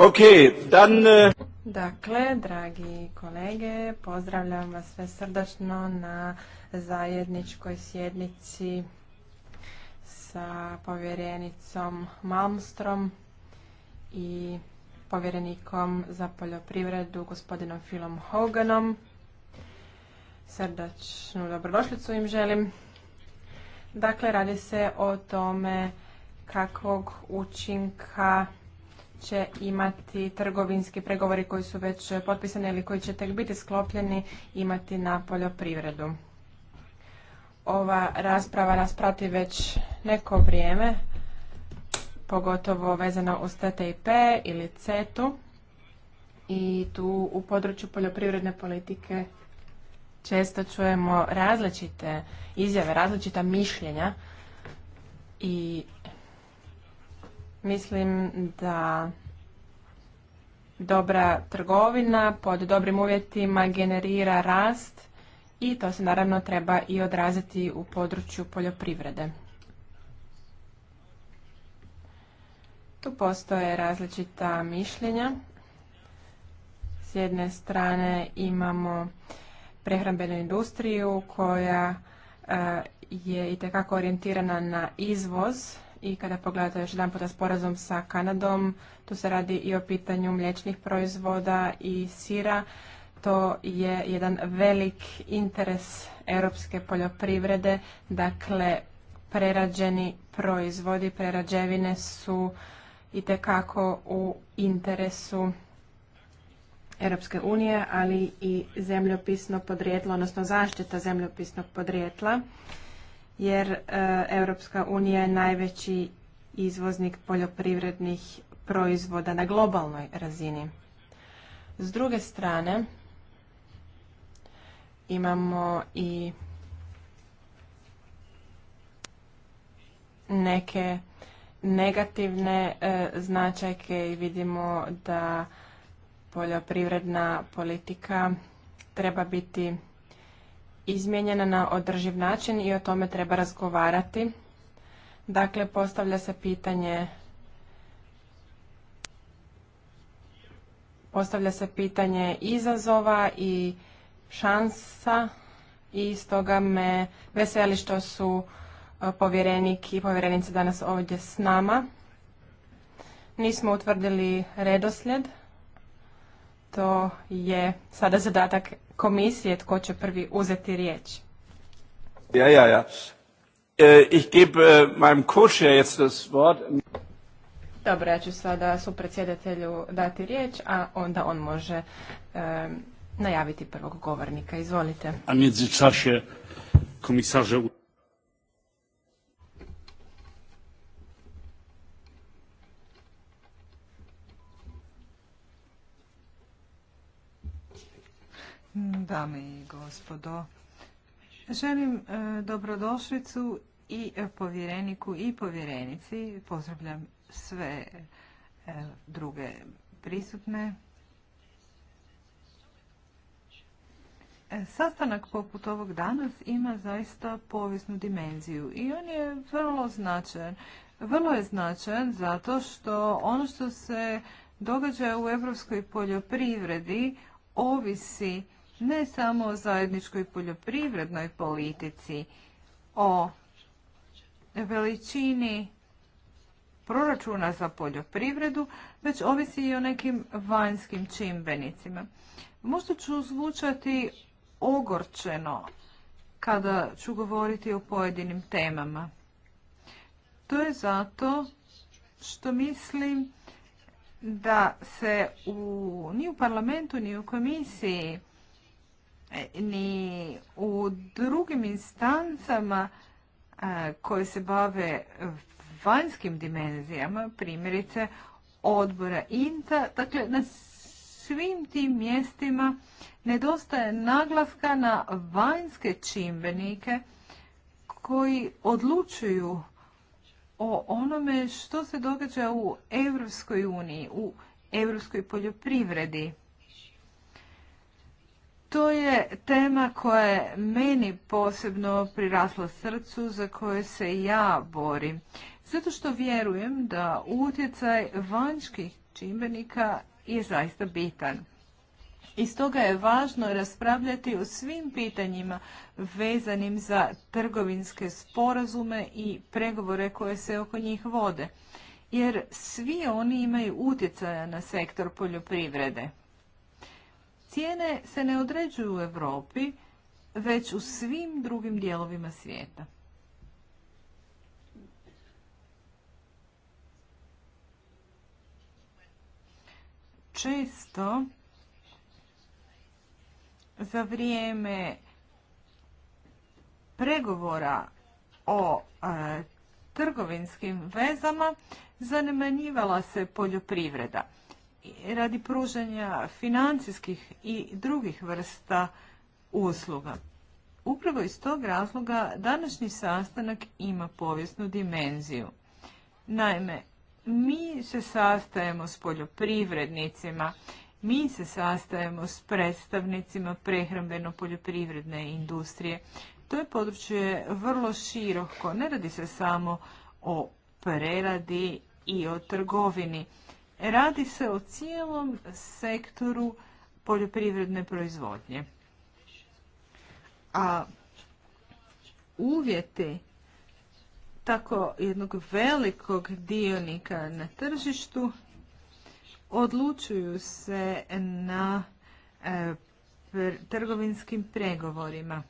Okay, dan... Eh, dakle, dragi kolege, pozdravljam vas sve srdačno na zajedničkoj sjednici sa povjerenicom Malmstrom i povjerenikom za poljoprivredu gospodinom Filom Hoganom. Srdačnu dobrodošlicu im želim. Dakle, radi se o tome kakvog učinka će imati trgovinski pregovori koji su već potpisani ili koji će tek biti sklopljeni imati na poljoprivredu. Ova rasprava nas prati već neko vrijeme, pogotovo vezano uz TTIP ili CETU i tu u području poljoprivredne politike često čujemo različite izjave, različita mišljenja i Mislim da dobra trgovina pod dobrim uvjetima generira rast i to se naravno treba i odraziti u području poljoprivrede. Tu postoje različita mišljenja. S jedne strane imamo prehrambenu industriju koja e, je i tekako orijentirana na izvoz i kada pogledate još jedan puta sporazum sa Kanadom, tu se radi i o pitanju mliječnih proizvoda i sira. To je jedan velik interes europske poljoprivrede, dakle prerađeni proizvodi, prerađevine su i tekako u interesu Europske unije, ali i zemljopisno podrijetlo, odnosno zaštita zemljopisnog podrijetla jer e, Europska unija je najveći izvoznik poljoprivrednih proizvoda na globalnoj razini. S druge strane, imamo i neke negativne e, značajke i vidimo da poljoprivredna politika treba biti izmijenjena na održiv način i o tome treba razgovarati. Dakle, postavlja se pitanje postavlja se pitanje izazova i šansa i stoga me veseli što su e, povjerenik i povjerenice danas ovdje s nama. Nismo utvrdili redoslijed to je sada zadatak komisije tko će prvi uzeti riječ. Ja, ja, ja. E, ich gebe meinem jetzt das Wort. Dobro, ja ću sada su predsjedatelju dati riječ, a onda on može e, najaviti prvog govornika. Izvolite. A među čaše komisarze Dame i gospodo, želim e, dobrodošlicu i povjereniku i povjerenici. Pozdravljam sve e, druge prisutne. E, sastanak poput ovog danas ima zaista povijesnu dimenziju i on je vrlo značajan. Vrlo je značajan zato što ono što se događa u europskoj poljoprivredi ovisi ne samo o zajedničkoj poljoprivrednoj politici, o veličini proračuna za poljoprivredu, već ovisi i o nekim vanjskim čimbenicima. Možda ću zvučati ogorčeno kada ću govoriti o pojedinim temama. To je zato što mislim da se u, ni u parlamentu ni u komisiji E, ni u drugim instancama e, koje se bave vanjskim dimenzijama, primjerice odbora INTA, dakle na svim tim mjestima nedostaje naglaska na vanjske čimbenike koji odlučuju o onome što se događa u Europskoj uniji, u europskoj poljoprivredi. To je tema koja je meni posebno prirasla srcu za koje se ja borim. Zato što vjerujem da utjecaj vanjskih čimbenika je zaista bitan. I stoga je važno raspravljati o svim pitanjima vezanim za trgovinske sporazume i pregovore koje se oko njih vode. Jer svi oni imaju utjecaja na sektor poljoprivrede. Cijene se ne određuju u Europi, već u svim drugim dijelovima svijeta. Često za vrijeme pregovora o e, trgovinskim vezama zanemanjivala se poljoprivreda radi pružanja financijskih i drugih vrsta usluga. Upravo iz tog razloga današnji sastanak ima povijesnu dimenziju. Naime, mi se sastajemo s poljoprivrednicima, mi se sastajemo s predstavnicima prehrambeno-poljoprivredne industrije. To je područje vrlo široko, ne radi se samo o preradi i o trgovini. Radi se o cijelom sektoru poljoprivredne proizvodnje. A uvjeti tako jednog velikog dionika na tržištu odlučuju se na e, trgovinskim pregovorima.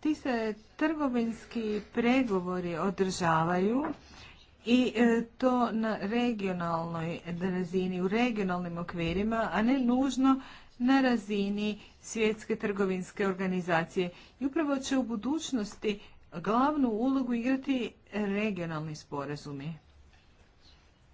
Ti se trgovinski pregovori održavaju i e, to na regionalnoj razini, u regionalnim okvirima, a ne nužno na razini svjetske trgovinske organizacije. I upravo će u budućnosti glavnu ulogu igrati regionalni sporazumi.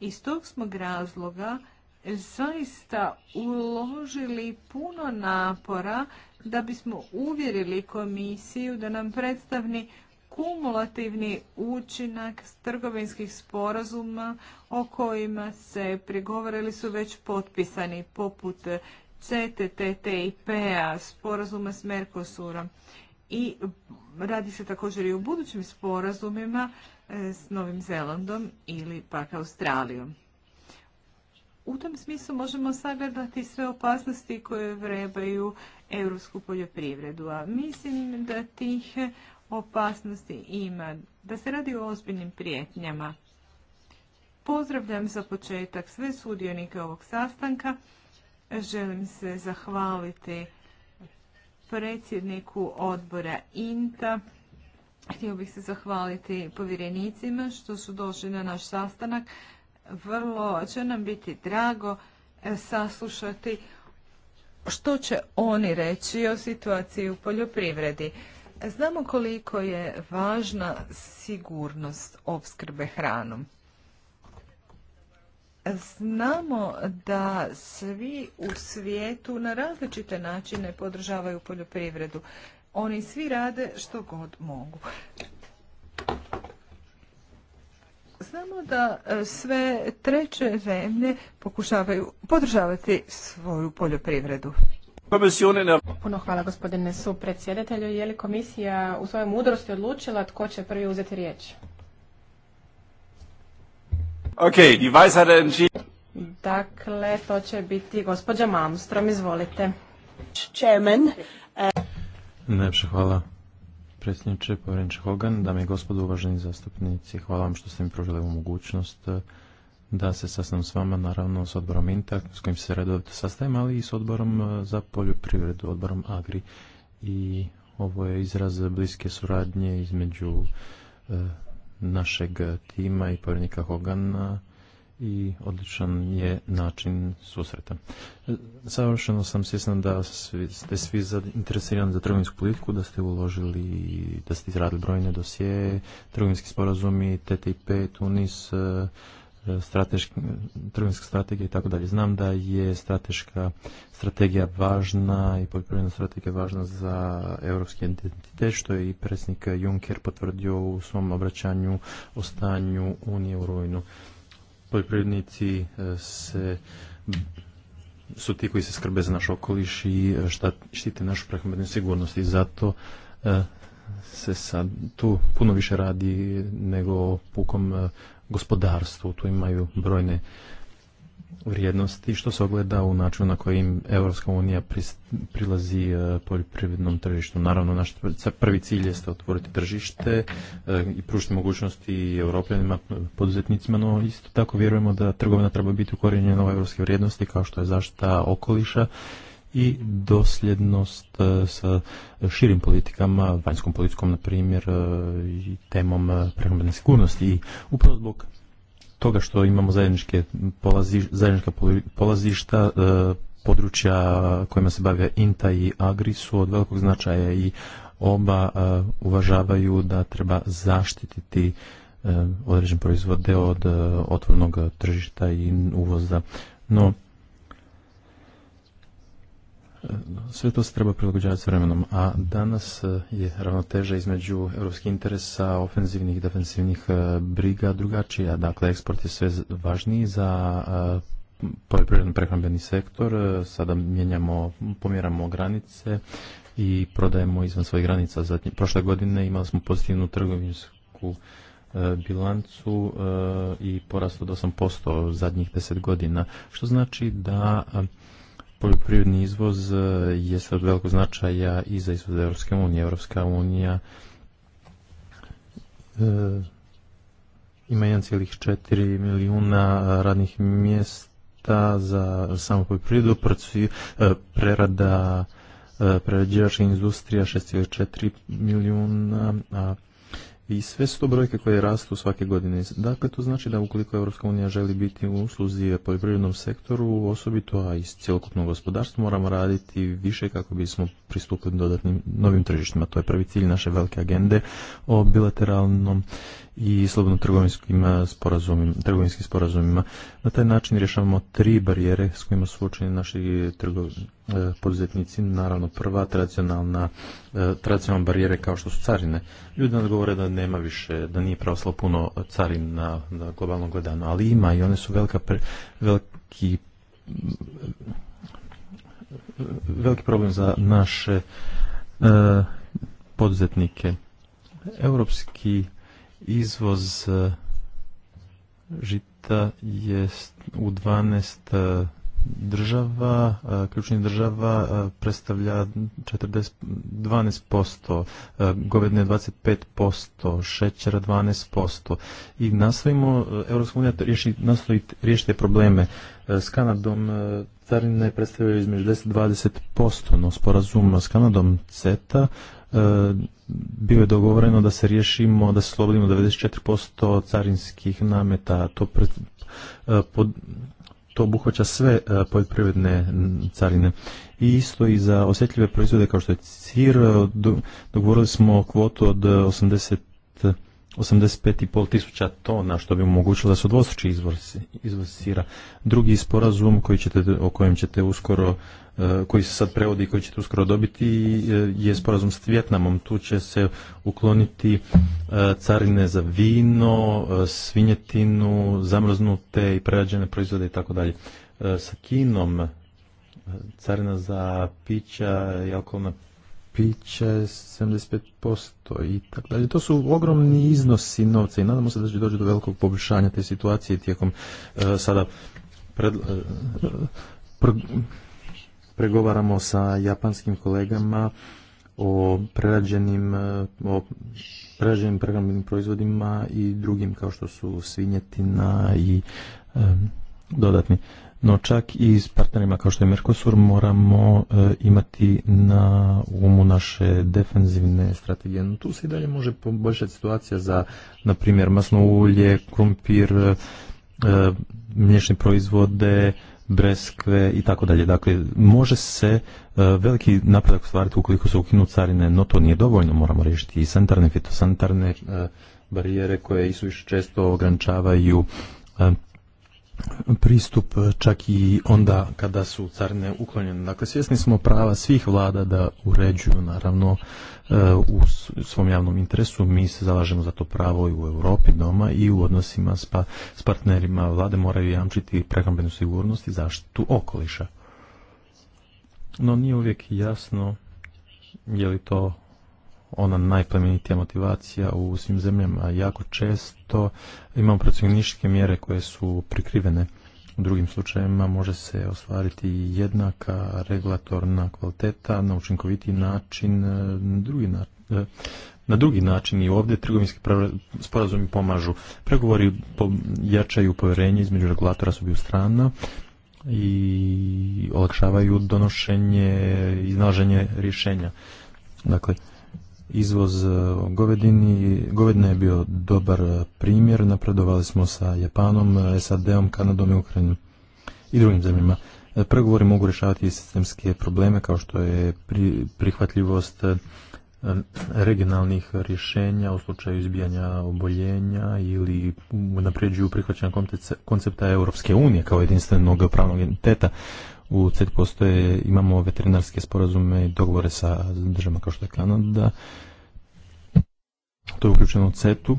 Iz tog smo razloga zaista uložili puno napora da bismo uvjerili komisiju da nam predstavni kumulativni učinak trgovinskih sporazuma o kojima se pregovarali su već potpisani poput CTTTIP-a, sporazuma s Mercosurom. I radi se također i o budućim sporazumima e, s Novim Zelandom ili pak Australijom. U tom smislu možemo sagledati sve opasnosti koje vrebaju europsku poljoprivredu, a mislim da tih opasnosti ima, da se radi o ozbiljnim prijetnjama. Pozdravljam za početak sve sudionike ovog sastanka. Želim se zahvaliti predsjedniku odbora INTA. Htio bih se zahvaliti povjerenicima što su došli na naš sastanak. Vrlo će nam biti drago e, saslušati što će oni reći o situaciji u poljoprivredi. Znamo koliko je važna sigurnost opskrbe hranom. Znamo da svi u svijetu na različite načine podržavaju poljoprivredu. Oni svi rade što god mogu. Znamo da e, sve treće zemlje pokušavaju podržavati svoju poljoprivredu. Puno hvala gospodine supredsjedatelju. Je li komisija u svojoj mudrosti odlučila tko će prvi uzeti riječ? ok die Dakle, to će biti gospođa Malmström, izvolite. Chairman. Uh- Najpše hvala predsjedniče, povjereniče Hogan, dame i gospodu, uvaženi zastupnici, hvala vam što ste mi pružili ovu mogućnost da se sastavim s vama, naravno s odborom INTA, s kojim se redovito sastavim, ali i s odborom e, za poljoprivredu, odborom AGRI. I ovo je izraz bliske suradnje između e, našeg tima i povjerenika Hogana i odličan je način susreta. E, savršeno sam svjesna da ste svi zainteresirani za trgovinsku politiku, da ste uložili, da ste izradili brojne dosije, trgovinski sporazumi, TTIP, Tunis, strateški, strategija strategije i tako dalje. Znam da je strateška strategija važna i poljoprivredna strategija važna za europski identitet, što je i predsjednik Juncker potvrdio u svom obraćanju o stanju Unije u rujnu. Poljoprivrednici e, se su ti koji se skrbe za naš okoliš i e, štite našu prehrambenu sigurnost i zato e, se sad tu puno više radi nego pukom gospodarstvu. Tu imaju brojne vrijednosti što se ogleda u načinu na kojim Europska unija prilazi e, poljoprivrednom tržištu. Naravno, naš prvi cilj jeste otvoriti tržište e, i pružiti mogućnosti europljanima, poduzetnicima, no isto tako vjerujemo da trgovina treba biti ukorjenjena u europske vrijednosti kao što je zaštita okoliša i dosljednost e, sa širim politikama, vanjskom politikom, na primjer, e, i temom e, prehrambene sigurnosti. I upravo zbog toga što imamo zajedničke polazi, zajednička polazišta, područja kojima se bave INTA i AGRI su od velikog značaja i oba uvažavaju da treba zaštititi određen proizvode od otvornog tržišta i uvoza. No, sve to se treba prilagođavati s vremenom, a danas e, je ravnoteža između europskih interesa, ofenzivnih i defensivnih e, briga drugačija. Dakle, eksport je sve važniji za e, poljoprivredno prehrambeni sektor. Sada mijenjamo, pomjeramo granice i prodajemo izvan svojih granica. prošle godine imali smo pozitivnu trgovinsku bilancu i porast od 8% zadnjih 10 godina, što znači da poljoprivredni izvoz e, je od velikog značaja i za izvoz Europske unije. Europska unija e, ima 1,4 milijuna radnih mjesta za samu poljoprivredu, e, prerada prerađivačka industrija 6,4 milijuna, a i sve su to brojke koje rastu svake godine. Dakle, to znači da ukoliko Europska unija želi biti u usluzi poljoprivrednom sektoru, osobito a i cjelokupnom gospodarstvu, moramo raditi više kako bismo pristupili dodatnim novim tržištima. To je prvi cilj naše velike agende o bilateralnom i slobodno trgovinskim e, sporazumima, trgovinskim sporazumima. Na taj način rješavamo tri barijere s kojima su naši e, poduzetnici. Naravno, prva tradicionalna, e, tradicionalna barijere kao što su carine. Ljudi nas govore da nema više, da nije pravoslo puno carin na, na globalno gledano, ali ima i one su velika, veliki veliki problem za naše poduzetnike. Europski Izvoz e, žita je u 12 e, država, e, ključnih država predstavlja 12%, govedne 25%, šećera 12%. I nastavimo, Europska unija nastoji riješiti probleme. S Kanadom carine predstavljaju između 10-20%, no sporazum s Kanadom CETA E, bilo je dogovoreno da se riješimo, da se slobodimo 94% carinskih nameta. To, e, pod, to obuhvaća sve e, poljoprivredne carine. I isto i za osjetljive proizvode kao što je cir, dogovorili smo kvotu od 80 85,5 tisuća tona, što bi omogućilo da se dvostruči izvoz sira. Drugi sporazum koji ćete, o kojem ćete uskoro, e, koji se sad prevodi i koji ćete uskoro dobiti e, je sporazum s Vjetnamom. Tu će se ukloniti e, carine za vino, svinjetinu, zamrznute i prerađene proizvode i tako dalje. Sa Kinom carina za pića i alkoholna piće 75% i tako dalje. To su ogromni iznosi novca i nadamo se da će doći do velikog poboljšanja te situacije tijekom e, sada e, pregovaramo sa japanskim kolegama o prerađenim e, o prerađenim prehrambenim proizvodima i drugim kao što su svinjetina i dodatni no čak i s partnerima kao što je Mercosur moramo e, imati na umu naše defenzivne strategije. No, tu se i dalje može poboljšati situacija za, na primjer, masno ulje, krumpir, e, mliječne proizvode, breskve i tako dalje. Dakle, može se e, veliki napredak stvariti ukoliko se ukinu carine, no to nije dovoljno, moramo riješiti i sanitarne, fitosanitarne e, barijere koje i često ograničavaju pristup e, čak i onda kada su carne uklonjene. Dakle, svjesni smo prava svih vlada da uređuju naravno e, u svom javnom interesu. Mi se zalažemo za to pravo i u Europi doma i u odnosima s, pa, partnerima. Vlade moraju jamčiti prehrambenu sigurnost i zaštitu okoliša. No nije uvijek jasno je li to ona najplemenitija motivacija u svim zemljama. Jako često imamo procijeniške mjere koje su prikrivene. U drugim slučajevima može se ostvariti jednaka regulatorna kvaliteta na učinkoviti način, e, na drugi način, e, na drugi način i ovdje trgovinski sporazumi pomažu. Pregovori jačaju povjerenje između regulatora u strana i olakšavaju donošenje, iznalaženje rješenja. Dakle, Izvoz e, govedini, govedina je bio dobar primjer, napredovali smo sa Japanom, e, SAD-om, Kanadom i Ukrajinom i drugim zemljama. E, Pregovori mogu rješavati sistemske probleme kao što je prihvatljivost regionalnih rješenja u slučaju izbijanja oboljenja ili napređuju prihvaćanja koncepta Europske unije kao jedinstvenog pravnog identiteta u CET postoje, imamo veterinarske sporazume i dogovore sa državama kao što je Kanada. To je uključeno u CET-u.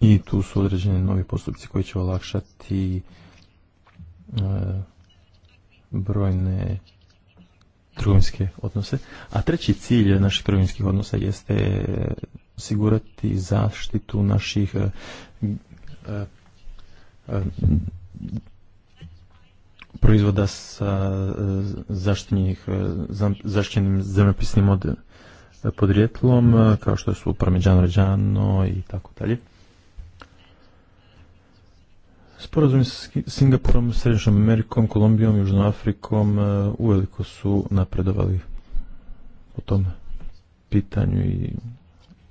I tu su određeni novi postupci koji će olakšati e, brojne trgovinske odnose. A treći cilj naših trgovinskih odnosa jeste osigurati zaštitu naših e, e, proizvoda sa eh, eh, zaštićenim zemljopisnim od eh, podrijetlom, kao što su parmeđano ređano i tako dalje. Sporazum s Singapurom, Središnjom Amerikom, Kolumbijom, Južnom Afrikom uveliko su napredovali po tom pitanju i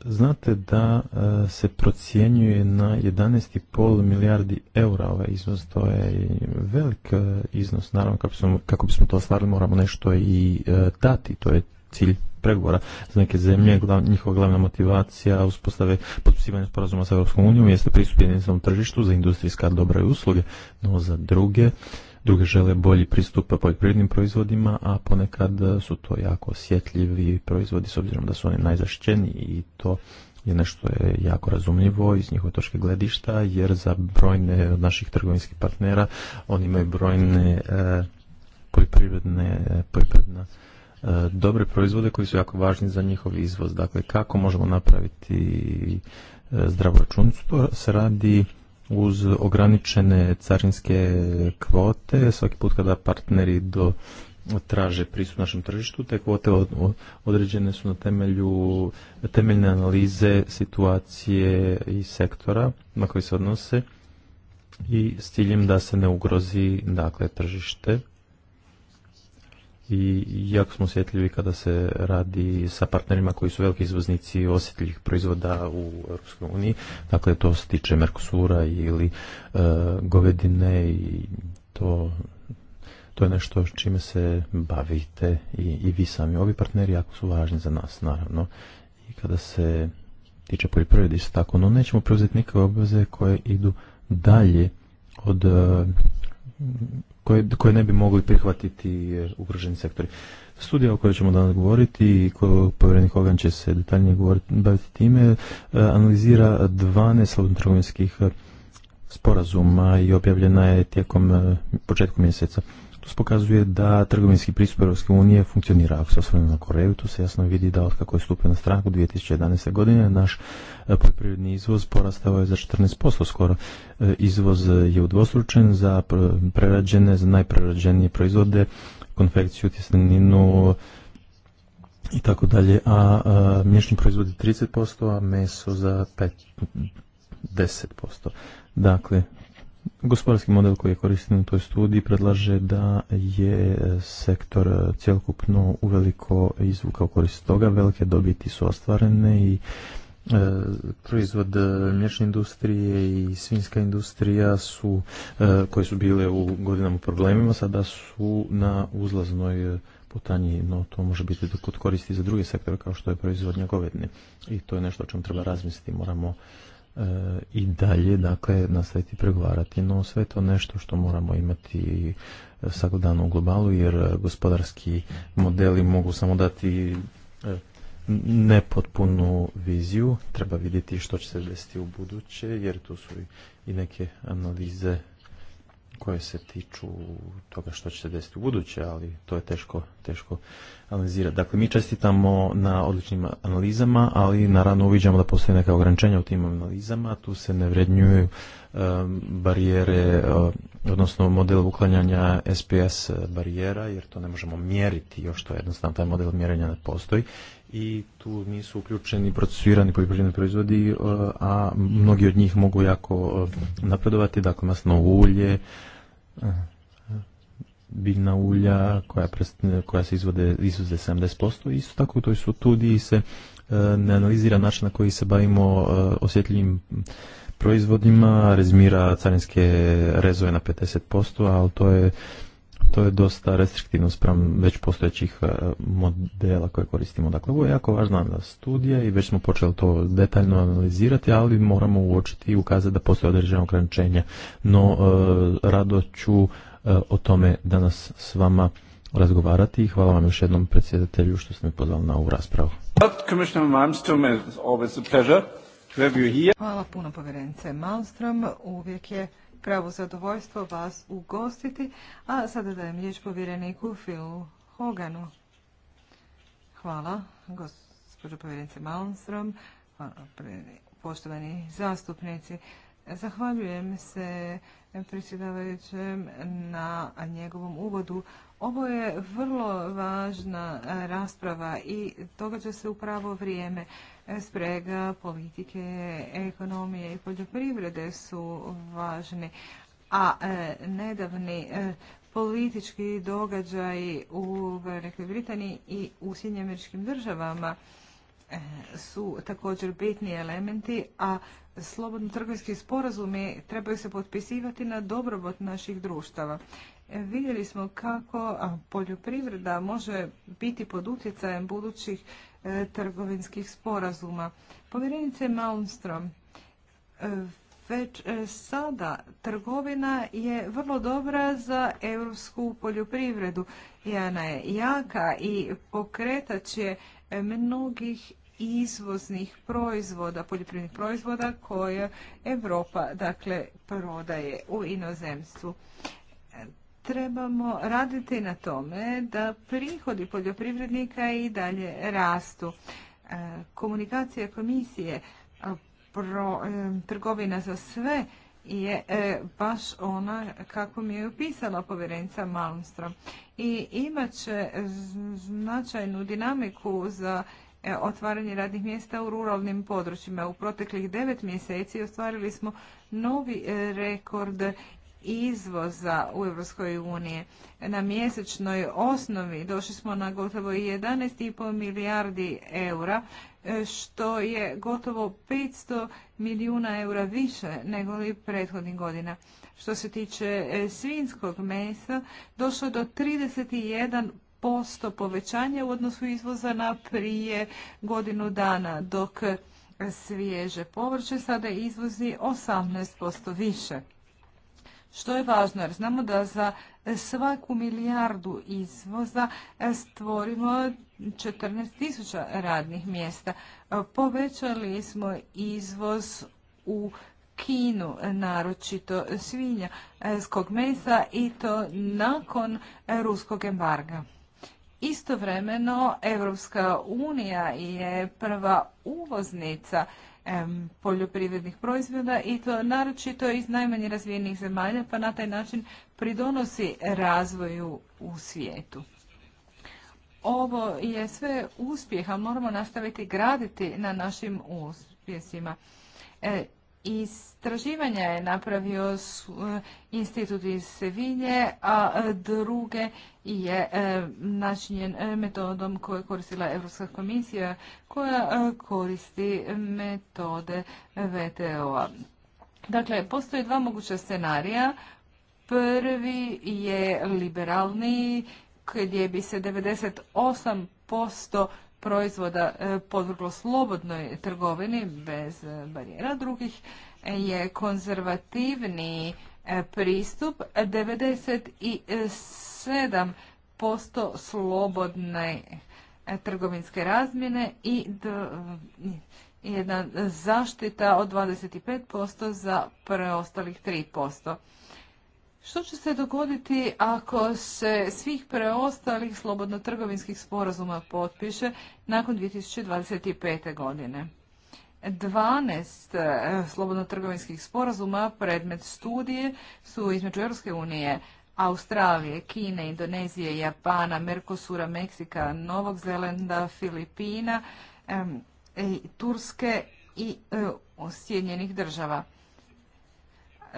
Znate da e, se procjenjuje na 11,5 milijardi eura ovaj iznos, to je velik e, iznos, naravno kako bismo, kako bismo to ostvarili moramo nešto i e, dati, to je cilj pregovora za neke zemlje, mhm. njihova glavna motivacija uspostave potpisivanja sporazuma sa Europskom unijom jeste pristup jedinstvenom tržištu za industrijska dobra i usluge, no za druge druge žele bolji pristup poljoprivrednim proizvodima, a ponekad su to jako osjetljivi proizvodi s obzirom da su oni najzašćeni i to je nešto je jako razumljivo iz njihove točke gledišta, jer za brojne od naših trgovinskih partnera oni imaju brojne e, poljoprivredne, e, dobre proizvode koji su jako važni za njihov izvoz. Dakle, kako možemo napraviti e, zdravu računicu? To se radi uz ograničene carinske kvote, svaki put kada partneri do traže pristup našem tržištu, te kvote određene su na temelju temeljne analize situacije i sektora na koji se odnose i s ciljem da se ne ugrozi dakle tržište i jako smo osjetljivi kada se radi sa partnerima koji su veliki izvoznici osjetljivih proizvoda u EU, uniji. Dakle, to se tiče Merkosura ili e, govedine i to, to je nešto s čime se bavite i, i vi sami. Ovi partneri jako su važni za nas, naravno. I kada se tiče poljoprivrede isto tako, no nećemo preuzeti nikakve obveze koje idu dalje od e, koje, koje ne bi mogli prihvatiti ugroženi sektori. Studija o kojoj ćemo danas govoriti i povjerenik Hogan će se detaljnije govoriti, baviti time, e, analizira 12 slobodnotrgovinskih e, sporazuma i objavljena je tijekom e, početku mjeseca pokazuje da trgovinski pristup Europske unije funkcionira. Ako se na Koreju, tu se jasno vidi da od kako je stupio na stranku 2011. godine, naš e, poljoprivredni izvoz porastao je za 14% skoro. E, izvoz je udvostručen za prerađene, za najprerađenije proizvode, konfekciju, tjesteninu, i tako dalje, a, mješni mliječni proizvodi 30%, a meso za 5, 10%. Dakle, Gospodarski model koji je koristen u toj studiji predlaže da je e, sektor e, cjelokupno uveliko izvukao korist toga, velike dobiti su ostvarene i e, proizvod mlječne industrije i svinska industrija su, koje su bile u godinama problemima, sada su na uzlaznoj putanji, no to može biti kod koristi za druge sektore kao što je proizvodnja govedne. I to je nešto o čemu treba razmisliti, moramo E, i dalje dakle nastaviti pregovarati. No sve to nešto što moramo imati e, sagledano u globalu jer e, gospodarski modeli mogu samo dati nepotpunu viziju. Treba vidjeti što će se desiti u buduće jer tu su i neke analize koje se tiču toga što će se desiti u buduće, ali to je teško, teško analizirati. Dakle, mi čestitamo na odličnim analizama, ali naravno uviđamo da postoje neka ograničenja u tim analizama, tu se ne vrednjuju barijere, odnosno model uklanjanja SPS barijera, jer to ne možemo mjeriti, još to jednostavno taj model mjerenja ne postoji. I tu nisu uključeni procesuirani poljoprivredni proizvodi, e, a mnogi od njih mogu jako e, napredovati, dakle masno ulje, e, biljna ulja koja, koja se izvode, izvode 70%. Isto tako u toj studiji se ne analizira način na koji se bavimo osjetljivim proizvodima, rezmira carinske rezove na 50%, ali to je, to je dosta restriktivno spram već postojećih e, modela koje koristimo. Dakle, ovo je jako važna studija i već smo počeli to detaljno analizirati, ali moramo uočiti i ukazati da postoje određena ograničenja. No, e, rado ću e, o tome danas s vama razgovarati i hvala vam još jednom predsjedatelju što ste me pozvali na ovu raspravu. Hvala puno povjerenice Malmström. Uvijek je pravo zadovoljstvo vas ugostiti. A sada dajem riječ povjereniku Filu Hoganu. Hvala, gospođo povjerenice Malmström. poštovani zastupnici. Zahvaljujem se predsjedavajućem na njegovom uvodu. Ovo je vrlo važna rasprava i događa se u pravo vrijeme sprega politike, ekonomije i poljoprivrede su važni. A e, nedavni e, politički događaj u Velikoj Britaniji i u Sjedinjim američkim državama e, su također bitni elementi, a slobodno trgovinski sporazumi trebaju se potpisivati na dobrobot naših društava. Vidjeli smo kako poljoprivreda može biti pod utjecajem budućih E, trgovinskih sporazuma. Povjerenice Malmstrom, e, već e, sada trgovina je vrlo dobra za europsku poljoprivredu. I ona je jaka i pokretač je mnogih izvoznih proizvoda, poljoprivrednih proizvoda koje Europa dakle prodaje u inozemstvu trebamo raditi na tome da prihodi poljoprivrednika i dalje rastu. E, komunikacija komisije, e, pro, e, trgovina za sve je baš ona kako mi je opisala povjerenica Malmstrom. I imat će značajnu dinamiku za otvaranje radnih mjesta u ruralnim područjima. U proteklih devet mjeseci ostvarili smo novi rekord izvoza u EU. Na mjesečnoj osnovi došli smo na gotovo 11,5 milijardi eura, e, što je gotovo 500 milijuna eura više nego li prethodnih godina. Što se tiče e, svinskog mesa, došlo do 31 posto povećanja u odnosu izvoza na prije godinu dana, dok svježe povrće sada izvozi 18% više što je važno jer znamo da za svaku milijardu izvoza stvorimo 14.000 radnih mjesta. Povećali smo izvoz u Kinu, naročito svinja, skog mesa i to nakon ruskog embarga. Istovremeno, Evropska unija je prva uvoznica poljoprivrednih proizvoda i to naročito iz najmanje razvijenih zemalja pa na taj način pridonosi razvoju u svijetu. Ovo je sve uspjeh, a moramo nastaviti graditi na našim uspjesima. E, istraživanja je napravio eh, institut iz Sevilje, a eh, druge je eh, načinjen metodom koje je koristila Europska komisija koja koristi metode VTO-a. Dakle, postoje dva moguća scenarija. Prvi je liberalni gdje bi se 98% proizvoda e, podvrglo slobodnoj trgovini bez e, barijera, drugih e, je konzervativni pristup 97% slobodne trgovinske razmjene i jedna zaštita od 25% za preostalih 3%. Što će se dogoditi ako se svih preostalih slobodno-trgovinskih sporazuma potpiše nakon 2025. godine? 12 eh, slobodno-trgovinskih sporazuma predmet studije su između Europske unije, Australije, Kine, Indonezije, Japana, Merkosura, Meksika, Novog Zelanda, Filipina, Turske i eh, Sjedinjenih država.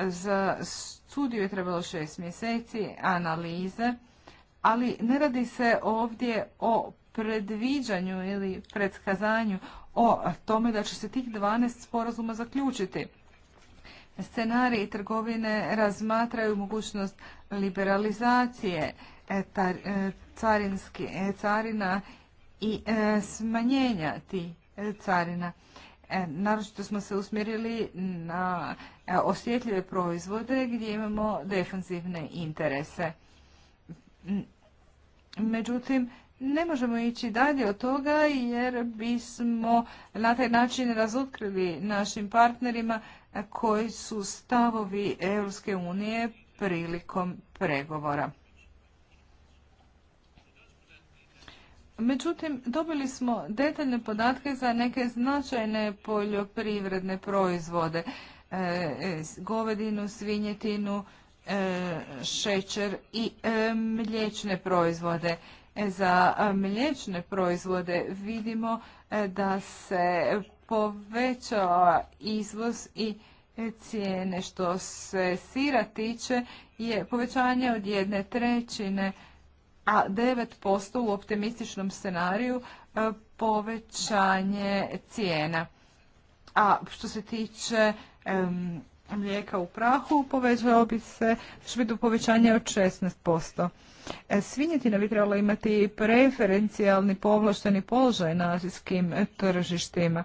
Za studiju je trebalo šest mjeseci, analize, ali ne radi se ovdje o predviđanju ili predskazanju o tome da će se tih 12 sporazuma zaključiti. Scenariji trgovine razmatraju mogućnost liberalizacije e, e, e, carina i smanjenja tih carina. Naročito smo se usmjerili na E, osjetljive proizvode gdje imamo defensivne interese. Međutim, ne možemo ići dalje od toga jer bismo na taj način razotkrili našim partnerima koji su stavovi Europske unije prilikom pregovora. Međutim, dobili smo detaljne podatke za neke značajne poljoprivredne proizvode. E, e, govedinu, svinjetinu, e, šećer i mliječne proizvode. Za mliječne proizvode vidimo da se povećava izvoz i cijene. Što se sira tiče je povećanje od jedne trećine, a 9% u optimističnom scenariju povećanje cijena. A što se tiče mlijeka u prahu povećao bi se što bi do povećanja od 16%. E, Svinjetina bi trebala imati preferencijalni povlašteni položaj na azijskim tržištima.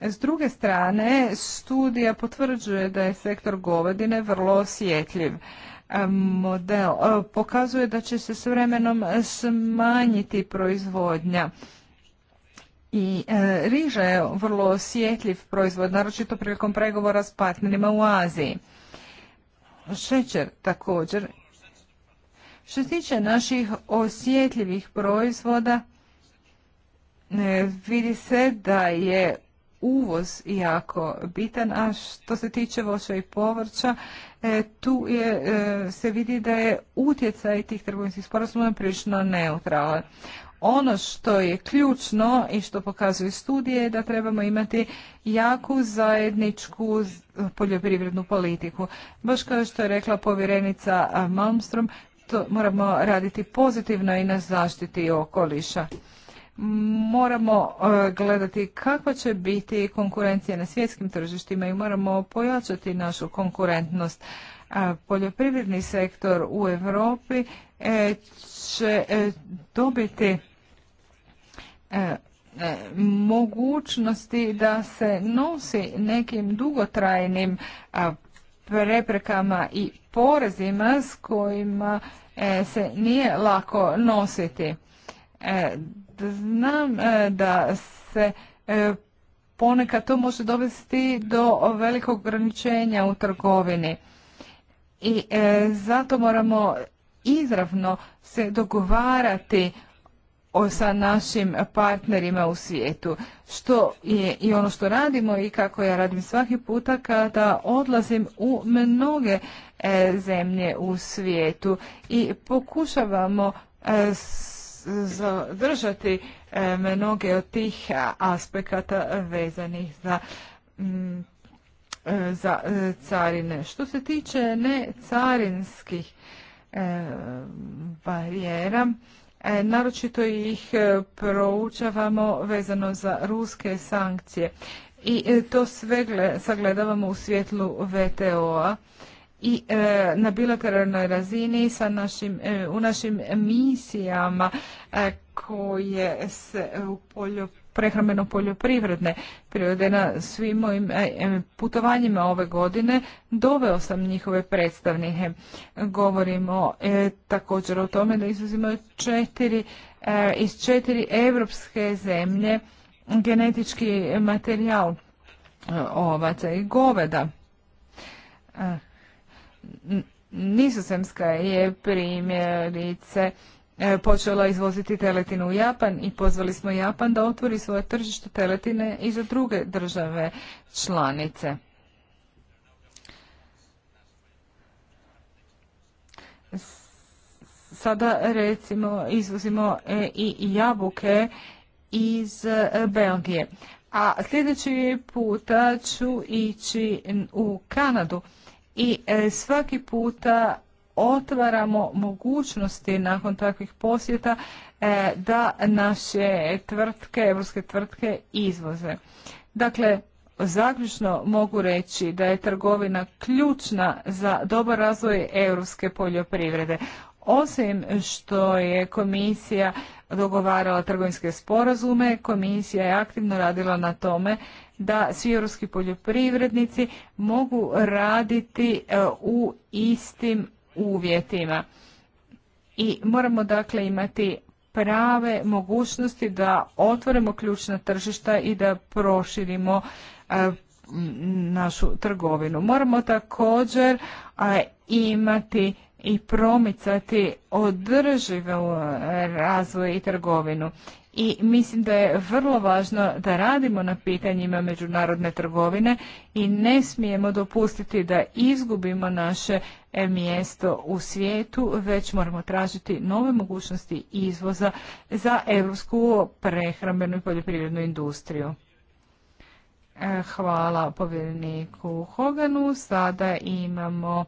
S druge strane, studija potvrđuje da je sektor govedine vrlo osjetljiv e, model. E, pokazuje da će se s vremenom smanjiti proizvodnja i e, riža je vrlo osjetljiv proizvod, naročito prilikom pregovora s partnerima u Aziji. Šećer također. Što se tiče naših osjetljivih proizvoda, e, vidi se da je uvoz jako bitan, a što se tiče voća i povrća, e, tu se vidi da je utjecaj tih trgovinskih sporazuma prilično neutralan. Ono što je ključno i što pokazuju studije je da trebamo imati jaku zajedničku poljoprivrednu politiku. Baš kao što je rekla povjerenica Malmstrom, to moramo raditi pozitivno i na zaštiti okoliša. Moramo e, gledati kakva će biti konkurencija na svjetskim tržištima i moramo pojačati našu konkurentnost. E, poljoprivredni sektor u Europi e, će dobiti E, e, mogućnosti da se nosi nekim dugotrajnim e, preprekama i porezima s kojima se nije lako nositi. Znam da se ponekad to može dovesti do velikog ograničenja u trgovini i zato moramo izravno se dogovarati sa našim partnerima u svijetu. Što je i ono što radimo i kako ja radim svaki puta kada odlazim u mnoge e, zemlje u svijetu i pokušavamo e, zadržati e, mnoge od tih aspekata vezanih za mm, za carine. Što se tiče ne carinskih barijera, E, naročito ih e, proučavamo vezano za ruske sankcije. I e, to sve sagledavamo u svjetlu VTO-a i na bilateralnoj razini sa našim, u našim misijama koje se u polju prehrambeno-poljoprivredne prirode na svim mojim e, e, putovanjima ove godine doveo sam njihove predstavnike. Govorimo e, također o tome da izuzimaju četiri, iz četiri europske zemlje genetički materijal ovaca i goveda. Nizozemska je primjerice E, počela izvoziti teletinu u Japan i pozvali smo Japan da otvori svoje tržište teletine i za druge države članice. Sada recimo izvozimo e, i jabuke iz e, Belgije. A sljedeći puta ću ići u Kanadu i svaki puta otvaramo mogućnosti nakon takvih posjeta e, da naše tvrtke, evropske tvrtke izvoze. Dakle, zaključno mogu reći da je trgovina ključna za dobar razvoj europske poljoprivrede. Osim što je komisija dogovarala trgovinske sporazume, komisija je aktivno radila na tome da svi europski poljoprivrednici mogu raditi e, u istim uvjetima. I moramo dakle imati prave mogućnosti da otvorimo ključna tržišta i da proširimo e, našu trgovinu. Moramo također imati i promicati održivu e, razvoj i trgovinu i mislim da je vrlo važno da radimo na pitanjima međunarodne trgovine i ne smijemo dopustiti da izgubimo naše mjesto u svijetu, već moramo tražiti nove mogućnosti izvoza za europsku prehrambenu i poljoprivrednu industriju. E, hvala povjereniku Hoganu. Sada imamo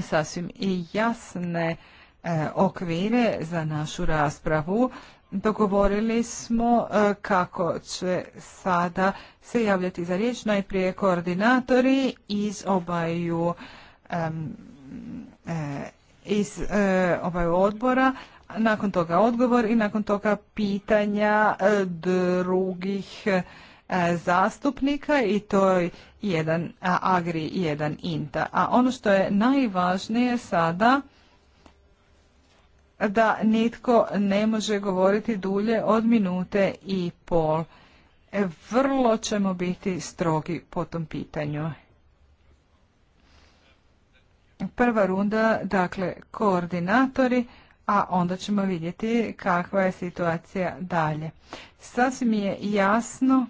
sasvim i jasne e, okvire za našu raspravu dogovorili smo e, kako će sada se javljati za riječ najprije koordinatori iz obaju e, iz e, obaju odbora, nakon toga odgovor i nakon toga pitanja drugih zastupnika i to je jedan agri i jedan inta. A ono što je najvažnije sada da nitko ne može govoriti dulje od minute i pol. E, vrlo ćemo biti strogi po tom pitanju. Prva runda, dakle, koordinatori, a onda ćemo vidjeti kakva je situacija dalje. Sasvim je jasno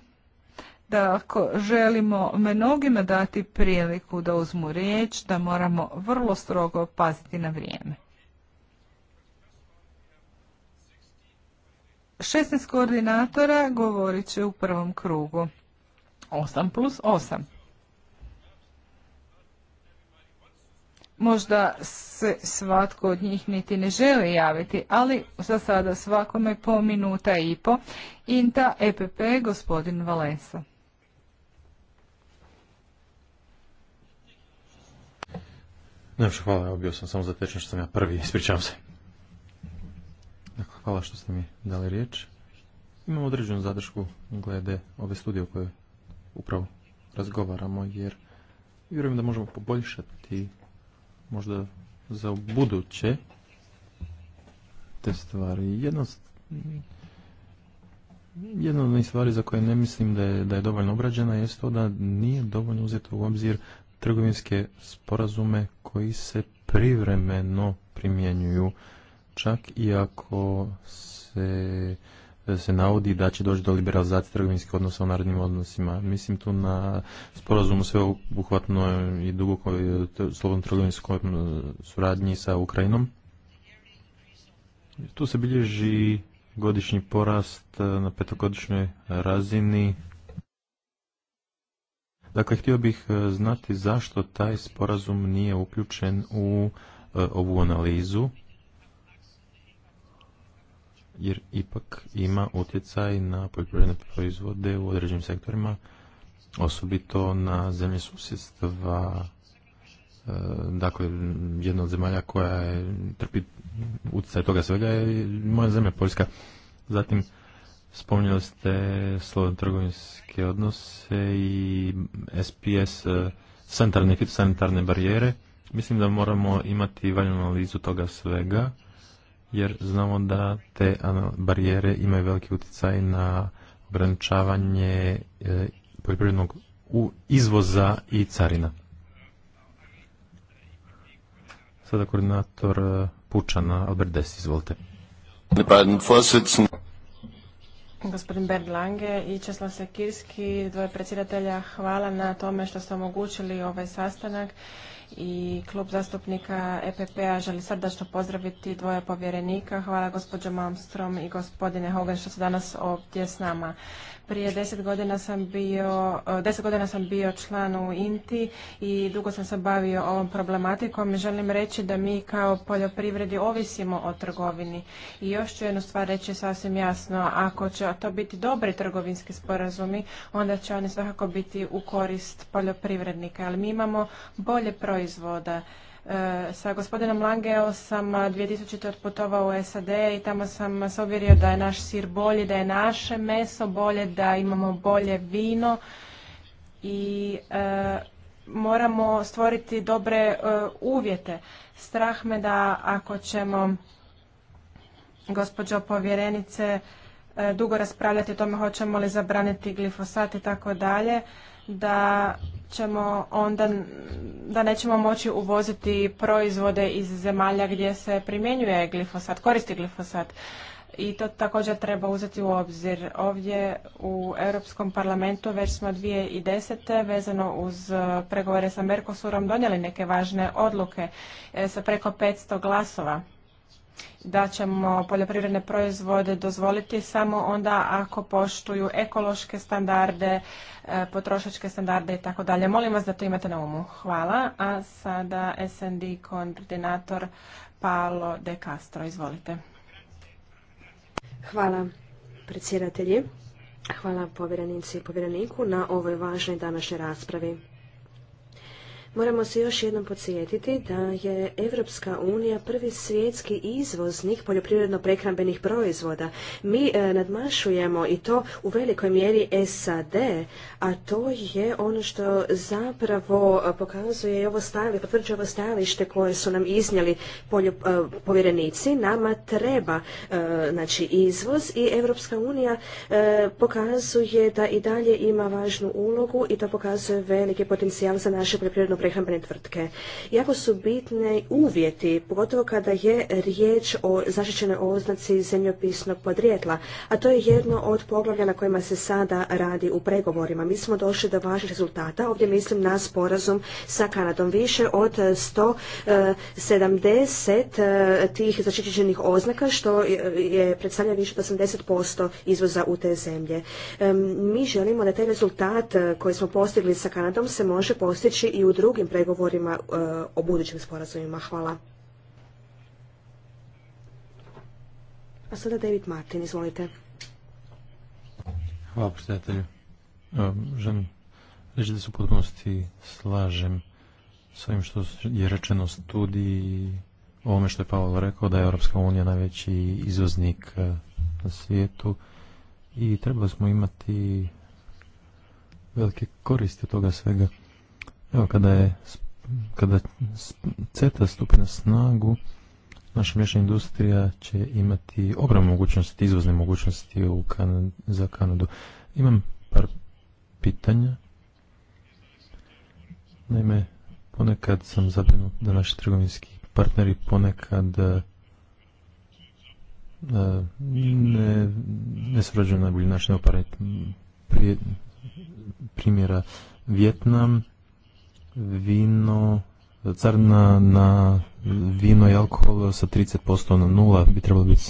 da ako želimo mnogima dati priliku da uzmu riječ, da moramo vrlo strogo paziti na vrijeme. 16 koordinatora govorit će u prvom krugu. 8 plus 8. Možda se svatko od njih niti ne želi javiti, ali za sada svakome po minuta i po. Inta EPP gospodin Valesa. Najviše hvala, ja bio sam samo zatečen što sam ja prvi, ispričavam se. Dakle, hvala što ste mi dali riječ. Imamo određenu zadršku glede ove studije o kojoj upravo razgovaramo, jer vjerujem da možemo poboljšati možda za buduće te stvari. Jedna, jedna od stvari za koje ne mislim da je, da je dovoljno obrađena je to da nije dovoljno uzeto u obzir trgovinske sporazume koji se privremeno primjenjuju čak i ako se se navodi da će doći do liberalizacije trgovinskih odnosa u narodnim odnosima. Mislim tu na sporazumu sveobuhvatnoj i dubokoj e, slobodno trgovinskoj suradnji sa Ukrajinom. Tu se bilježi godišnji porast e, na petogodišnjoj razini. Dakle, htio bih e, znati zašto taj sporazum nije uključen u ovu analizu jer ipak ima utjecaj na poljoprivredne proizvode u određenim sektorima, osobito na zemlje susjedstva, e, dakle jedna od zemalja koja je, trpi utjecaj toga svega je moja zemlja Poljska. Zatim spominjali ste slobodno trgovinske odnose i SPS e, sanitarne fitosanitarne barijere. Mislim da moramo imati valjnu analizu toga svega jer znamo da te barijere imaju veliki utjecaj na ograničavanje e, poljoprivrednog izvoza i carina. Sada koordinator e, Pučana, Albert Des, izvolite. Gospodin Bernd Lange i Česlav Sekirski, dvoje predsjedatelja, hvala na tome što ste omogućili ovaj sastanak i klub zastupnika EPP-a želi srdačno pozdraviti dvoje povjerenika. Hvala gospođo Malmstrom i gospodine Hogan što su danas ovdje s nama. Prije deset godina sam bio, e, deset godina sam bio član u INTI i dugo sam se bavio ovom problematikom. Želim reći da mi kao poljoprivredi ovisimo o trgovini. I još ću jednu stvar reći sasvim jasno. Ako će to biti dobri trgovinski sporazumi, onda će oni svakako biti u korist poljoprivrednika. Ali mi imamo bolje proizvode proizvoda. E, sa gospodinom Langeo sam 2000. putovao u SAD i tamo sam se uvjerio da je naš sir bolji, da je naše meso bolje, da imamo bolje vino i e, moramo stvoriti dobre e, uvjete. Strah me da ako ćemo, gospođo povjerenice, dugo raspravljati o tome hoćemo li zabraniti glifosat i tako dalje, da ćemo onda da nećemo moći uvoziti proizvode iz zemalja gdje se primjenjuje glifosat, koristi glifosat. I to također treba uzeti u obzir. Ovdje u Europskom parlamentu već smo 2010. vezano uz pregovore sa Mercosurom donijeli neke važne odluke e, sa preko 500 glasova da ćemo poljoprivredne proizvode dozvoliti samo onda ako poštuju ekološke standarde, e, potrošačke standarde i tako dalje. Molim vas da to imate na umu. Hvala. A sada SND koordinator Paolo De Castro. Izvolite. Hvala predsjedatelji. Hvala povjerenici i povjereniku na ovoj važnoj današnjoj raspravi. Moramo se još jednom podsjetiti da je Evropska unija prvi svjetski izvoznik poljoprivredno prekrambenih proizvoda. Mi e, nadmašujemo i to u velikoj mjeri SAD, a to je ono što zapravo e, pokazuje i ovo stajalište, potvrđuje ovo stajalište koje su nam iznijeli e, povjerenici. Nama treba znači izvoz i Evropska unija pokazuje da i dalje ima važnu ulogu i to pokazuje veliki potencijal za naše poljoprivredno prehrambene tvrtke. Jako su bitne uvjeti, pogotovo kada je riječ o zaštićenoj oznaci zemljopisnog podrijetla, a to je jedno od poglavlja na kojima se sada radi u pregovorima. Mi smo došli do važnih rezultata, ovdje mislim na sporazum sa Kanadom. Više od 170 e, e, tih zaštićenih oznaka, što je predstavlja više od 80% izvoza u te zemlje. Mi želimo da taj rezultat e, koji smo postigli sa Kanadom se može postići i u drugim drugim pregovorima e, o budućim sporazumima. Hvala. A sada David Martin, izvolite. Hvala predsjedatelju. E, želim reći da se u potpunosti slažem s ovim što je rečeno studiji o ovome što je Pavel rekao da je Europska unija najveći izvoznik e, na svijetu i trebali smo imati velike koristi od toga svega. Evo, kada je kada CETA stupi na snagu, naša mješna industrija će imati ogromne mogućnosti, izvozne mogućnosti u za Kanadu. Imam par pitanja. Naime, ponekad sam zabrinut da naši trgovinski partneri ponekad e, ne, ne surađuju na najbolji način. primjera Vjetnam, vino, carna na vino i alkohol sa 30% na nula bi trebalo biti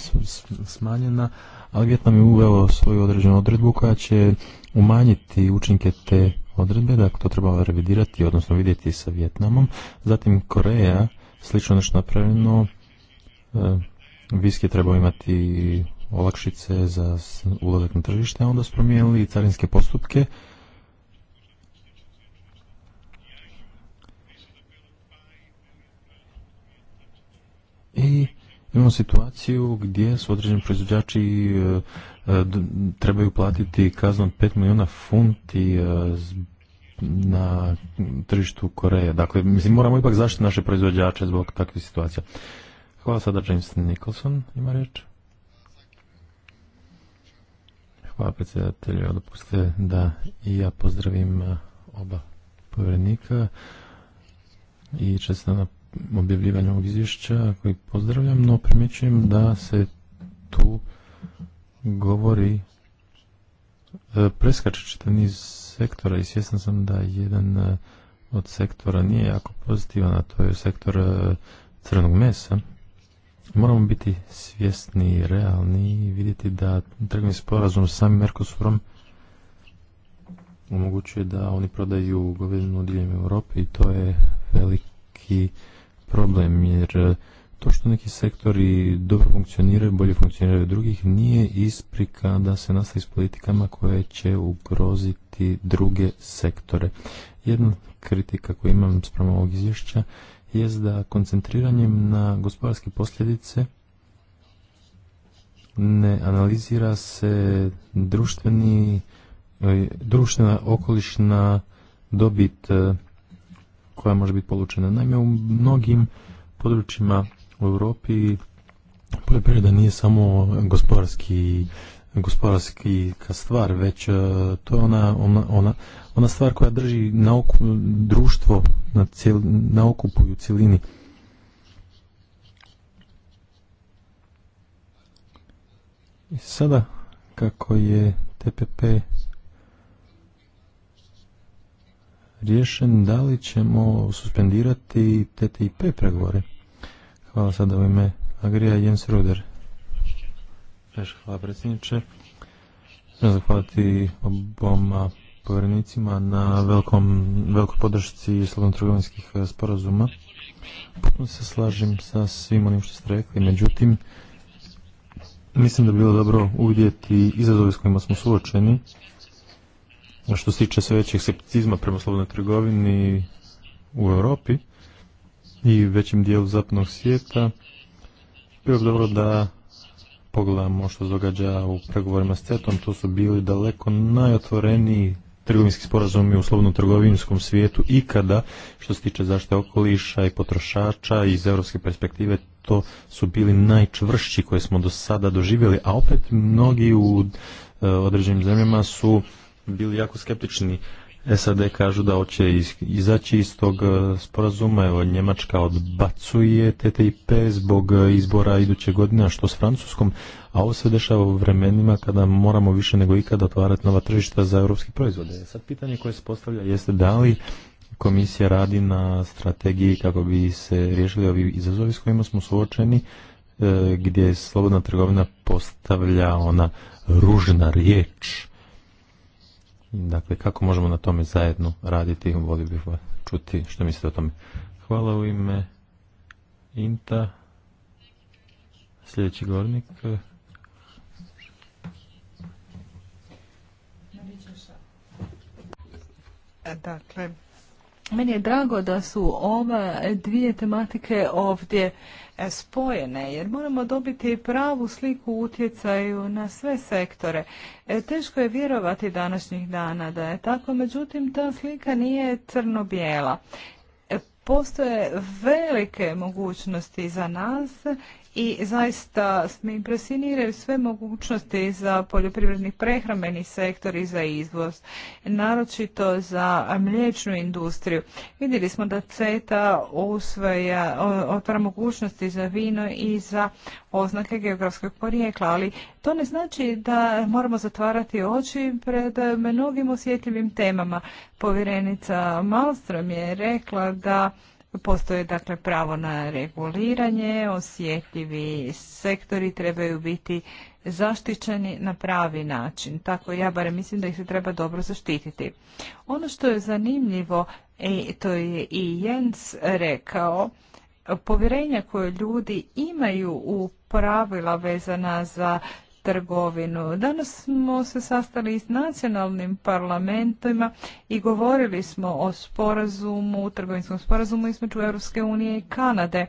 smanjena, ali Vjetnam je uveo svoju određenu odredbu koja će umanjiti učinke te odredbe, dakle to treba revidirati, odnosno vidjeti sa Vjetnamom. Zatim Koreja, slično nešto napravljeno, e, viski treba imati olakšice za ulazak na tržište, onda su promijenili carinske postupke i imamo situaciju gdje su određeni proizvođači e, e, trebaju platiti kaznu od 5 milijuna funti e, na tržištu Koreje. Dakle, mislim, moramo ipak zaštiti naše proizvođače zbog takvih situacije. Hvala sada James Nicholson, ima riječ. Hvala predsjedatelju, dopustite da i ja pozdravim oba povjerenika i čestitam na objavljivanju ovog izvješća koji pozdravljam, no primjećujem da se tu govori e, preskače čitav niz sektora i svjesna sam da jedan e, od sektora nije jako pozitivan, a to je sektor e, crnog mesa. Moramo biti svjesni i realni i vidjeti da trgovni sporazum s samim Mercosurom omogućuje da oni prodaju govedinu diljem Europe i to je veliki problem jer e, to što neki sektori dobro funkcioniraju, bolje funkcioniraju od drugih, nije isprika da se nastavi s politikama koje će ugroziti druge sektore. Jedna kritika koju imam spram ovog izvješća je da koncentriranjem na gospodarske posljedice ne analizira se društveni, e, društvena okolišna dobit e, koja može biti polučena. Naime, u mnogim područjima u Europi poljoprivreda nije samo gospodarski gospodarski stvar, već e, to je ona, ona, ona, stvar koja drži na oku, društvo na, na okupu i u cjelini. I sada, kako je TPP riješen, da li ćemo suspendirati TTIP pregovore? Hvala sada u ime Agrija Jens Ruder. Hvala predsjedniče. Želim zahvaliti oboma povjerenicima na velikom, velikoj podršci slobodno-trgovinskih eh, sporazuma. Potpuno se slažem sa svim onim što ste rekli, međutim, mislim da bi bilo dobro uvidjeti izazove s kojima smo suočeni što se tiče sve većeg skepticizma prema slobodnoj trgovini u Europi i većem dijelu zapadnog svijeta, bilo bi dobro da pogledamo što se događa u pregovorima s CETom, to su bili daleko najotvoreniji trgovinski sporazumi u slobodnom trgovinskom svijetu ikada što se tiče zaštite okoliša i potrošača iz europske perspektive to su bili najčvršći koje smo do sada doživjeli, a opet mnogi u e, određenim zemljama su bili jako skeptični. SAD kažu da hoće izaći iz tog e, sporazuma, evo Njemačka odbacuje TTIP zbog e, izbora iduće godine, što s Francuskom, a ovo se dešava u vremenima kada moramo više nego ikada otvarati nova tržišta za europski proizvode. E, sad pitanje koje se postavlja jeste da li komisija radi na strategiji kako bi se riješili ovi izazovi s kojima smo suočeni, gdje slobodna trgovina postavlja ona ružna riječ Dakle, kako možemo na tome zajedno raditi, volio bih čuti što mislite o tome. Hvala u ime Inta. Sljedeći govornik. Dakle, meni je drago da su ove dvije tematike ovdje spojene jer moramo dobiti pravu sliku utjecaju na sve sektore. E, teško je vjerovati današnjih dana da je tako, međutim ta slika nije crno-bijela. E, postoje velike mogućnosti za nas i zaista me impresioniraju sve mogućnosti za poljoprivredni prehrambeni sektor i za izvoz, naročito za mliječnu industriju. Vidjeli smo da CETA usvaja, otvara mogućnosti za vino i za oznake geografskog porijekla, ali to ne znači da moramo zatvarati oči pred mnogim osjetljivim temama. Povjerenica Malstrom je rekla da Postoje dakle pravo na reguliranje, osjetljivi sektori trebaju biti zaštićeni na pravi način. Tako ja barem mislim da ih se treba dobro zaštititi. Ono što je zanimljivo, e, to je i Jens rekao, povjerenja koje ljudi imaju u pravila vezana za trgovinu. Danas smo se sastali s nacionalnim parlamentima i govorili smo o sporazumu, trgovinskom sporazumu između Europske unije i Kanade.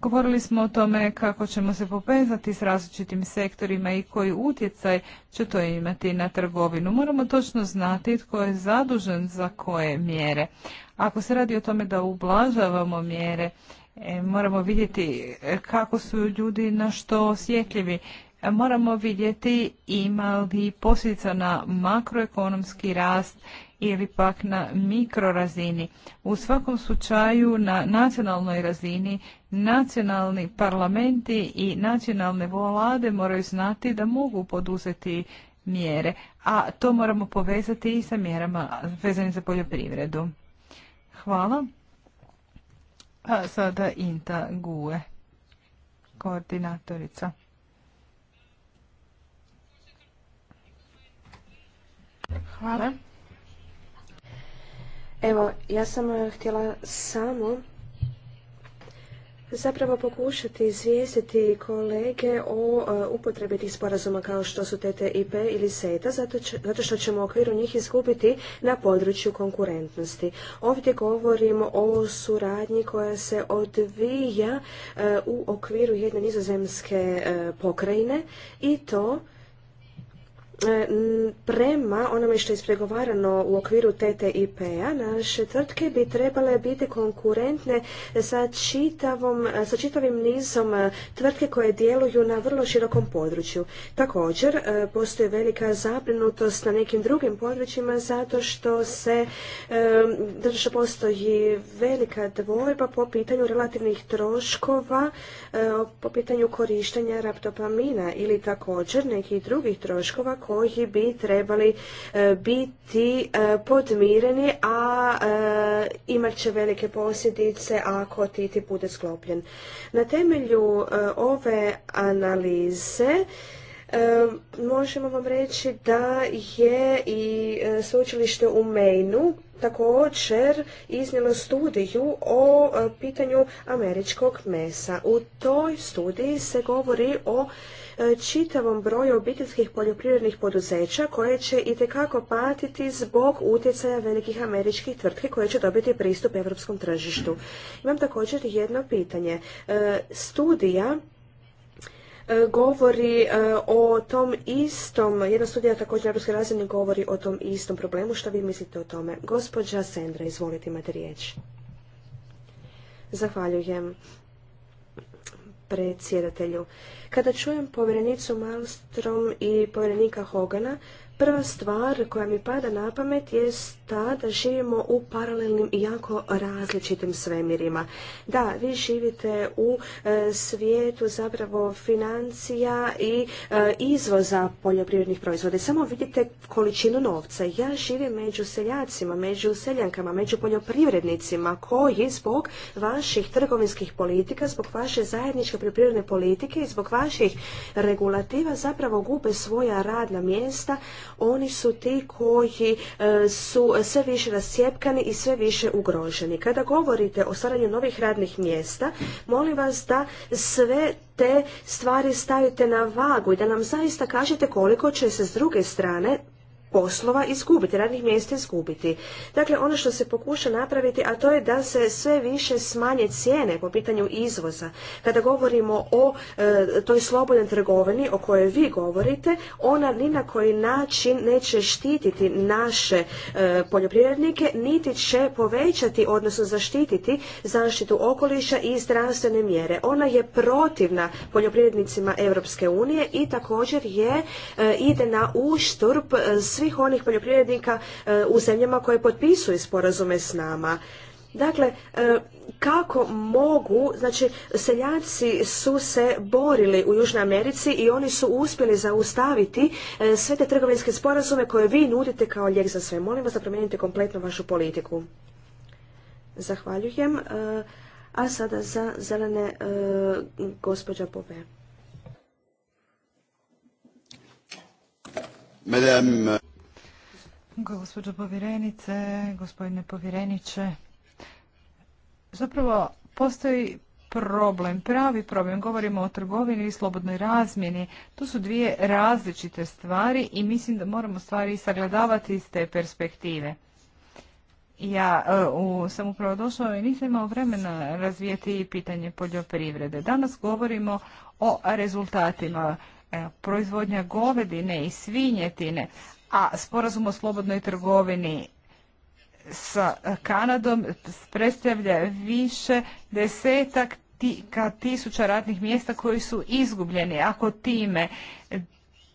Govorili smo o tome kako ćemo se povezati s različitim sektorima i koji utjecaj će to imati na trgovinu. Moramo točno znati tko je zadužen za koje mjere. Ako se radi o tome da ublažavamo mjere, e, moramo vidjeti kako su ljudi na što osjetljivi moramo vidjeti ima li posljedica na makroekonomski rast ili pak na mikrorazini. U svakom slučaju na nacionalnoj razini nacionalni parlamenti i nacionalne vlade moraju znati da mogu poduzeti mjere, a to moramo povezati i sa mjerama vezanim za poljoprivredu. Hvala. A sada Inta Gue, koordinatorica. Hvala. Evo, ja sam eh, htjela samo zapravo pokušati izvijestiti kolege o eh, upotrebi tih sporazuma kao što su TTIP ili SETA, zato, što ćemo u okviru njih izgubiti na području konkurentnosti. Ovdje govorimo o suradnji koja se odvija eh, u okviru jedne nizozemske pokrajine i to E, prema onome što je ispregovarano u okviru TTIP-a, naše tvrtke bi trebale biti konkurentne sa, čitavom, sa čitavim nizom e, tvrtke koje djeluju na vrlo širokom području. Također, e, postoji velika zabrinutost na nekim drugim područjima zato što se drža postoji velika dvojba po pitanju relativnih troškova, po pitanju korištenja raptopamina ili također nekih drugih troškova koji bi trebali e, biti e, podmireni, a e, imat će velike posljedice ako TTIP bude sklopljen. Na temelju ove analize možemo vam reći da je i sveučilište u Mainu također iznijelo studiju o pitanju američkog mesa. U toj studiji se govori o čitavom broju obiteljskih poljoprivrednih poduzeća koje će i tekako patiti zbog utjecaja velikih američkih tvrtki koje će dobiti pristup europskom tržištu. Imam također jedno pitanje. E, studija e, govori e, o tom istom, jedna studija također na europskoj razini govori o tom istom problemu. Što vi mislite o tome? Gospođa Sendra, izvolite, imate riječ. Zahvaljujem predsjedatelju. Kada čujem povjerenicu Malmstrom i povjerenika Hogana, Prva stvar koja mi pada na pamet je ta da živimo u paralelnim i jako različitim svemirima. Da, vi živite u e, svijetu zapravo financija i e, izvoza poljoprivrednih proizvoda. Samo vidite količinu novca. Ja živim među seljacima, među seljankama, među poljoprivrednicima koji zbog vaših trgovinskih politika, zbog vaše zajedničke poljoprivredne politike i zbog vaših regulativa zapravo gube svoja radna mjesta oni su ti koji e, su sve više rasjepkani i sve više ugroženi. Kada govorite o stvaranju novih radnih mjesta, molim vas da sve te stvari stavite na vagu i da nam zaista kažete koliko će se s druge strane poslova izgubiti, radnih mjesta izgubiti. Dakle, ono što se pokuša napraviti, a to je da se sve više smanje cijene po pitanju izvoza. Kada govorimo o e, toj slobodnoj trgovini o kojoj vi govorite, ona ni na koji način neće štititi naše e, poljoprivrednike, niti će povećati, odnosno zaštititi zaštitu okoliša i zdravstvene mjere. Ona je protivna poljoprivrednicima Europske unije i također je e, ide na uštrb s svih onih poljoprivrednika e, u zemljama koje potpisuju sporazume s nama. Dakle, e, kako mogu, znači seljaci su se borili u Južnoj Americi i oni su uspjeli zaustaviti e, sve te trgovinske sporazume koje vi nudite kao lijek za sve. Molim vas da promijenite kompletno vašu politiku. Zahvaljujem. A sada za zelene gospođa Pope. Gospođo povjerenice, gospodine povjereniče, zapravo postoji problem, pravi problem. Govorimo o trgovini i slobodnoj razmjeni. To su dvije različite stvari i mislim da moramo stvari sagledavati iz te perspektive. Ja e, u, sam upravo došla i nisam imao vremena razvijeti pitanje poljoprivrede. Danas govorimo o rezultatima e, proizvodnja govedine i svinjetine, a sporazum o slobodnoj trgovini sa Kanadom predstavlja više desetak tisuća radnih mjesta koji su izgubljeni. Ako time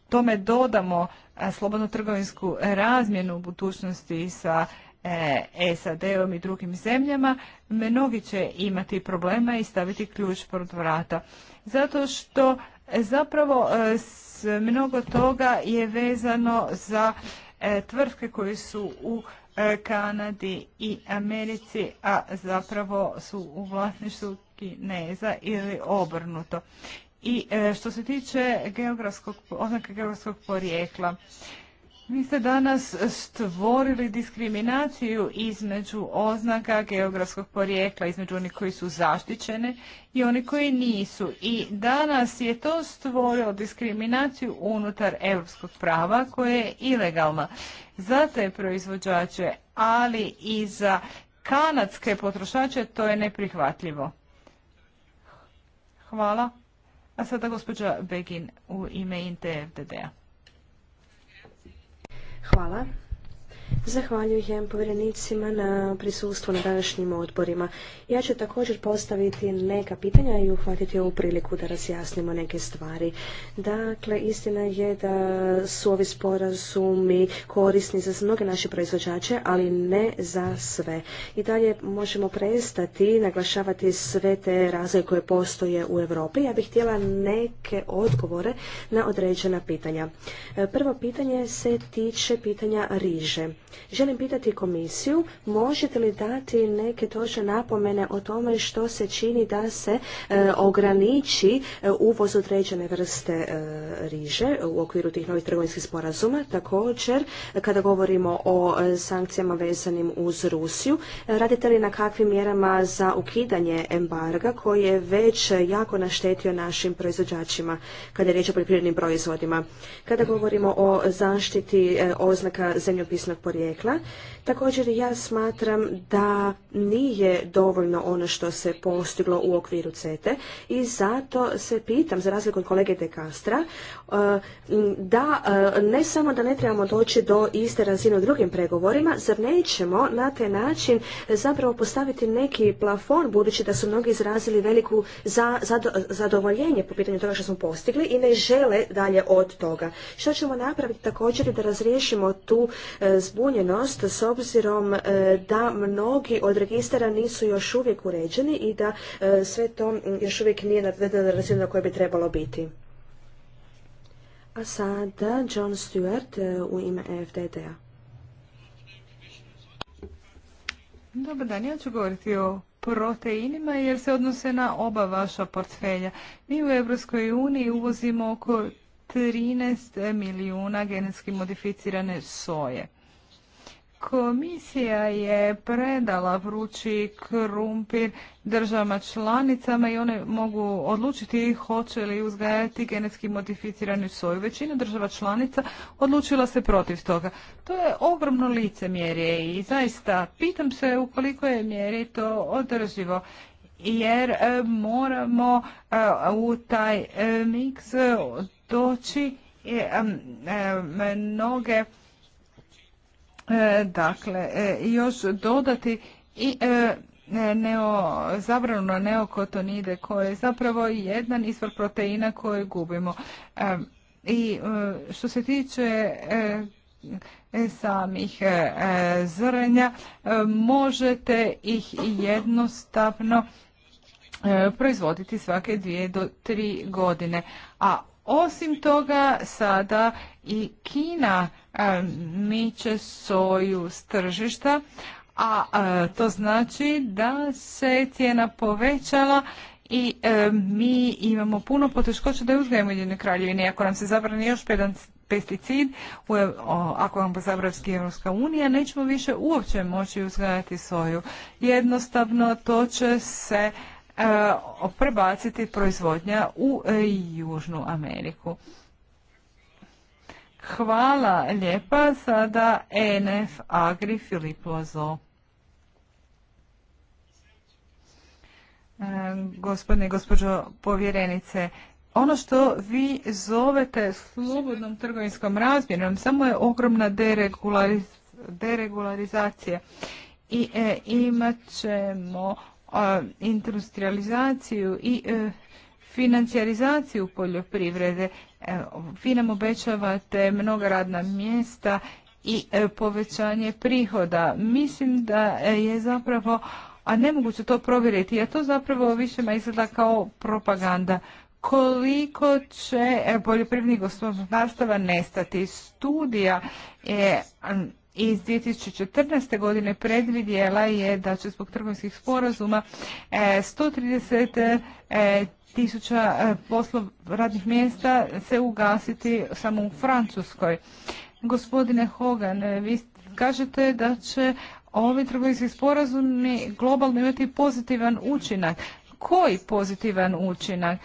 tome dodamo slobodno trgovinsku razmjenu u budućnosti sa e, SAD-om i drugim zemljama, mnogi će imati problema i staviti ključ pod vrata. Zato što e, zapravo s e, Mnogo toga je vezano za e, tvrtke koje su u e, Kanadi i Americi, a zapravo su u vlasništvu Kineza ili obrnuto. I e, što se tiče geografskog, geografskog porijekla, vi ste danas stvorili diskriminaciju između oznaka geografskog porijekla, između onih koji su zaštićene i oni koji nisu. I danas je to stvorilo diskriminaciju unutar europskog prava koja je ilegalna. Za te proizvođače, ali i za kanadske potrošače to je neprihvatljivo. Hvala. A sada gospođa Begin u ime INTFDD-a. Hvala. Zahvaljujem povjerenicima na prisustvu na današnjim odborima. Ja ću također postaviti neka pitanja i uhvatiti ovu priliku da razjasnimo neke stvari. Dakle, istina je da su ovi sporazumi korisni za mnoge naše proizvođače, ali ne za sve. I dalje možemo prestati naglašavati sve te razlike koje postoje u Europi. Ja bih htjela neke odgovore na određena pitanja. Prvo pitanje se tiče pitanja riže. Želim pitati komisiju, možete li dati neke točne napomene o tome što se čini da se e, ograniči e, uvoz određene vrste e, riže u okviru tih novih trgovinskih sporazuma? Također, kada govorimo o sankcijama vezanim uz Rusiju, radite li na kakvim mjerama za ukidanje embarga koji je već jako naštetio našim proizvođačima kada je riječ o poljoprivrednim proizvodima? Kada govorimo o zaštiti oznaka zemljopisnog porijekla Također ja smatram da nije dovoljno ono što se postiglo u okviru CETE i zato se pitam, za razliku od kolege De Castra, e, da e, ne samo da ne trebamo doći do iste razine u drugim pregovorima, zar nećemo na taj način zapravo postaviti neki plafon, budući da su mnogi izrazili veliku zadovoljenje po pitanju toga što smo postigli i ne žele dalje od toga. Što ćemo napraviti također da razriješimo tu e, zbunjenost sa obzirom e, da mnogi od registara nisu još uvijek uređeni i da e, sve to još uvijek nije na razinu na kojoj bi trebalo biti. A sada John Stewart e, u ime FDD-a. Dobar dan, ja ću govoriti o proteinima jer se odnose na oba vaša portfelja. Mi u Evropskoj uniji uvozimo oko 13 milijuna genetski modificirane soje. Komisija je predala vrući krumpir državama članicama i one mogu odlučiti hoće li uzgajati genetski modificirani soju. Većina država članica odlučila se protiv toga. To je ogromno licemjerje i zaista pitam se u je mjeri to održivo jer e, moramo e, u taj e, miks doći mnoge E, dakle, e, još dodati i e, neo, zabranu na neokotonide koje je zapravo jedan izvor proteina koje gubimo. I što se tiče samih zrnja, možete ih jednostavno proizvoditi svake dvije do tri godine. A osim toga, sada i Kina e, miče soju s tržišta, a e, to znači da se cijena povećala i e, mi imamo puno poteškoća da uzgajemo jedine kraljevine. Ako nam se zabrani još jedan pesticid, ako vam zabravski Evropska unija, nećemo više uopće moći uzgajati soju. Jednostavno to će se prebaciti proizvodnja u e, Južnu Ameriku. Hvala lijepa. Sada NF Agri Filip Lozo. E, gospodine i gospođo povjerenice, ono što vi zovete slobodnom trgovinskom razmjenom samo je ogromna deregularizacija i e, imat ćemo industrializaciju i e, financijarizaciju poljoprivrede. Vi e, nam obećavate mnoga radna mjesta i e, povećanje prihoda. Mislim da je zapravo, a nemoguće to provjeriti, je to zapravo više ma izgleda kao propaganda. Koliko će poljoprivrednih gospodarstava nestati? Studija je iz 2014. godine predvidjela je da će zbog trgovinskih sporazuma 130 e, e, tisuća e, poslov radnih mjesta se ugasiti samo u Francuskoj. Gospodine Hogan, vi kažete da će ovi trgovinski sporazumi globalno imati pozitivan učinak. Koji pozitivan učinak?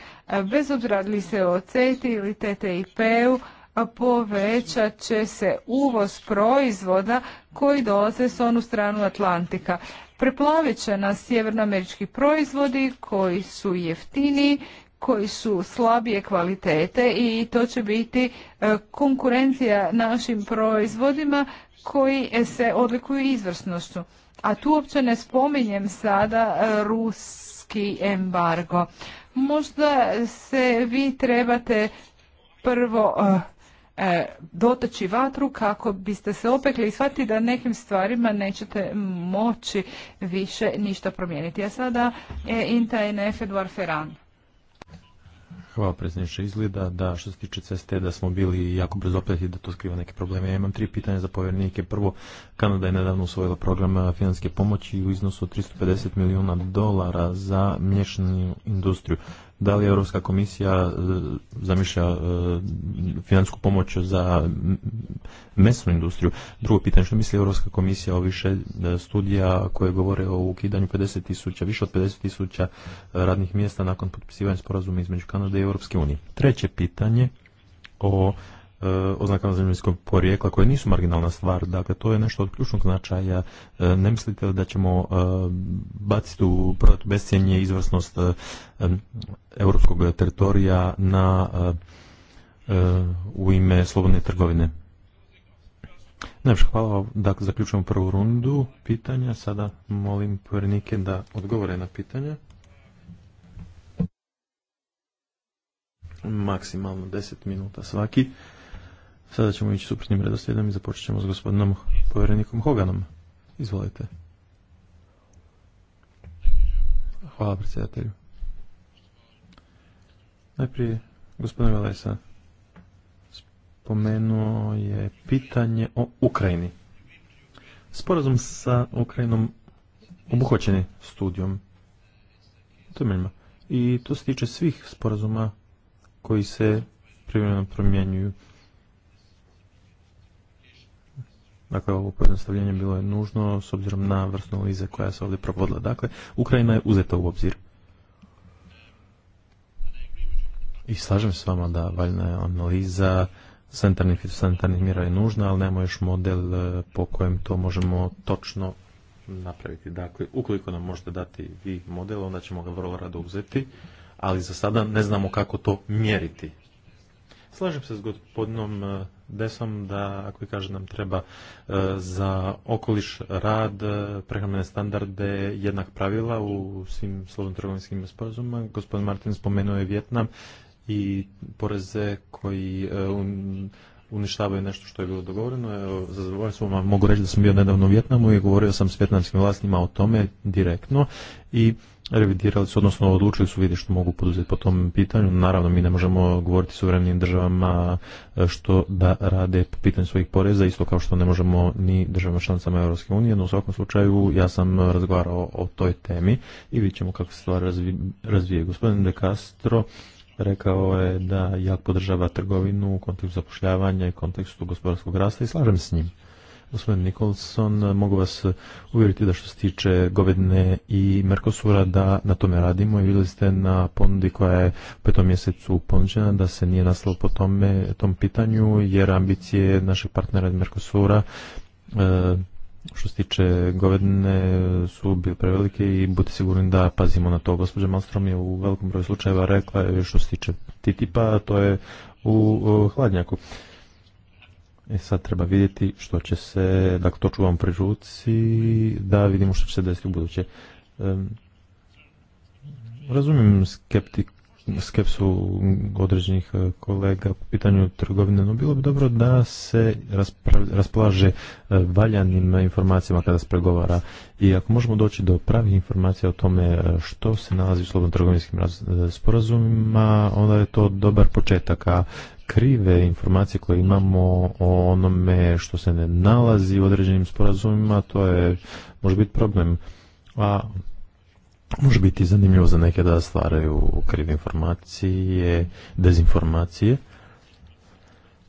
Bez obzira li se o CETI ili TTIP-u, povećat će se uvoz proizvoda koji dolaze s onu stranu Atlantika. Preplavit će nas sjevernoamerički proizvodi koji su jeftiniji, koji su slabije kvalitete i to će biti e, konkurencija našim proizvodima koji se odlikuju izvrsnošću. A tu uopće ne spominjem sada e, ruski embargo. Možda se vi trebate prvo e, E, dotaći vatru kako biste se opekli i shvatiti da nekim stvarima nećete moći više ništa promijeniti. A sada je Inta Nef Eduard Ferran. Hvala predsjedniče izgleda da što se tiče ceste da smo bili jako brzo da to skriva neke probleme. Ja imam tri pitanja za povjernike. Prvo, Kanada je nedavno usvojila program e, financijske pomoći u iznosu od 350 milijuna dolara za mlječnu industriju da li Europska komisija e, zamišlja e, financijsku pomoć za mesnu industriju. Drugo pitanje, što misli Europska komisija o više e, studija koje govore o ukidanju 50 više od 50.000 tisuća radnih mjesta nakon potpisivanja sporazuma između Kanade i Europske unije. Treće pitanje o Eh, oznakama zemljinskog porijekla koje nisu marginalna stvar. Dakle, to je nešto od ključnog značaja. Eh, ne mislite da ćemo eh, baciti u bescijenje izvrsnost europskog teritorija na u ime slobodne trgovine? Najpša hvala vam. Dakle, zaključujemo prvu rundu pitanja. Sada molim povjerenike da odgovore na pitanja. Maksimalno 10 minuta svaki. Sada ćemo ići suprotnim redoslijedom i započet ćemo s gospodinom povjerenikom Hoganom. Izvolite. Hvala predsjedatelju. Najprije gospodin Velesa spomenuo je pitanje o Ukrajini. Sporazum sa Ukrajinom obuhvaćen je studijom I to se tiče svih sporazuma koji se primjerno promjenjuju. Dakle, ovo pojednostavljenje bilo je nužno s obzirom na vrstu analize koja se ovdje provodila. Dakle, Ukrajina je uzeta u obzir. I slažem se s vama da valjna je analiza sanitarnih fitosanitarnih mjera je nužna, ali nemamo još model e, po kojem to možemo točno napraviti. Dakle, ukoliko nam možete dati vi model, onda ćemo ga vrlo rado uzeti, ali za sada ne znamo kako to mjeriti. Slažem se s gospodinom e, desom da ako kažem kaže nam treba e, za okoliš rad, e, prehrambene standarde, jednak pravila u svim slobodno trgovinskim sporazumima. Gospodin Martin spomenuo je Vjetnam i poreze koji e, uništavaju nešto što je bilo dogovoreno. Evo, za zadovoljstvo vam mogu reći da sam bio nedavno u Vjetnamu i govorio sam s vjetnamskim vlastima o tome direktno i revidirali su, odnosno odlučili su vidjeti što mogu poduzeti po tom pitanju. Naravno, mi ne možemo govoriti suverenim državama e, što da rade po pitanju svojih poreza, isto kao što ne možemo ni državama članicama Europske unije, no u svakom slučaju ja sam razgovarao o toj temi i vidjet ćemo kako se stvar razvije. razvije. Gospodin De Castro rekao je da jak podržava trgovinu u kontekstu zapošljavanja i kontekstu gospodarskog rasta i slažem s njim. Gospodin Nikolson, mogu vas uvjeriti da što se tiče Govedne i Merkosura da na tome radimo i vidjeli ste na ponudi koja je u petom mjesecu ponuđena da se nije nastalo po tome, tom pitanju jer ambicije našeg partnera Merkosura e, što se tiče govedne su bile prevelike i budite sigurni da pazimo na to. Gospođa Malstrom je u velikom broju slučajeva rekla što se tiče TTIP-a, to je u hladnjaku. E sad treba vidjeti što će se, dakle to čuvam pri ruci, da vidimo što će se desiti u buduće. razumijem skeptik, skepsu određenih e, kolega po pitanju trgovine, no bilo bi dobro da se raspolaže e, valjanim informacijama kada se pregovara i ako možemo doći do pravih informacija o tome e, što se nalazi u slobodno trgovinskim sporazumima, onda je to dobar početak, a krive informacije koje imamo o onome što se ne nalazi u određenim sporazumima, to je može biti problem. A može biti zanimljivo za neke da stvaraju krive informacije, dezinformacije.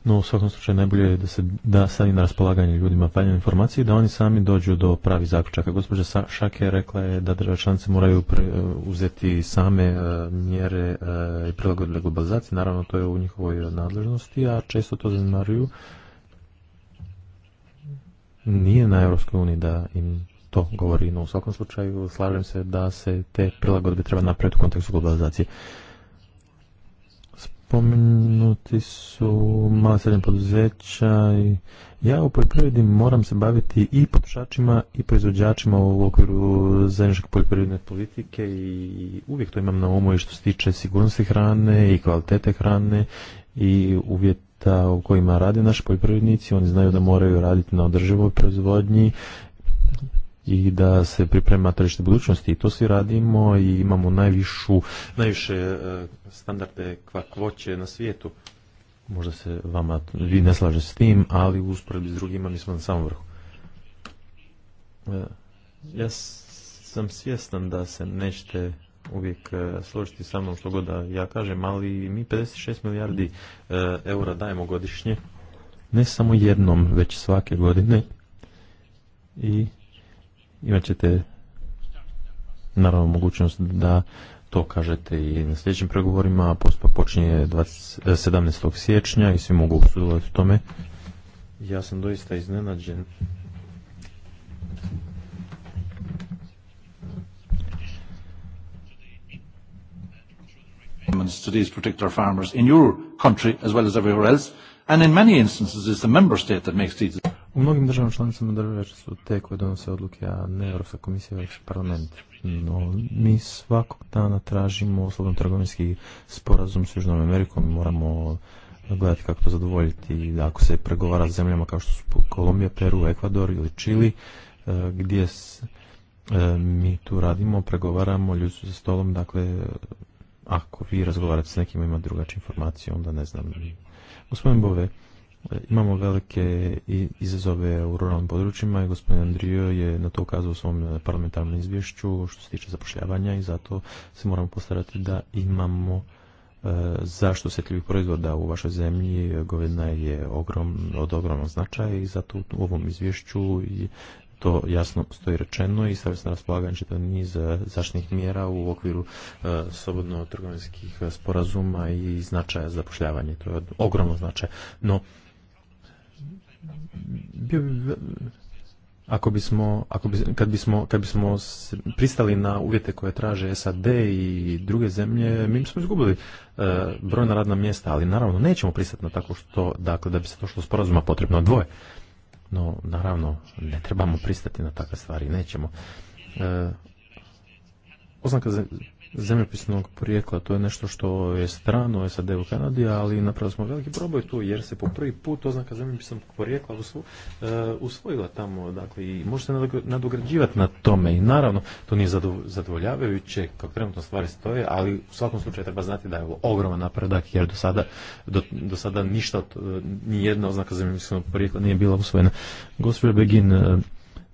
No u svakom slučaju najbolje je da se da stavi na raspolaganje ljudima paljene informacije i da oni sami dođu do pravi zaključaka. Gospođa Šake rekla je da države članice moraju uzeti same e, mjere e, i prilagodbe globalizacije. Naravno to je u njihovoj nadležnosti, a često to zanemaruju. Nije na Europskoj uniji da im to govori. No, u svakom slučaju slažem se da se te prilagodbe treba napraviti u kontekstu globalizacije. Spomenuti su mala srednja poduzeća ja u poljoprivredi moram se baviti i potrošačima i proizvođačima u okviru zajedničke poljoprivredne politike i uvijek to imam na umu i što se tiče sigurnosti hrane i kvalitete hrane i uvjeta u kojima rade naši poljoprivrednici. Oni znaju da moraju raditi na održivoj proizvodnji i da se priprema tržište budućnosti i to svi radimo i imamo najvišu, najviše e, standarde kvakvoće na svijetu. Možda se vama, vi ne slaže s tim, ali u usporedbi s drugima mi smo na samom vrhu. E, ja sam svjestan da se nećete uvijek e, složiti sa mnom što god da ja kažem, ali mi 56 milijardi eura dajemo godišnje, ne samo jednom, već svake godine i imat ćete naravno mogućnost da to kažete i na sljedećim pregovorima, a počinje 20, 17. siječnja i svi mogu sudjelovati u tome. Ja sam doista iznenađen. to these particular farmers in your country as well as everywhere else and in many instances it's the member state that makes these u mnogim državama članicama države su te koje donose odluke, a ne Europska komisija, već parlament. No, mi svakog dana tražimo slobodno trgovinski sporazum s Južnom Amerikom moramo gledati kako to zadovoljiti. Ako se pregovara s zemljama kao što su Kolumbija, Peru, Ekvador ili Čili, e, gdje e, mi tu radimo, pregovaramo, ljudi su za stolom, dakle, ako vi razgovarate s nekim ima drugačiju informaciju, onda ne znam. Gospodin Bove, Imamo velike izazove u ruralnim područjima i gospodin Andrijo je na to ukazao u svom e, parlamentarnom izvješću što se tiče zapošljavanja i zato se moramo postarati da imamo e, zašto osjetljivih proizvoda u vašoj zemlji. govedna je od ogromnog značaja i zato u ovom izvješću i to jasno stoji rečeno i stavio se na raspolaganje čitav niz e, zaštitnih mjera u okviru slobodno trgovinskih sporazuma i značaja zapošljavanja. To je ogromno značaj. No, bio ako bismo, ako bi, kad, bismo, kad bismo pristali na uvjete koje traže SAD i druge zemlje, mi bismo izgubili e, brojna radna mjesta, ali naravno nećemo pristati na tako što, dakle, da bi se to što sporazuma potrebno dvoje. No, naravno, ne trebamo pristati na takve stvari, nećemo. E, oznaka zemljopisnog porijekla. To je nešto što je strano SAD u Kanadi, ali napravili smo veliki proboj tu jer se po prvi put oznaka zemljopisnog porijekla e, usvojila tamo. Dakle, i može se nadograđivati na tome. I naravno, to nije zadovoljavajuće kako trenutno stvari stoje, ali u svakom slučaju treba znati da je ovo ogroman napredak jer do sada, do, sada ništa, e, nijedna oznaka zemljopisnog porijekla nije bila usvojena. Gospodin Begin, e,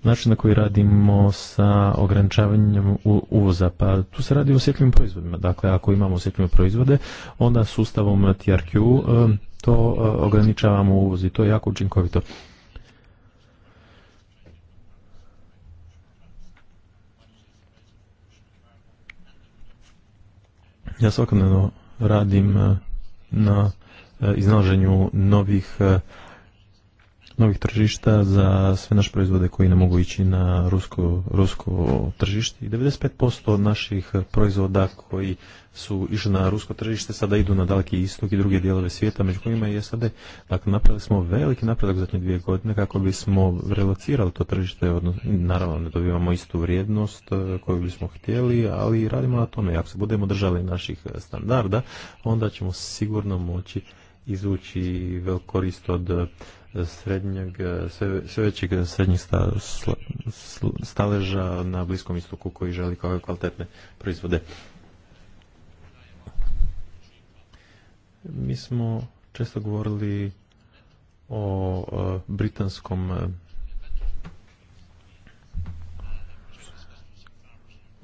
način na koji radimo sa ograničavanjem uvoza. Pa tu se radi o osjetljivim proizvodima. Dakle, ako imamo osjetljive proizvode, onda sustavom TRQ e, to e, ograničavamo uvoz i to je jako učinkovito. Ja svakodnevno radim e, na iznalaženju novih novih tržišta za sve naše proizvode koji ne mogu ići na rusko, rusko tržište. I 95% naših proizvoda koji su išli na rusko tržište sada idu na daleki istok i druge dijelove svijeta, među kojima je SAD. Dakle, napravili smo veliki napredak zadnje dvije godine kako bismo relocirali to tržište. naravno, ne dobivamo istu vrijednost e, koju bismo htjeli, ali radimo na tome. Ako se budemo držali naših standarda, onda ćemo sigurno moći izvući velik korist od srednjeg, sve, sve većeg srednjeg staleža na Bliskom istoku koji želi kao kvalitetne proizvode. Mi smo često govorili o, o e, britanskom e,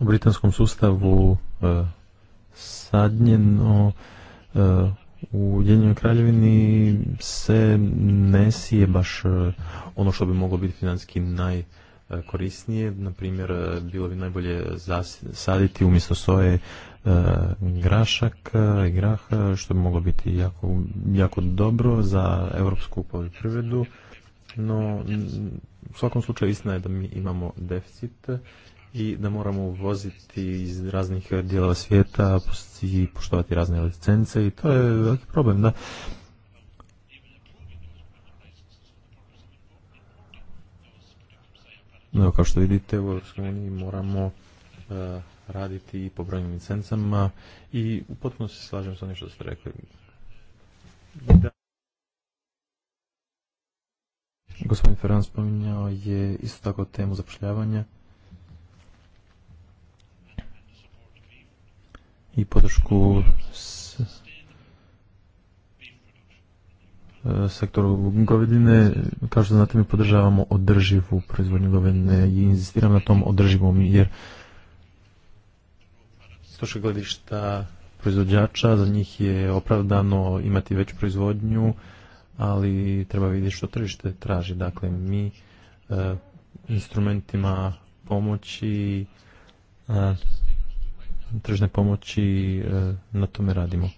o britanskom sustavu e, sadnjeno u Ujedinjenoj kraljevini se ne sije baš e, ono što bi moglo biti financijski najkorisnije. Naprimjer, e, bilo bi najbolje saditi umjesto soje e, grašak i grah, što bi moglo biti jako, jako dobro za europsku poljoprivredu. No, u svakom slučaju istina je da mi imamo deficit i da moramo uvoziti iz raznih eh, dijela svijeta i poštovati razne licence i to je veliki problem. Da. No, kao što vidite u EU moramo eh, raditi i po brojnim licencama i u potpunosti se slažem sa onim što ste rekli. Da. Gospodin Ferran spominjao je isto tako temu zapošljavanja. i podršku e, sektoru govedine. Kao što znate, mi podržavamo održivu proizvodnju govedine i inzistiram na tom održivom, jer s gledišta proizvođača, za njih je opravdano imati veću proizvodnju, ali treba vidjeti što tržište traži. Dakle, mi e, instrumentima pomoći e, tržne pomoći e, na tome radimo.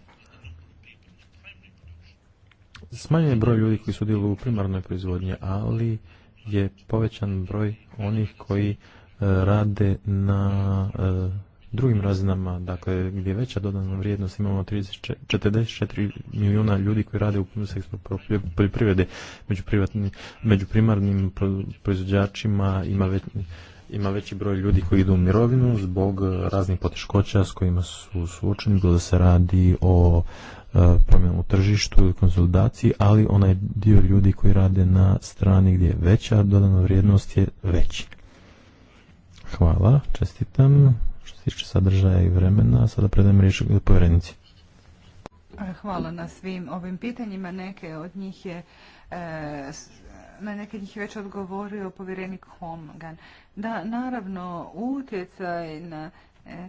Smanjen je broj ljudi koji su sudjeluju u primarnoj proizvodnji, ali je povećan broj onih koji e, rade na e, drugim razinama, dakle gdje je veća dodana vrijednost, imamo 44 milijuna ljudi koji rade u sektoru poljoprivrede, među, među primarnim proizvođačima ima već, ima veći broj ljudi koji idu u mirovinu zbog e, raznih poteškoća s kojima su suočeni, bilo da se radi o e, promjenu u tržištu ili konsolidaciji, ali onaj dio ljudi koji rade na strani gdje je veća dodana vrijednost je veći. Hvala, čestitam. Što se tiče sadržaja i vremena, sada predajem riječ povjerenici. Hvala na svim ovim pitanjima. Neke od njih je e, na neke njih već odgovorio povjerenik Homgan. Da, naravno, utjecaj na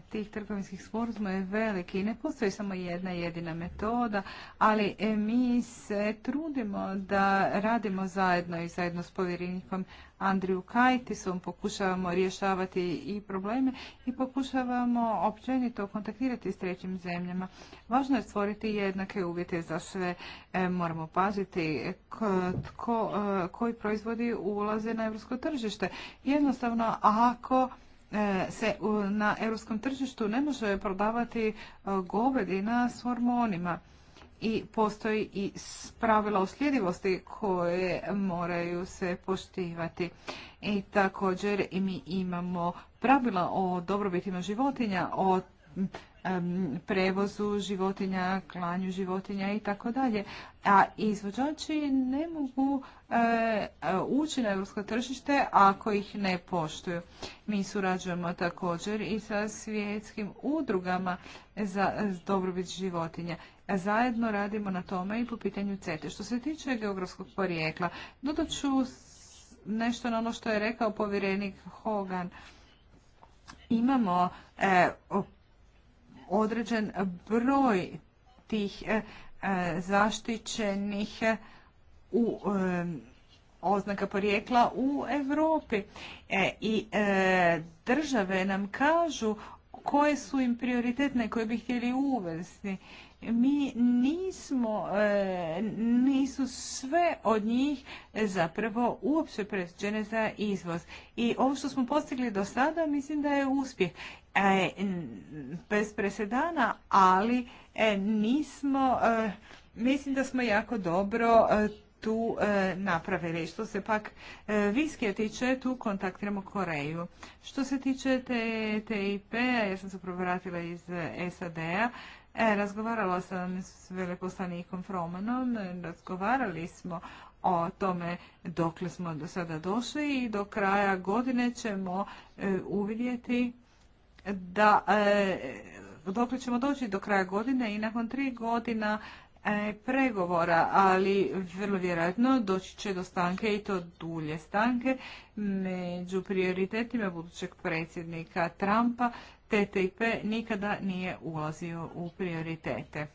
tih trgovinskih sporazuma je veliki i ne postoji samo jedna jedina metoda, ali e, mi se trudimo da radimo zajedno i zajedno s povjerenikom Andriju Kajtisom, pokušavamo rješavati i probleme i pokušavamo općenito kontaktirati s trećim zemljama. Važno je stvoriti jednake uvjete za sve. E, moramo paziti e, koji proizvodi ulaze na evropsko tržište. Jednostavno, ako E, se na europskom tržištu ne može prodavati e, govedina s hormonima i postoji i pravila o sljedivosti koje moraju se poštivati. I također mi imamo pravila o dobrobitima životinja, o prevozu životinja, klanju životinja i tako dalje. A izvođači ne mogu e, e, ući na europsko tržište ako ih ne poštuju. Mi surađujemo također i sa svjetskim udrugama za dobrobit životinja. Zajedno radimo na tome i po pitanju CETE. Što se tiče geografskog porijekla, dodat ću nešto na ono što je rekao povjerenik Hogan. Imamo e, određen broj tih e, e, zaštićenih e, u oznaka porijekla u Europi. I države nam kažu koje su im prioritetne koje bi htjeli uvesti mi nismo, e, nisu sve od njih zapravo uopće predviđene za izvoz. I ovo što smo postigli do sada mislim da je uspjeh. E, bez presedana, ali e, nismo, mislim da smo jako dobro tu napravili. Što se pak viske tiče, tu kontaktiramo Koreju. Što se tiče TIP-a, ja sam se provratila iz SAD-a, E, razgovarala sam s veleposlanikom Fromanom, razgovarali smo o tome dokle smo do sada došli i do kraja godine ćemo e, uvidjeti da e, dokle ćemo doći do kraja godine i nakon tri godina e, pregovora, ali vrlo vjerojatno doći će do stanke i to dulje stanke. Među prioritetima budućeg predsjednika Trumpa TTIP nikada nije ulazio u prioritete.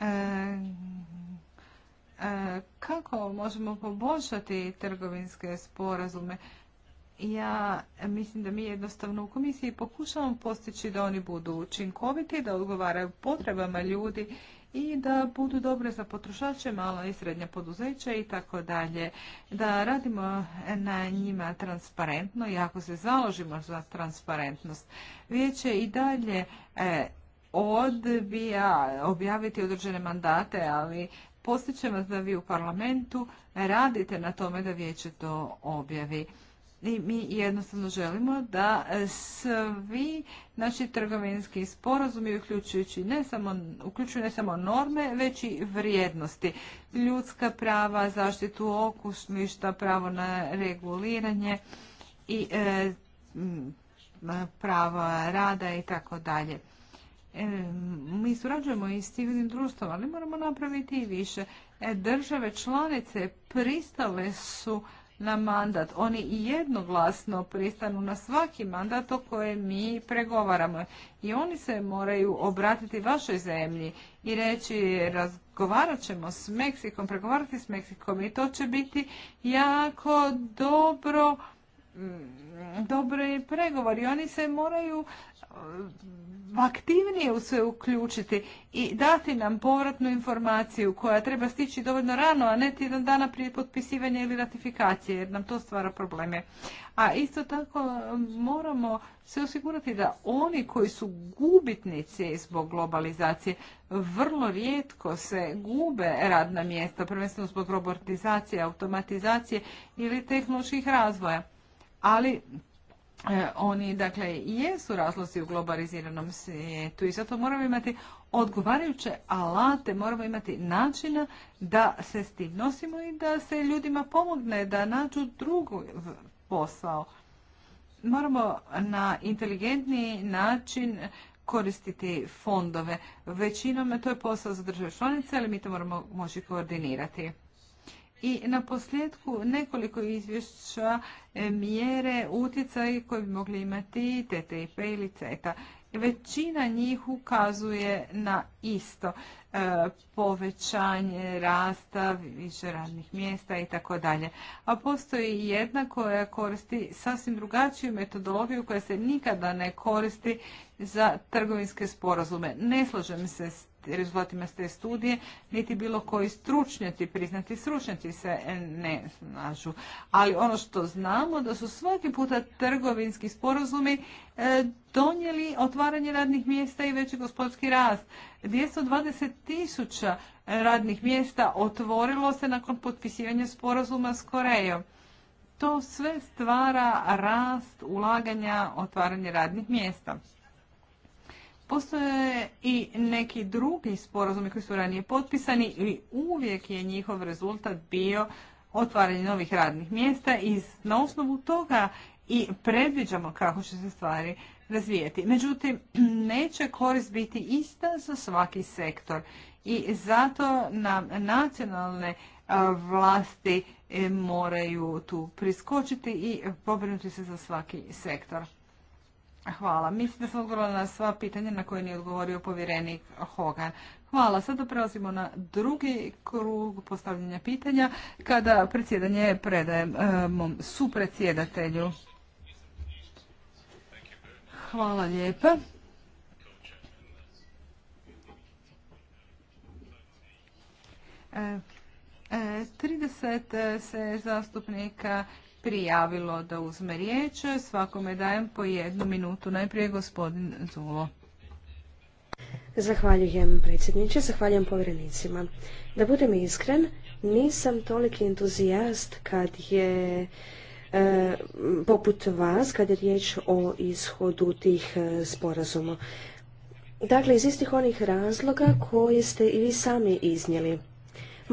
E, e, kako možemo poboljšati trgovinske sporazume? Ja mislim da mi jednostavno u komisiji pokušavamo postići da oni budu učinkoviti, da odgovaraju potrebama ljudi i da budu dobre za potrošače, mala i srednja poduzeća i tako dalje. Da radimo na njima transparentno i ako se založimo za transparentnost, vijeće i dalje e, odbija objaviti određene mandate, ali će vas da vi u parlamentu radite na tome da vijeće to objavi i mi jednostavno želimo da svi naši trgovinski sporazumi uključujući ne samo, uključuju ne samo norme, već i vrijednosti. Ljudska prava, zaštitu okusništa, pravo na reguliranje i e, prava rada i tako dalje. E, mi surađujemo i s civilnim društvom, ali moramo napraviti i više. E, države članice pristale su na mandat. Oni jednoglasno pristanu na svaki mandat o kojem mi pregovaramo. I oni se moraju obratiti vašoj zemlji i reći razgovarat ćemo s Meksikom, pregovarati s Meksikom i to će biti jako dobro Mm, dobre pregovori. Oni se moraju eh, aktivnije u sve uključiti i dati nam povratnu informaciju koja treba stići dovoljno rano, a ne tjedan dana prije potpisivanja ili ratifikacije, jer nam to stvara probleme. A isto tako eh, moramo se osigurati da oni koji su gubitnici zbog globalizacije vrlo rijetko se gube radna mjesta, prvenstveno zbog robotizacije, automatizacije ili tehnoloških razvoja ali e, oni dakle jesu razlozi u globaliziranom svijetu i zato moramo imati odgovarajuće alate, moramo imati načina da se s tim nosimo i da se ljudima pomogne da nađu drugu posao. Moramo na inteligentniji način koristiti fondove. Većinom to je posao za države članice, ali mi to moramo moći koordinirati. I na posljedku nekoliko izvješća e, mjere utjecaj koji bi mogli imati TTIP ili CETA. Većina njih ukazuje na isto e, povećanje rasta, više radnih mjesta i tako dalje. A postoji jedna koja koristi sasvim drugačiju metodologiju koja se nikada ne koristi za trgovinske sporazume. Ne slažem se s rezultatima te studije, niti bilo koji stručnjaci, priznati stručnjaci se ne znažu Ali ono što znamo da su svaki puta trgovinski sporazumi e, donijeli otvaranje radnih mjesta i veći gospodski rast. 220 tisuća radnih mjesta otvorilo se nakon potpisivanja sporazuma s Korejom. To sve stvara rast, ulaganja, otvaranje radnih mjesta. Postoje i neki drugi sporazumi koji su ranije potpisani i uvijek je njihov rezultat bio otvaranje novih radnih mjesta i na osnovu toga i predviđamo kako će se stvari razvijeti. Međutim, neće korist biti ista za svaki sektor i zato nam nacionalne e, vlasti e, moraju tu priskočiti i pobrinuti se za svaki sektor. Hvala. Mislim da sam odgovorila na sva pitanja na koje nije odgovorio povjerenik Hogan. Hvala. Sada prelazimo na drugi krug postavljanja pitanja kada predsjedanje predajem e, mom supredsjedatelju. Hvala lijepa. E, 30 e, se zastupnika prijavilo da uzme riječ. Svakome dajem po jednu minutu. Najprije gospodin Zulo. Zahvaljujem predsjedniče, zahvaljujem povjerenicima. Da budem iskren, nisam toliki entuzijast kad je e, poput vas, kad je riječ o ishodu tih e, sporazuma. Dakle, iz istih onih razloga koje ste i vi sami iznijeli.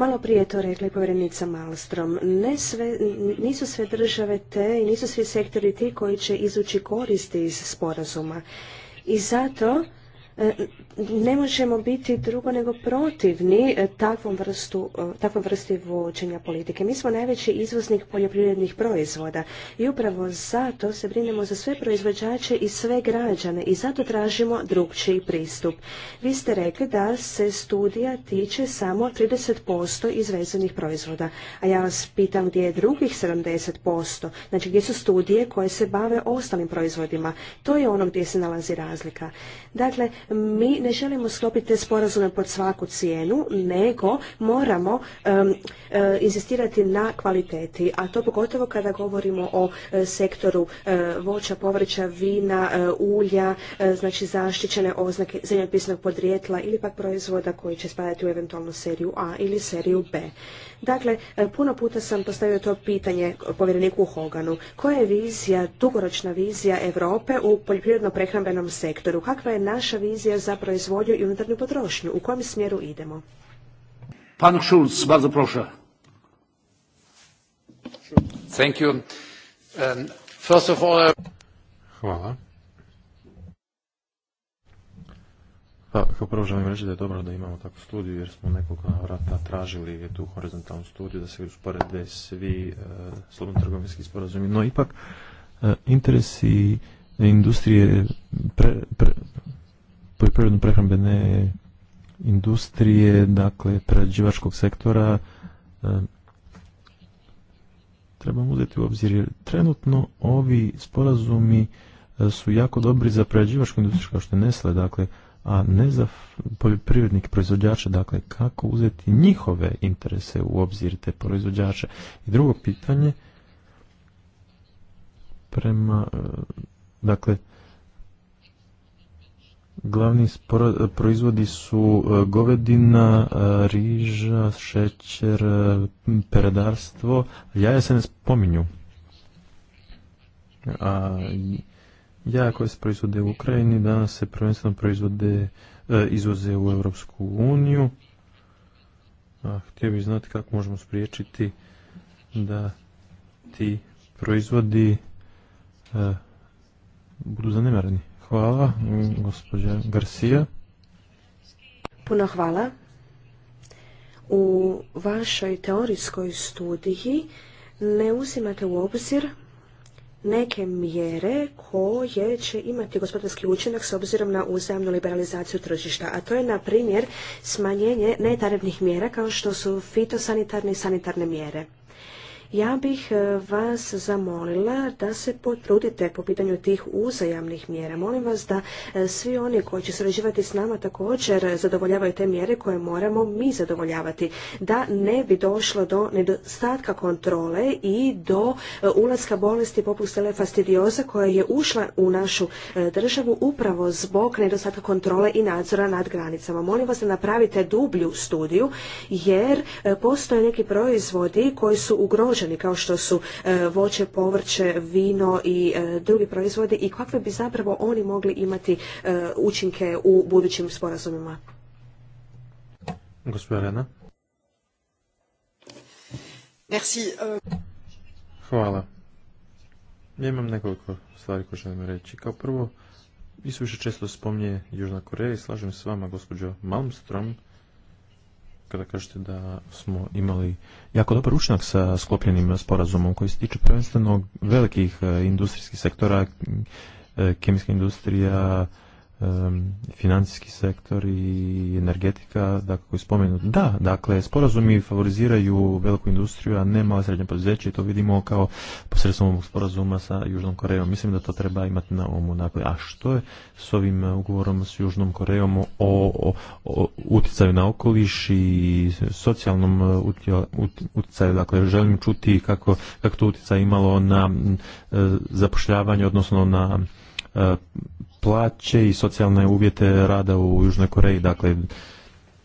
Malo prije to rekla i povjerenica Malstrom. nisu sve države te i nisu svi sektori ti koji će izući koristi iz sporazuma. I zato E, ne možemo biti drugo nego protivni e, takvom, vrstu, e, takvom vrsti vođenja politike. Mi smo najveći izvoznik poljoprivrednih proizvoda i upravo zato se brinemo za sve proizvođače i sve građane i zato tražimo drugčiji pristup. Vi ste rekli da se studija tiče samo 30% izvezenih proizvoda, a ja vas pitam gdje je drugih 70%, znači gdje su studije koje se bave ostalim proizvodima. To je ono gdje se nalazi razlika. Dakle, mi ne želimo sklopiti te sporazume pod svaku cijenu, nego moramo um, eh, insistirati na kvaliteti, a to pogotovo kada govorimo o eh, sektoru eh, voća, povrća, vina, ulja, znači zaštićene oznake zemljopisnog podrijetla ili pak proizvoda koji će spadati u eventualnu seriju A ili seriju B. Dakle, puno puta sam postavio to pitanje povjereniku Hoganu. Koja je vizija, dugoročna vizija Europe u poljoprivredno-prehrambenom sektoru? Kakva je naša vizija vizija za proizvodnju i unutarnju potrošnju? U kojem smjeru idemo? Pan Šulc, bardzo proša. Thank you. Um, first of all... Uh, Hvala. Pa, kao prvo želim reći da je dobro da imamo takvu studiju jer smo nekoliko vrata tražili tu horizontalnu studiju da se usporede svi e, slobodno trgovinski sporazumi, no ipak e, interesi industrije pre, poljoprivredno prehrambene industrije, dakle prerađivačkog sektora, treba uzeti u obzir jer trenutno ovi sporazumi e, su jako dobri za prerađivačku industriju kao što je dakle, a ne za poljoprivrednike proizvođače, dakle kako uzeti njihove interese u obzir te proizvođače. I drugo pitanje prema e, dakle Glavni proizvodi su e, govedina, e, riža, šećer, e, peredarstvo. Jaja se ne spominju. A jaja koje se proizvode u Ukrajini danas se prvenstveno proizvode izvoze u Europsku uniju. A, htio bih znati kako možemo spriječiti da ti proizvodi budu zanemareni. Hvala, gospođa Garcia. Puno hvala. U vašoj teorijskoj studiji ne uzimate u obzir neke mjere koje će imati gospodarski učinak s obzirom na uzajamnu liberalizaciju tržišta, a to je na primjer smanjenje netarebnih mjera kao što su fitosanitarne i sanitarne mjere. Ja bih e, vas zamolila da se potrudite po pitanju tih uzajamnih mjera. Molim vas da e, svi oni koji će sređivati s nama također zadovoljavaju te mjere koje moramo mi zadovoljavati. Da ne bi došlo do nedostatka kontrole i do e, ulaska bolesti poput fastidioza koja je ušla u našu državu upravo zbog nedostatka kontrole i nadzora nad granicama. Molim vas da napravite dublju studiju jer postoje neki proizvodi koji su ugroženi kao što su e, voće, povrće, vino i e, drugi proizvodi i kakve bi zapravo oni mogli imati e, učinke u budućim sporazumima? Gospodina. Merci. Hvala. Ja imam nekoliko stvari koje želim reći. Kao prvo, i više često spominje Južna Koreja i slažem se s vama, gospođo Malmstrom, kada kažete da smo imali jako dobar učinak sa sklopljenim sporazumom koji se tiče prvenstveno velikih e, industrijskih sektora, e, kemijska industrija, um, financijski sektor i energetika, dakle, koji spomenut. Da, dakle, sporazumi favoriziraju veliku industriju, a ne malo srednje poduzeća i to vidimo kao posredstvom ovog sporazuma sa Južnom Korejom. Mislim da to treba imati na umu. Dakle, a što je s ovim e, ugovorom s Južnom Korejom o, o, o utjecaju na okoliš i socijalnom e, utjecaju? Dakle, želim čuti kako, kako to utjecaj imalo na e, zapošljavanje, odnosno na plaće i socijalne uvjete rada u Južnoj Koreji, dakle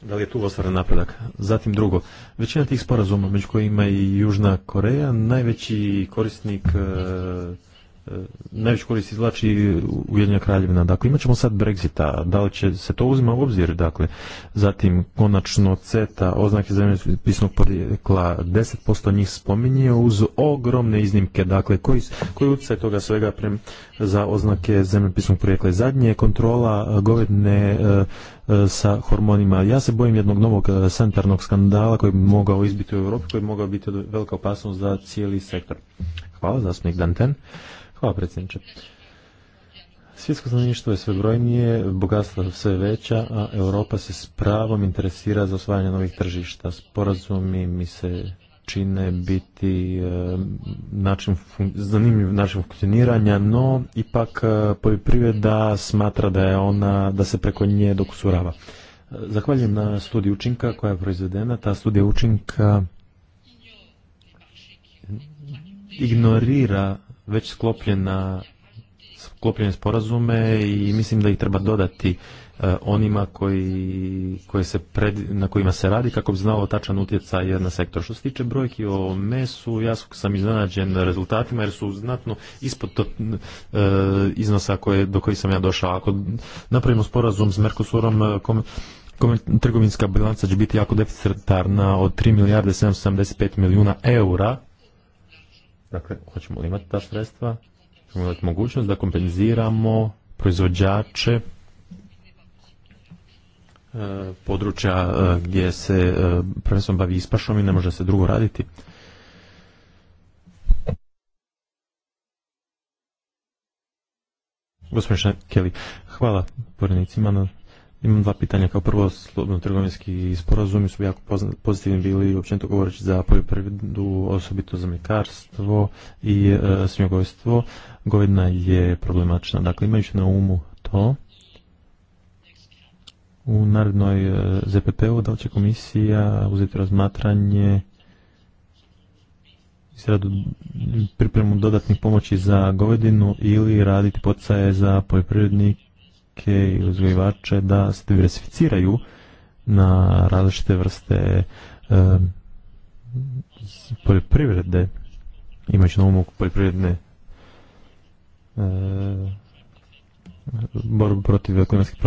da li je tu ostvaren napredak? Zatim drugo, većina tih sporazuma među kojima i Južna Koreja najveći korisnik e, E, najveću korist izlači ujedinja kraljevina. Dakle, imat ćemo sad Brexita, da li će se to uzima u obzir, dakle, zatim konačno CETA, oznake zemljopisnog porijekla, 10% njih spominje uz ogromne iznimke, dakle, koji, koji utjecaj toga svega prem, za oznake zemljopisnog porijekla. Zadnje je kontrola govedne e, e, sa hormonima. Ja se bojim jednog novog sanitarnog skandala koji bi mogao izbiti u Europi, koji bi mogao biti velika opasnost za cijeli sektor. Hvala, zastupnik Danten. Hvala predsjedniče. Svjetsko stanovništvo je sve brojnije, bogatstva sve veća, a Europa se s pravom interesira za osvajanje novih tržišta. Sporazumi mi se čine biti e, način, zanimljiv način funkcioniranja, no ipak e, poljoprivreda smatra da je ona, da se preko nje surava. Zahvaljujem na studiju učinka koja je proizvedena. Ta studija učinka ignorira već sklopljena sklopljene sporazume i mislim da ih treba dodati e, onima koji, se na kojima se radi kako bi znalo tačan utjecaj na sektor. Što se tiče brojki o mesu, ja sam iznenađen rezultatima jer su znatno ispod e, iznosa koje, do kojih sam ja došao. Ako napravimo sporazum s Mercosurom, e, kom, trgovinska bilanca će biti jako deficitarna od 3 milijarde 775 milijuna eura Dakle, hoćemo li imati ta sredstva? Hoćemo imati mogućnost da kompenziramo proizvođače e, područja e, gdje se e, prvenstveno bavi ispašom i ne može se drugo raditi. Gospodin Kelly, hvala povrednicima na imam dva pitanja. Kao prvo, slobodno trgovinski sporazumi su jako pozitivni bili, općenito govoreći za poljoprivredu, osobito za mljekarstvo i e, svinjogojstvo. Govedna je problematična. Dakle, imajući na umu to, u narednoj e, ZPP-u da li će komisija uzeti razmatranje pripremu dodatnih pomoći za govedinu ili raditi poticaje za poljoprivrednik stočnjake i uzgojivače da se diversificiraju na različite vrste e, poljoprivrede, imajući na umu poljoprivredne e, borbu protiv klimatskih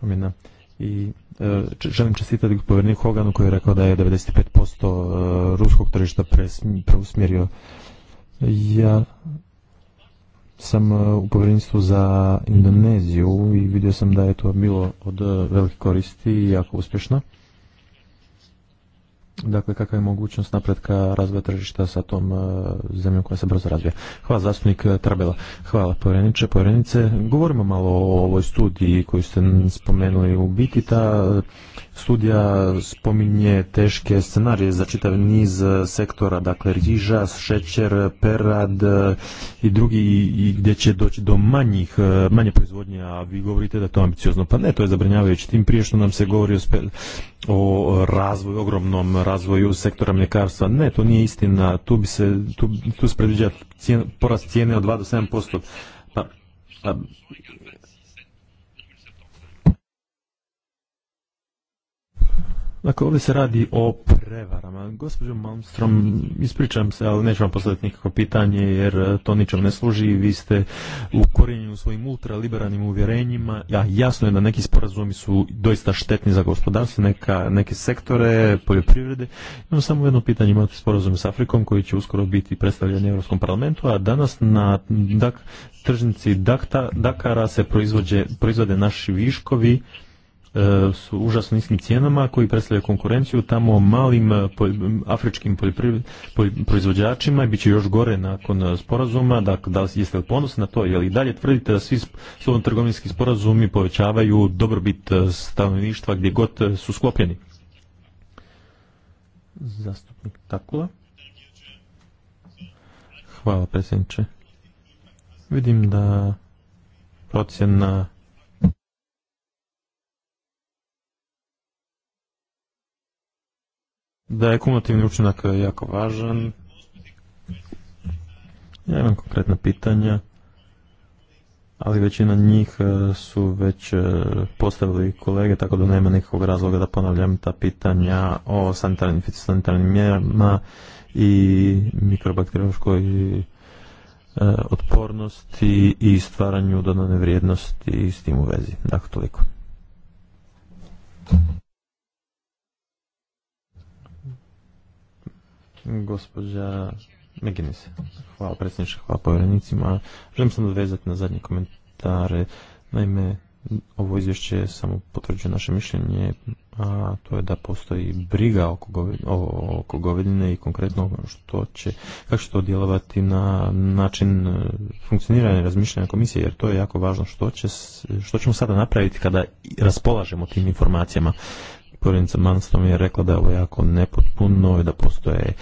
promjena. I e, želim čestitati povjerniku Hoganu koji je rekao da je 95% e, ruskog tržišta preusmjerio. Ja sam e, u povjerenstvu za Indoneziju i vidio sam da je to bilo od e, velike koristi i jako uspješno. Dakle, kakva je mogućnost napretka razvoja tržišta sa tom e, zemljom koja se brzo razvija? Hvala zastupnik Trabela. Hvala povjereniče, povjerenice. Govorimo malo o ovoj studiji koju ste spomenuli u biti. Ta studija spominje teške scenarije za čitav niz e, sektora, dakle riža, šećer, perad e, i drugi i gdje će doći do manjih, e, manje proizvodnje, a vi govorite da je to ambiciozno. Pa ne, to je zabrinjavajući Tim prije što nam se govori o, o razvoju, ogromnom razvoju sektora mljekarstva. Ne, to nije istina. Tu bi se, tu, tu se predviđa porast cijene od 2 do 7%. Dakle, ovdje se radi o prevarama. Gospođo Malmstrom, ispričam se, ali neću vam postaviti nikakvo pitanje, jer to ničem ne služi. Vi ste u svojim ultraliberalnim uvjerenjima. Ja, jasno je da neki sporazumi su doista štetni za gospodarstvo, neka, neke sektore, poljoprivrede. Imam samo jedno pitanje, imate sporazum s Afrikom koji će uskoro biti predstavljen Europskom parlamentu, a danas na dak, tržnici Dakta, Dakara se proizvode naši viškovi E, su užasno niskim cijenama koji predstavljaju konkurenciju tamo malim e, afričkim proizvođačima i bit će još gore nakon e, sporazuma. Dakle, da li jeste li ponosni na to? Je i dalje tvrdite da svi slovno trgovinski sporazumi povećavaju dobrobit stanovništva gdje god su sklopljeni? Zastupnik Takula. Hvala predsjedniče. Vidim da procjena da je kumulativni učinak e, jako važan. Ja imam konkretna pitanja, ali većina njih e, su već e, postavili kolege, tako da nema nikakvog razloga da ponavljam ta pitanja o sanitarnim i fitosanitarnim mjerama i mikrobakteriološkoj otpornosti i stvaranju dodane vrijednosti s tim u vezi. Dakle, toliko. Gospođa McGinnis, hvala predsjedniče, hvala povjerenicima. Želim sam dovezati na zadnje komentare. Naime, ovo izvješće samo potvrđuje naše mišljenje, a to je da postoji briga oko govedine i konkretno što će, kako će to djelovati na način e, funkcioniranja i razmišljanja komisije, jer to je jako važno što, što ćemo sada napraviti kada raspolažemo tim informacijama povjerenica mi je rekla da je ovo jako nepotpuno i da postoje e,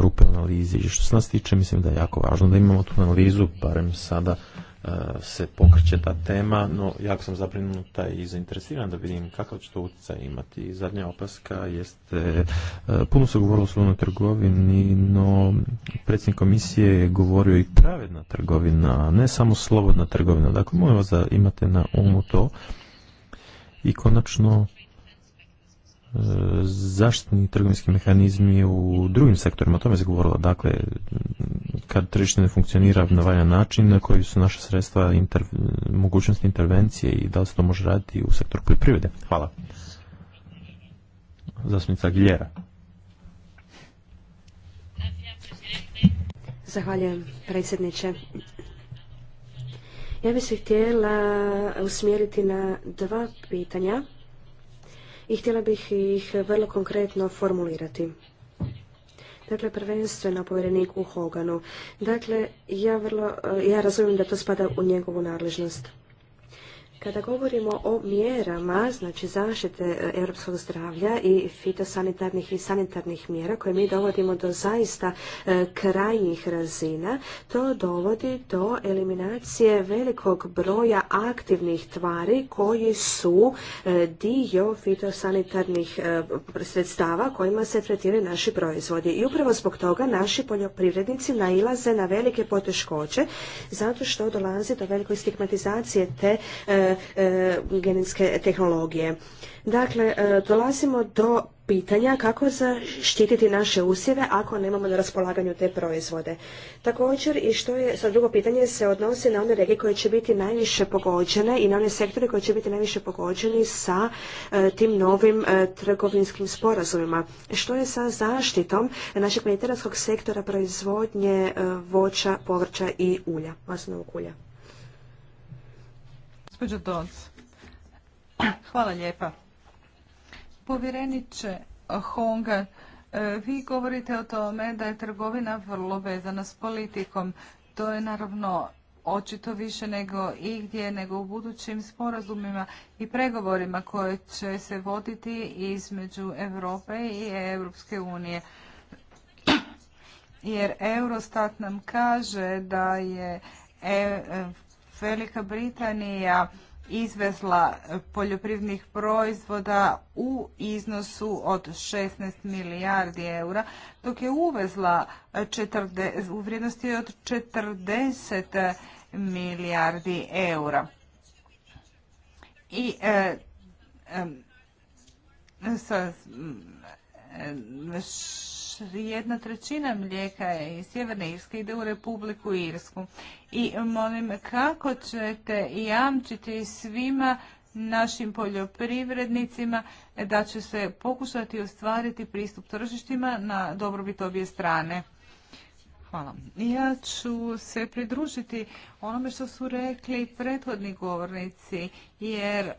rupe analizi. Što se nas tiče, mislim da je jako važno da imamo tu analizu, barem sada e, se pokreće ta tema, no jako sam zabrinuta i zainteresiran da vidim kakav će to utjecaj imati. I zadnja opaska jeste, e, puno se govorilo o slobodnoj trgovini, no predsjednik komisije je govorio i pravedna trgovina, ne samo slobodna trgovina. Dakle, molim da imate na umu to. I konačno zaštitni trgovinski mehanizmi u drugim sektorima, o tome se govorilo. Dakle, kad tržište ne funkcionira na valjan način, koji su naše sredstva, inter, mogućnosti intervencije i da li se to može raditi u sektoru poljoprivrede? Hvala. Zasnica Giljera. Zahvaljujem, predsjedniče. Ja bih se htjela usmjeriti na dva pitanja i htjela bih ih vrlo konkretno formulirati. Dakle, prvenstveno povjereniku Hoganu. Dakle, ja, ja razumijem da to spada u njegovu nadležnost. Kada govorimo o mjerama, znači zaštite e, europskog zdravlja i fitosanitarnih i sanitarnih mjera koje mi dovodimo do zaista e, krajnjih razina, to dovodi do eliminacije velikog broja aktivnih tvari koji su e, dio fitosanitarnih sredstava kojima se tretiraju naši proizvodi. I upravo zbog toga naši poljoprivrednici nailaze na velike poteškoće zato što dolazi do velikoj stigmatizacije te E, genetske tehnologije. Dakle, e, dolazimo do pitanja kako zaštititi naše usjeve ako nemamo na raspolaganju te proizvode. Također i što je, sad drugo pitanje se odnosi na one regije koje će biti najviše pogođene i na one sektore koji će biti najviše pogođeni sa e, tim novim trgovinskim sporazumima. Što je sa zaštitom našeg mediteranskog sektora proizvodnje voća, povrća i ulja, maslinovog ulja? hvala lijepa. Povjereniče Honga, e, vi govorite o tome da je trgovina vrlo vezana s politikom. To je naravno očito više nego igdje, nego u budućim sporazumima i pregovorima koje će se voditi između Europe i Europske unije. Jer Eurostat nam kaže da je e, Velika Britanija izvezla poljoprivrednih proizvoda u iznosu od 16 milijardi eura, dok je uvezla u vrijednosti od 40 milijardi eura. I e, e, sa, e, jedna trećina mlijeka iz Sjeverne Irske ide u Republiku Irsku. I molim kako ćete jamčiti svima našim poljoprivrednicima da će se pokušati ostvariti pristup tržištima na dobrobit obje strane. Hvala. Ja ću se pridružiti onome što su rekli prethodni govornici, jer e,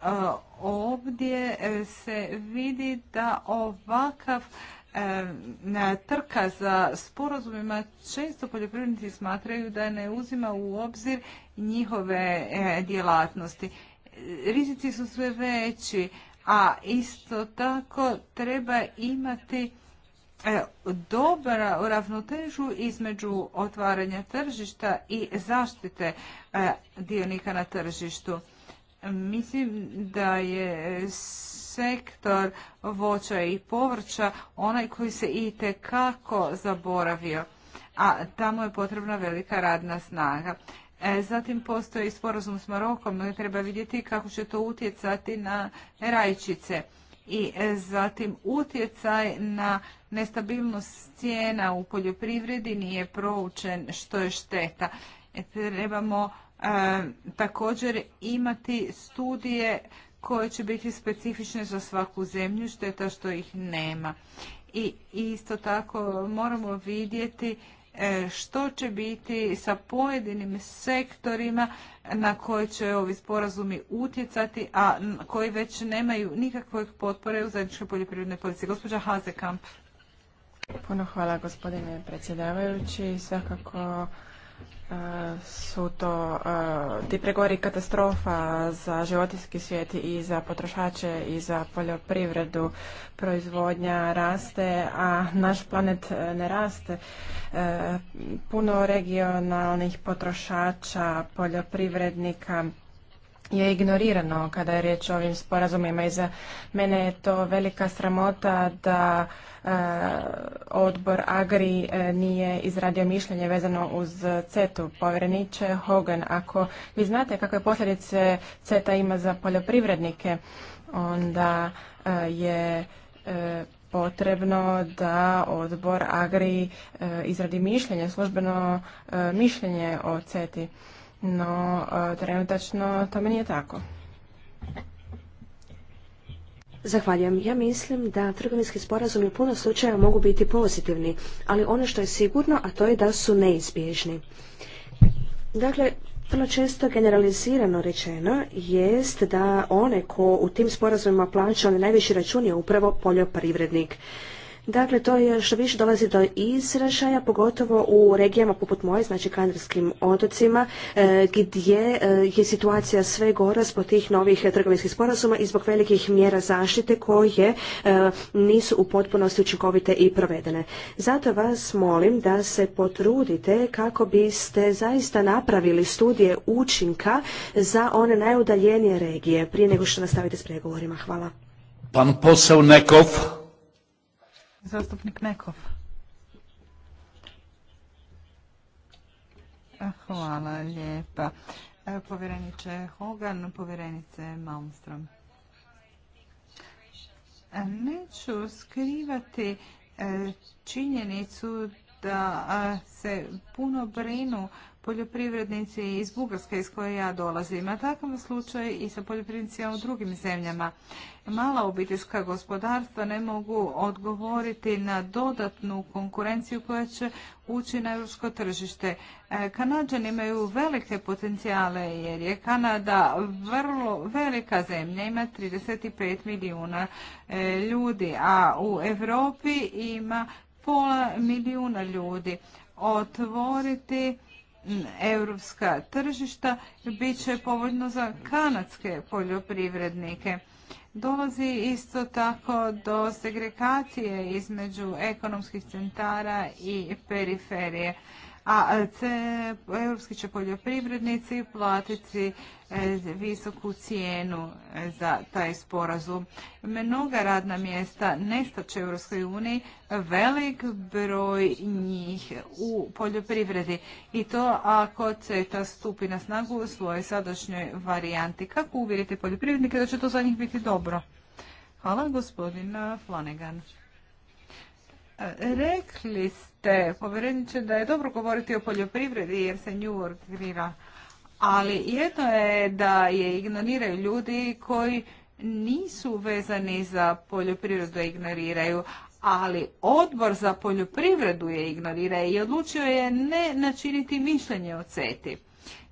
ovdje e, se vidi da ovakav E, trka za sporazumima često poljoprivrednici smatraju da ne uzima u obzir njihove e, djelatnosti. Rizici su sve veći, a isto tako treba imati e, dobra ravnotežu između otvaranja tržišta i zaštite dionika na tržištu. Mislim da je sektor voća i povrća onaj koji se i kako zaboravio, a tamo je potrebna velika radna snaga. E, zatim postoji sporazum s Marokom, treba vidjeti kako će to utjecati na rajčice i e, zatim utjecaj na nestabilnost cijena u poljoprivredi nije proučen što je šteta. E, trebamo također imati studije koje će biti specifične za svaku zemlju, šteta što ih nema. I isto tako moramo vidjeti e, što će biti sa pojedinim sektorima na koje će ovi sporazumi utjecati, a koji već nemaju nikakve potpore u zajedničkoj poljoprivrednoj policiji. Gospođa Hazekamp. Puno hvala gospodine predsjedavajući. Svakako su to eh, ti pregori katastrofa za životinski svijet i za potrošače i za poljoprivredu. Proizvodnja raste, a naš planet eh, ne raste. Eh, puno regionalnih potrošača, poljoprivrednika je ignorirano kada je riječ o ovim sporazumima i za mene je to velika sramota da e, odbor Agri e, nije izradio mišljenje vezano uz CET-u. Povjereniče Hogan, ako vi znate kakve posljedice CETA ima za poljoprivrednike, onda e, je potrebno da odbor Agri izradi mišljenje, službeno mišljenje o CETI no e, trenutačno tome nije tako. Zahvaljujem. Ja mislim da trgovinski sporazumi u puno slučajeva mogu biti pozitivni, ali ono što je sigurno, a to je da su neizbježni. Dakle, vrlo često generalizirano rečeno jest da one ko u tim sporazumima plaća one najviši račun je upravo poljoprivrednik. Dakle, to što više dolazi do izražaja, pogotovo u regijama poput moje, znači Kanarskim otocima, e, gdje e, je situacija sve gora zbog tih novih trgovinskih sporazuma i zbog velikih mjera zaštite koje e, nisu u potpunosti učinkovite i provedene. Zato vas molim da se potrudite kako biste zaista napravili studije učinka za one najudaljenije regije prije nego što nastavite s pregovorima. Hvala. Pan Nekov. Zastupnik Mekov. Hvala lijepa. E, povjerenice Hogan, povjerenice Malmstrom. E, neću skrivati e, činjenicu da se puno brinu poljoprivrednici iz Bugarske iz koje ja dolazim, a takav slučaj i sa poljoprivrednicima u drugim zemljama. Mala obiteljska gospodarstva ne mogu odgovoriti na dodatnu konkurenciju koja će ući na europsko tržište. E, Kanadžani imaju velike potencijale jer je Kanada vrlo velika zemlja, ima 35 milijuna e, ljudi, a u Europi ima pola milijuna ljudi. Otvoriti europska tržišta bit će povoljno za kanadske poljoprivrednike. Dolazi isto tako do segregacije između ekonomskih centara i periferije a europski će poljoprivrednici platiti e, visoku cijenu e, za taj sporazum. Mnoga radna mjesta nestače u Europskoj uniji, velik broj njih u poljoprivredi i to ako CETA stupi na snagu u svojoj sadašnjoj varijanti. Kako uvjeriti poljoprivrednike da će to za njih biti dobro? Hvala gospodina Flanagan. E, rekli ste te povjereniče da je dobro govoriti o poljoprivredi jer se nju organizira. Ali jedno je da je ignoriraju ljudi koji nisu vezani za poljoprivredu, ignoriraju, ali odbor za poljoprivredu je ignorira i odlučio je ne načiniti mišljenje o CETI.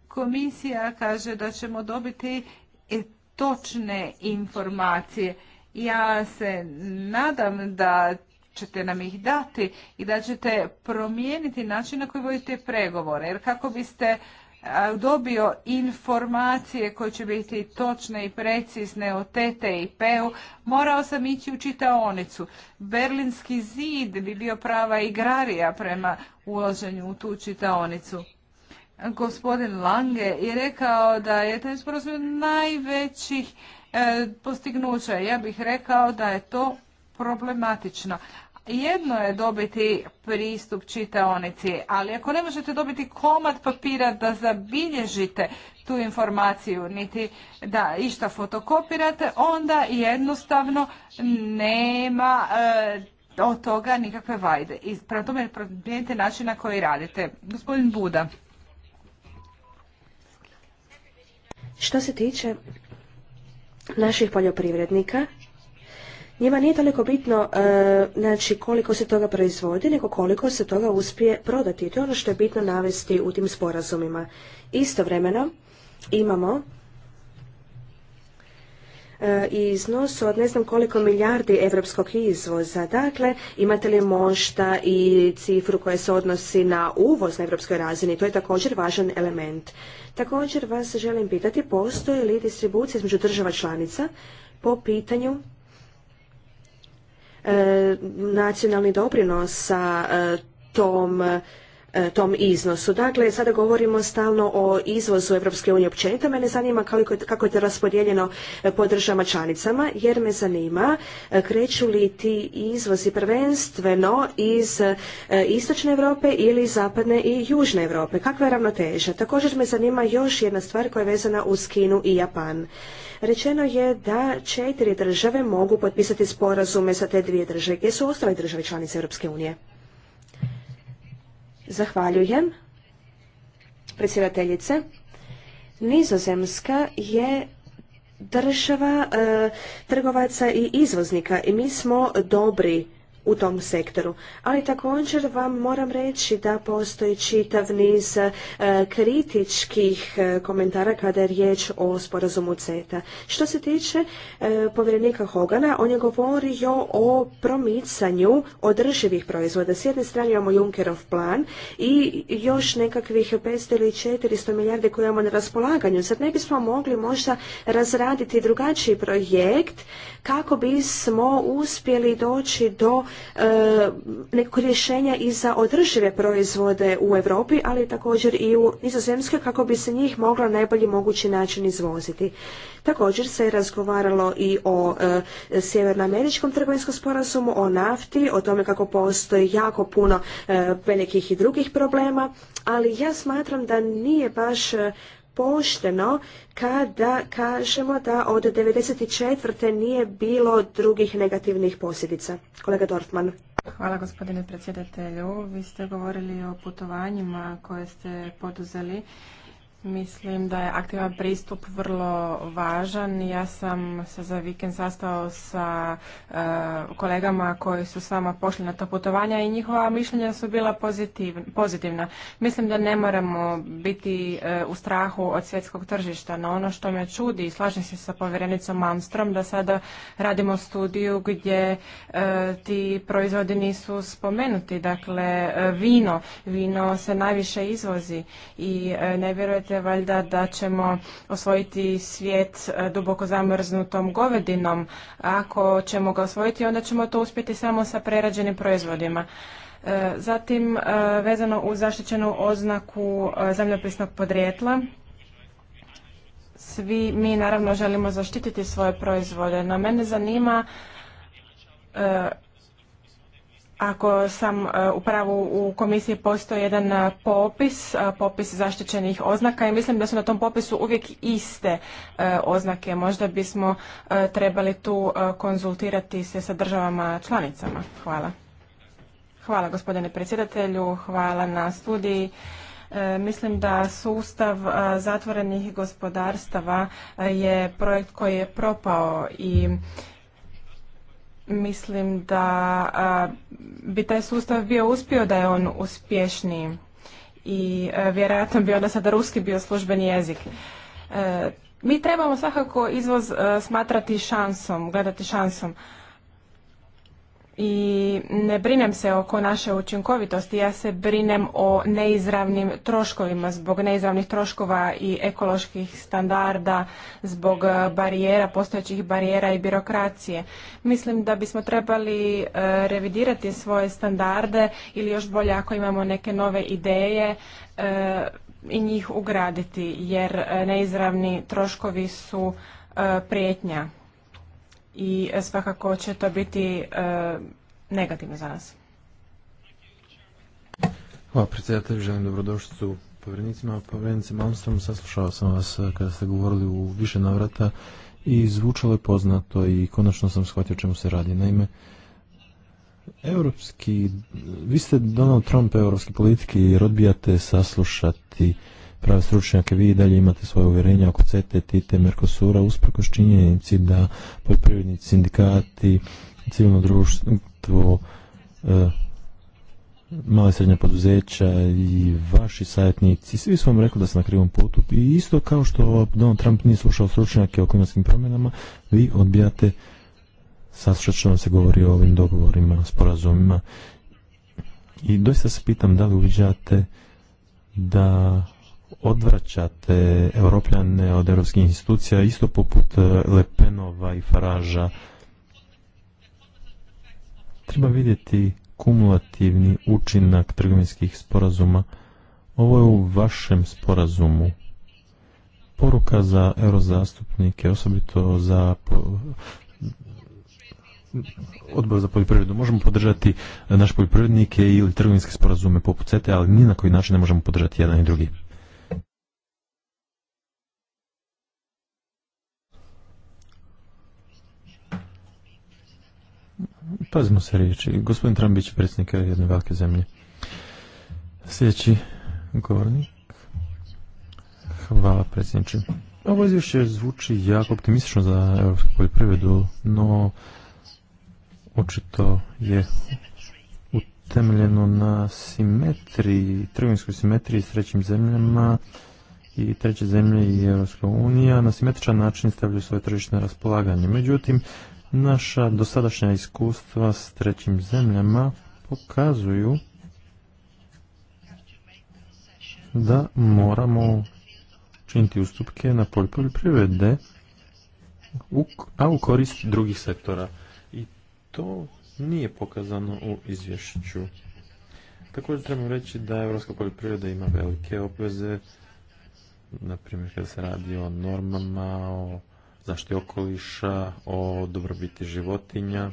Komisija kaže da ćemo dobiti e, točne informacije. Ja se nadam da ćete nam ih dati i da ćete promijeniti način na koji vodite pregovore. Jer kako biste dobio informacije koje će biti točne i precizne o TTIP-u, morao sam ići u čitaonicu. Berlinski zid bi bio prava igrarija prema ulaženju u tu čitaonicu. Gospodin Lange je rekao da je taj sporazum najvećih e, postignuća. Ja bih rekao da je to problematično. Jedno je dobiti pristup čitaonici, ali ako ne možete dobiti komad papira da zabilježite tu informaciju, niti da išta fotokopirate, onda jednostavno nema e, od toga nikakve vajde. I prema tome promijenite način na koji radite. Gospodin Buda. Što se tiče naših poljoprivrednika, njima nije toliko bitno e, znači koliko se toga proizvodi, nego koliko se toga uspije prodati. To je ono što je bitno navesti u tim sporazumima. Istovremeno imamo e, iznos od ne znam koliko milijardi evropskog izvoza. Dakle, imate li možda i cifru koja se odnosi na uvoz na evropskoj razini? To je također važan element. Također vas želim pitati, postoji li distribucija između država članica po pitanju E, nacionalni doprinos sa e, tom E, tom iznosu. Dakle, sada govorimo stalno o izvozu Europske unije općenito. Mene zanima kako je to raspodijeljeno e, po državama članicama, jer me zanima e, kreću li ti izvozi prvenstveno iz istočne Europe ili zapadne i južne Europe. Kakva je ravnoteža? Također me zanima još jedna stvar koja je vezana uz Kinu i Japan. Rečeno je da četiri države mogu potpisati sporazume sa te dvije države. Gdje su ostale države članice Europske unije? Zahvaljujem predsjedateljice. Nizozemska je država e, trgovaca i izvoznika i mi smo dobri u tom sektoru. Ali također vam moram reći da postoji čitav niz e, kritičkih e, komentara kada je riječ o sporazumu CETA. Što se tiče e, povjerenika Hogana, on je govorio o promicanju održivih proizvoda. S jedne strane imamo Junkerov plan i još nekakvih 500 ili 400 milijarde koje imamo na raspolaganju. Sad ne bismo mogli možda razraditi drugačiji projekt kako bismo uspjeli doći do E, nekog rješenja i za održive proizvode u Europi, ali također i u Nizozemskoj kako bi se njih mogla najbolji mogući način izvoziti. Također se je razgovaralo i o e, sjevernoameričkom trgovinskom sporazumu, o nafti, o tome kako postoji jako puno e, velikih i drugih problema, ali ja smatram da nije baš pošteno kada kažemo da od 1994. nije bilo drugih negativnih posljedica. Kolega Dorfman. Hvala gospodine predsjedatelju. Vi ste govorili o putovanjima koje ste poduzeli Mislim da je aktivan pristup vrlo važan. Ja sam se za vikend sastao sa eh, kolegama koji su sama pošli na to putovanja i njihova mišljenja su bila pozitivna. Mislim da ne moramo biti eh, u strahu od svjetskog tržišta, no ono što me čudi i slažem se sa povjerenicom Malmstrom da sada radimo studiju gdje eh, ti proizvodi nisu spomenuti. Dakle, vino, vino se najviše izvozi i ne vjerujete mislite valjda da ćemo osvojiti svijet e, duboko zamrznutom govedinom. Ako ćemo ga osvojiti, onda ćemo to uspjeti samo sa prerađenim proizvodima. E, zatim, e, vezano u zaštićenu oznaku zemljopisnog podrijetla, svi mi naravno želimo zaštititi svoje proizvode, no mene zanima ako sam e, upravo u komisiji postoji jedan e, popis, e, popis zaštićenih oznaka i mislim da su na tom popisu uvijek iste oznake. Možda bismo trebali tu konzultirati se sa državama članicama. Hvala. Hvala gospodine predsjedatelju, hvala na studiji. Mislim da sustav zatvorenih gospodarstava je projekt koji je propao i mislim da bi taj sustav bio uspio da je on uspješniji i vjerojatno bi onda sada ruski bio službeni jezik. E, mi trebamo svakako izvoz smatrati šansom, gledati šansom i ne brinem se oko naše učinkovitosti, ja se brinem o neizravnim troškovima, zbog neizravnih troškova i ekoloških standarda, zbog e, barijera, postojećih barijera i birokracije. Mislim da bismo trebali e, revidirati svoje standarde ili još bolje ako imamo neke nove ideje e, i njih ugraditi jer neizravni troškovi su prijetnja i e, svakako će to biti e, negativno za nas. Hvala predsjedatelj, želim dobrodošlicu povjerenicima. Povjerenice Malmstrom, saslušao sam vas e, kada ste govorili u više navrata i zvučalo je poznato i konačno sam shvatio čemu se radi. Naime, europski, vi ste Donald Trump europske politike i odbijate saslušati prave stručnjake, vi i dalje imate svoje uvjerenja oko CETE, TITE, Merkosura, usprkos činjenici da poljoprivrednici, sindikati, civilno društvo, e, mala i srednja poduzeća i vaši savjetnici, svi su vam rekli da ste na krivom putu i isto kao što Donald Trump nije slušao stručnjake o klimatskim promjenama, vi odbijate saslušat što vam se govori o ovim dogovorima, sporazumima. I doista se pitam da li uviđate da odvraćate europljane od europskih institucija, isto poput e, Lepenova i Faraža. Treba vidjeti kumulativni učinak trgovinskih sporazuma. Ovo je u vašem sporazumu. Poruka za eurozastupnike, osobito za odbor za poljoprivredu. Možemo podržati naše poljoprivrednike ili trgovinske sporazume poput CETE, ali ni na koji način ne možemo podržati jedan i drugi. Pazimo se riječi. Gospodin Trump predsjednik jedne velike zemlje. Sljedeći govornik. Hvala predsjedniče. Ovo izvješće zvuči jako optimistično za europsku poljoprivredu, no očito je utemeljeno na simetriji, trgovinskoj simetriji s trećim zemljama i treće zemlje i Europska unija na simetričan način stavljaju svoje tržište raspolaganje. Međutim, Naša dosadašnja iskustva s trećim zemljama pokazuju da moramo činiti ustupke na poljoprivrede, a u korist drugih sektora. I to nije pokazano u izvješću. Također trebamo reći da Evropska poljoprivreda ima velike obveze, na primjer kada se radi o normama, o zaštiti okoliša, o dobrobiti životinja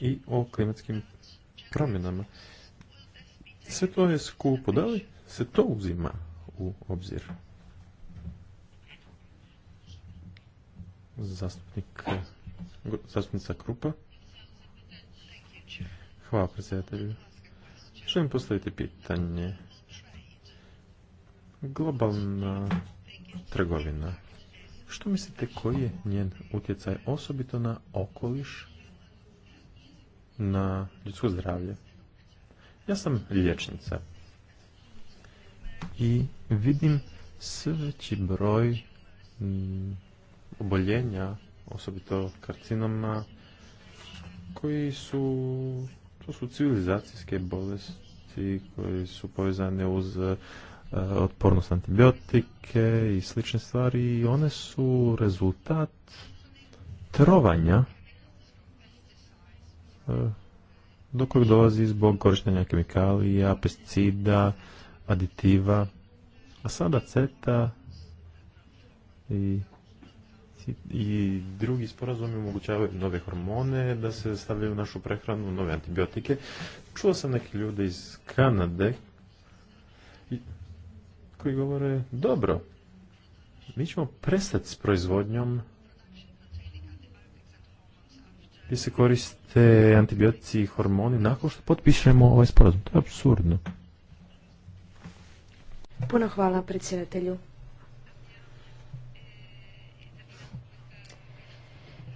i o klimatskim promjenama. Sve to je skupo. Da li se to uzima u obzir? zastupnica Krupa. Hvala predsjedatelju. Želim postaviti pitanje. Globalna trgovina što mislite koji je njen utjecaj osobito na okoliš, na ljudsko zdravlje? Ja sam liječnica i vidim sveći broj mm, oboljenja, osobito karcinoma, koji su, to su civilizacijske bolesti koje su povezane uz E, otpornost antibiotike i slične stvari i one su rezultat trovanja e, do kojeg dolazi zbog korištenja kemikalija, pesticida, aditiva, a sada CETA i i drugi sporazumi omogućavaju nove hormone, da se stavljaju u našu prehranu nove antibiotike. Čuo sam neke ljude iz Kanade koji govore dobro, mi ćemo prestati s proizvodnjom gdje se koriste antibiotici i hormoni nakon što potpišemo ovaj sporazum. To je absurdno. Puno hvala predsjedatelju.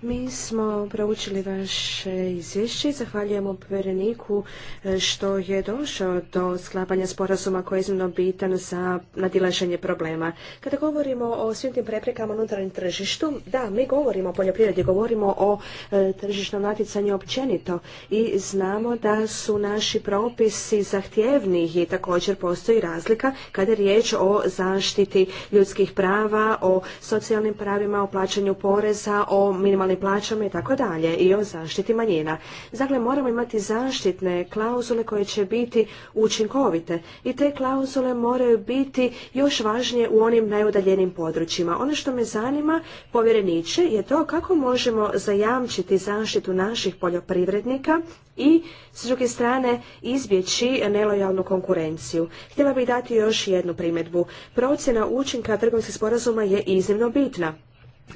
Mi smo proučili vaše izvješće i zahvaljujemo povjereniku e, što je došao do sklapanja sporazuma koji je iznimno bitan za nadilaženje problema. Kada govorimo o svim tim preprekama unutarnjem tržištu, da, mi govorimo o poljoprivredi, govorimo o e, tržišnom natjecanju općenito i znamo da su naši propisi zahtjevniji i također postoji razlika kada je riječ o zaštiti ljudskih prava, o socijalnim pravima, o plaćanju poreza, o minimalnim minimalnim plaćama i tako dalje i o zaštiti manjina. Dakle, moramo imati zaštitne klauzule koje će biti učinkovite i te klauzule moraju biti još važnije u onim najudaljenim područjima. Ono što me zanima, povjereniče, je to kako možemo zajamčiti zaštitu naših poljoprivrednika i s druge strane izbjeći nelojalnu konkurenciju. Htjela bih dati još jednu primjedbu. Procjena učinka trgovinskih sporazuma je iznimno bitna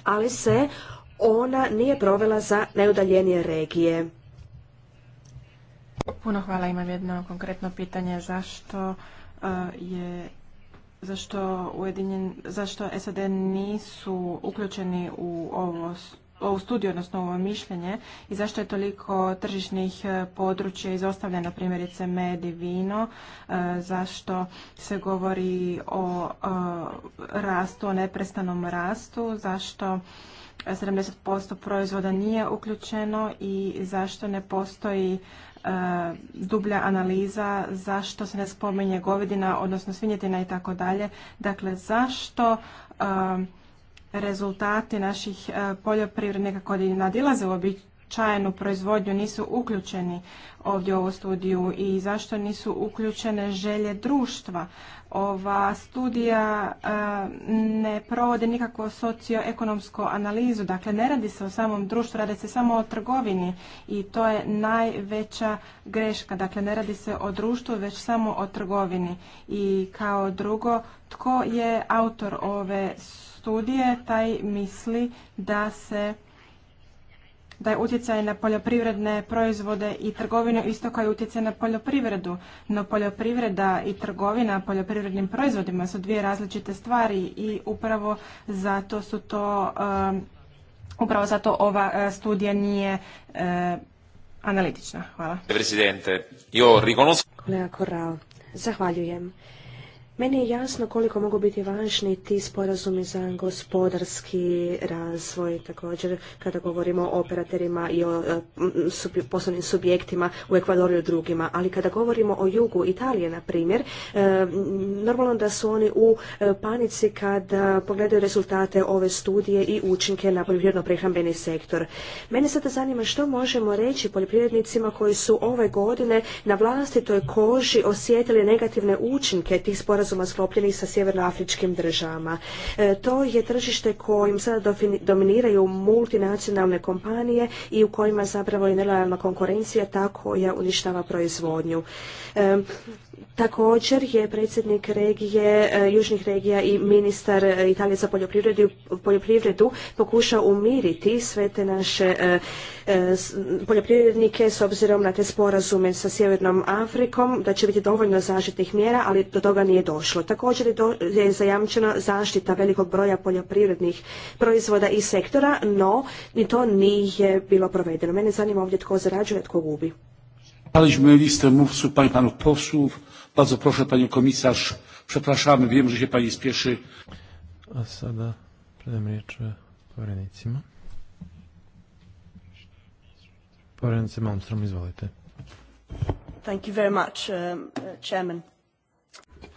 ali se ona nije provela za neudaljenije regije. Puno hvala, imam jedno konkretno pitanje. Zašto e, je zašto ujedinjen, zašto SAD nisu uključeni u ovo ovu studiju, odnosno ovo mišljenje i zašto je toliko tržišnih e, područja izostavljeno, primjerice med i vino, e, zašto se govori o rastu, o neprestanom rastu, zašto 70% proizvoda nije uključeno i zašto ne postoji e, dublja analiza, zašto se ne spominje govedina, odnosno svinjetina i tako dalje. Dakle, zašto e, rezultati naših e, poljoprivrednika koji nadilaze uobičajenu proizvodnju nisu uključeni ovdje u ovu studiju i zašto nisu uključene želje društva ova studija e, ne provodi nikakvu socioekonomsku analizu, dakle ne radi se o samom društvu, radi se samo o trgovini i to je najveća greška, dakle ne radi se o društvu već samo o trgovini. I kao drugo, tko je autor ove studije, taj misli da se da je utjecaj na poljoprivredne proizvode i trgovinu isto kao i utjecaj na poljoprivredu. No poljoprivreda i trgovina poljoprivrednim proizvodima su dvije različite stvari i upravo zato su to, um, upravo zato ova uh, studija nije uh, analitična. Hvala. Kolega zahvaljujem. Meni je jasno koliko mogu biti važni ti sporazumi za gospodarski razvoj, također kada govorimo o operaterima i o e, poslovnim subjektima u Ekvadoru i drugima, ali kada govorimo o jugu Italije, na primjer, e, normalno da su oni u e, panici kada pogledaju rezultate ove studije i učinke na poljoprivredno-prehrambeni sektor. Mene sada zanima što možemo reći poljoprivrednicima koji su ove godine na vlastitoj koži osjetili negativne učinke tih sporazuma sporazuma sklopljenih sa sjevernoafričkim državama. E, to je tržište kojim sada dominiraju multinacionalne kompanije i u kojima zapravo je nelojalna konkurencija ta koja uništava proizvodnju. E, Također je predsjednik regije, e, južnih regija i ministar e, Italije za poljoprivredu, poljoprivredu pokušao umiriti sve te naše e, poljoprivrednike s obzirom na te sporazume sa Sjevernom Afrikom, da će biti dovoljno zaštitnih mjera, ali do toga nije došlo. Također je, je zajamčena zaštita velikog broja poljoprivrednih proizvoda i sektora, no ni to nije bilo provedeno. Mene zanima ovdje tko zarađuje, tko gubi. Znaliśmy listę mówców, pani panów posłów. Bardzo proszę, panią komisarz. Przepraszamy, wiem, że się pani spieszy. Asada, sada predam riječ e, povjerenicima. Povjerenice izvolite. Thank you very much, um, uh, chairman.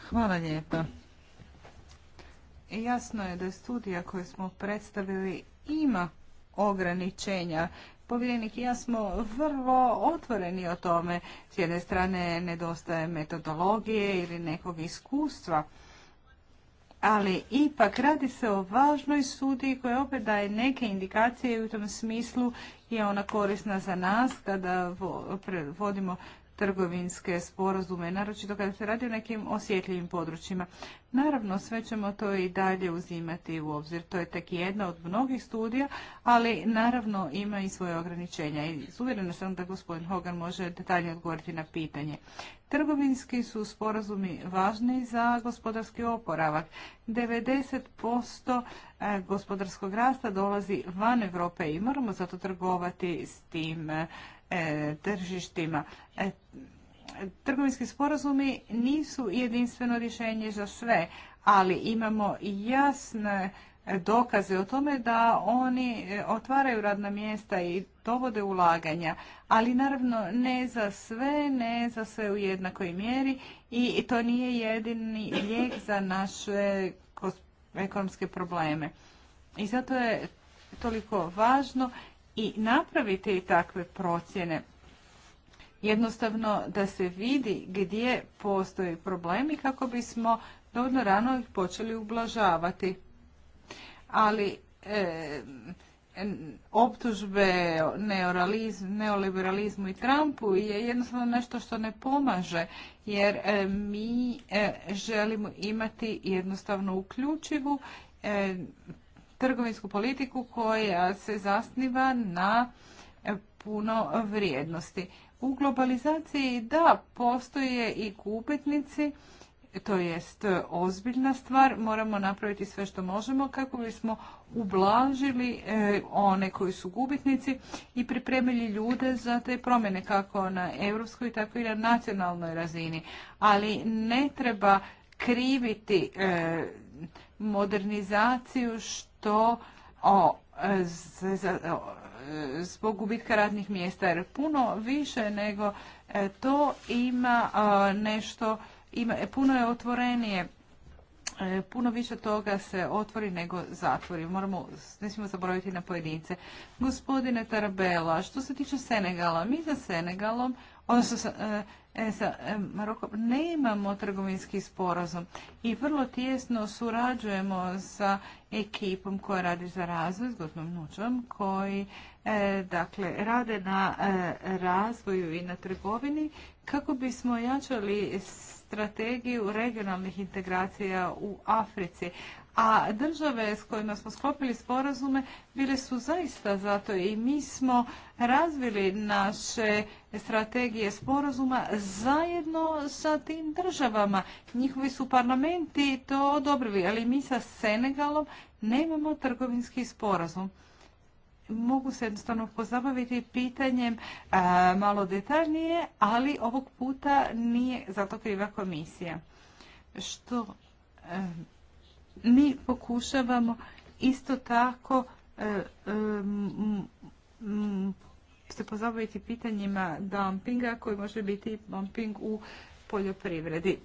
Hvala lijepa. Jasno je da studija koju smo predstavili ima ograničenja povjerenik i ja smo vrlo otvoreni o tome. S jedne strane nedostaje metodologije ili nekog iskustva, ali ipak radi se o važnoj studiji koja opet daje neke indikacije i u tom smislu je ona korisna za nas kada vodimo trgovinske sporazume, naročito kada se radi o nekim osjetljivim područjima. Naravno, sve ćemo to i dalje uzimati u obzir. To je tek jedna od mnogih studija, ali naravno ima i svoje ograničenja. I uvjerena sam da gospodin Hogan može detaljnije odgovoriti na pitanje. Trgovinski su sporazumi važni za gospodarski oporavak. 90% e, gospodarskog rasta dolazi van Europe i moramo zato trgovati s tim e, E, tržištima. E, trgovinski sporazumi nisu jedinstveno rješenje za sve, ali imamo jasne dokaze o tome da oni e, otvaraju radna mjesta i dovode ulaganja, ali naravno ne za sve, ne za sve u jednakoj mjeri i to nije jedini lijek za naše ekonomske probleme. I zato je toliko važno i napraviti takve procjene. Jednostavno da se vidi gdje postoji problemi kako bismo dovoljno rano ih počeli ublažavati. Ali e, optužbe neoliberalizmu i Trumpu je jednostavno nešto što ne pomaže jer e, mi e, želimo imati jednostavno uključivu e, trgovinsku politiku koja se zasniva na e, puno vrijednosti. U globalizaciji da, postoje i gubitnici, to jest e, ozbiljna stvar, moramo napraviti sve što možemo kako bismo ublažili e, one koji su gubitnici i pripremili ljude za te promjene kako na europskoj tako i na nacionalnoj razini. Ali ne treba kriviti modernizaciju što o, z, zbog gubitka radnih mjesta jer puno više nego e, to ima e, nešto ima, e, puno je otvorenije puno više toga se otvori nego zatvori. Moramo, ne smijemo zaboraviti na pojedince. Gospodine Tarabela, što se tiče Senegala, mi za Senegalom odnosno sa, e, e sa e, Marokom, nemamo trgovinski sporazum i vrlo tjesno surađujemo sa ekipom koja radi za razvoj, s gospodinom Nučom, koji e, dakle, rade na razvoju i na trgovini kako bismo jačali strategiju regionalnih integracija u Africi, a države s kojima smo sklopili sporazume bile su zaista zato i mi smo razvili naše strategije sporazuma zajedno sa tim državama. Njihovi su parlamenti to odobrili, ali mi sa Senegalom nemamo trgovinski sporazum. Mogu se jednostavno pozabaviti pitanjem malo detaljnije, ali ovog puta nije zato kriva komisija. Što mi pokušavamo isto tako e, e, se pozabaviti pitanjima dumpinga koji može biti dumping u poljoprivredi.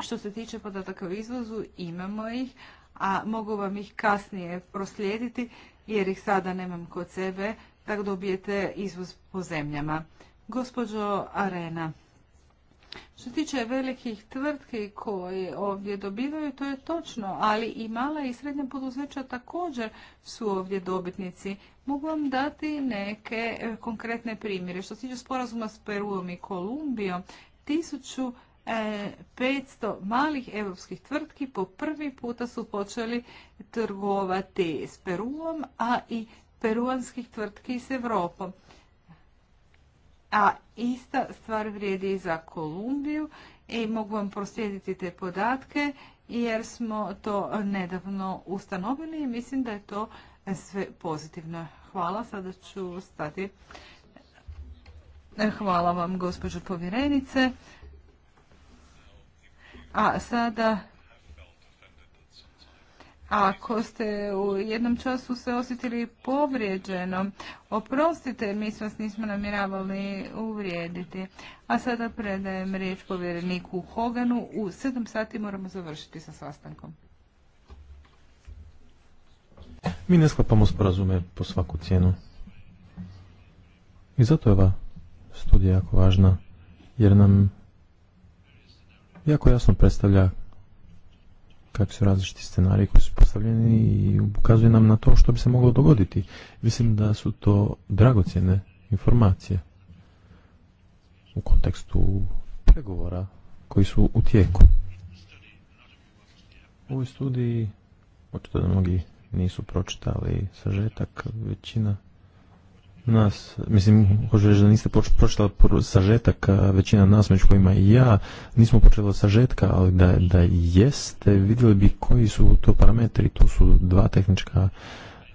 Što se tiče podataka o izvozu, imamo ih, a mogu vam ih kasnije proslijediti jer ih sada nemam kod sebe, tako dobijete izvoz po zemljama. Gospođo Arena, što se tiče velikih tvrtki koje ovdje dobivaju, to je točno, ali i mala i srednja poduzeća također su ovdje dobitnici. Mogu vam dati neke e, konkretne primjere. Što se tiče sporazuma s Peruom i Kolumbijom, 1500 e, malih europskih tvrtki po prvi puta su počeli trgovati s Peruom, a i peruanskih tvrtki s Europom. A ista stvar vrijedi i za Kolumbiju i mogu vam proslijediti te podatke jer smo to nedavno ustanovili i mislim da je to sve pozitivno. Hvala, sada ću stati. Hvala vam, gospođo povjerenice. A sada ako ste u jednom času se osjetili povrijeđeno, oprostite, mi s vas nismo namiravali uvrijediti. A sada predajem riječ povjereniku Hoganu. U sedam sati moramo završiti sa sastankom. Mi ne sklapamo sporazume po svaku cijenu. I zato je ova studija jako važna, jer nam jako jasno predstavlja kakvi su različiti scenariji koji su postavljeni i ukazuje nam na to što bi se moglo dogoditi. Mislim da su to dragocjene informacije u kontekstu pregovora koji su u tijeku. U ovoj studiji, očito da mnogi nisu pročitali sažetak, većina nas, mislim, hoću reći da niste pročitali sažetak, većina nas, među kojima i ja, nismo počeli od sažetka, ali da, da jeste, vidjeli bi koji su to parametri, to su dva tehnička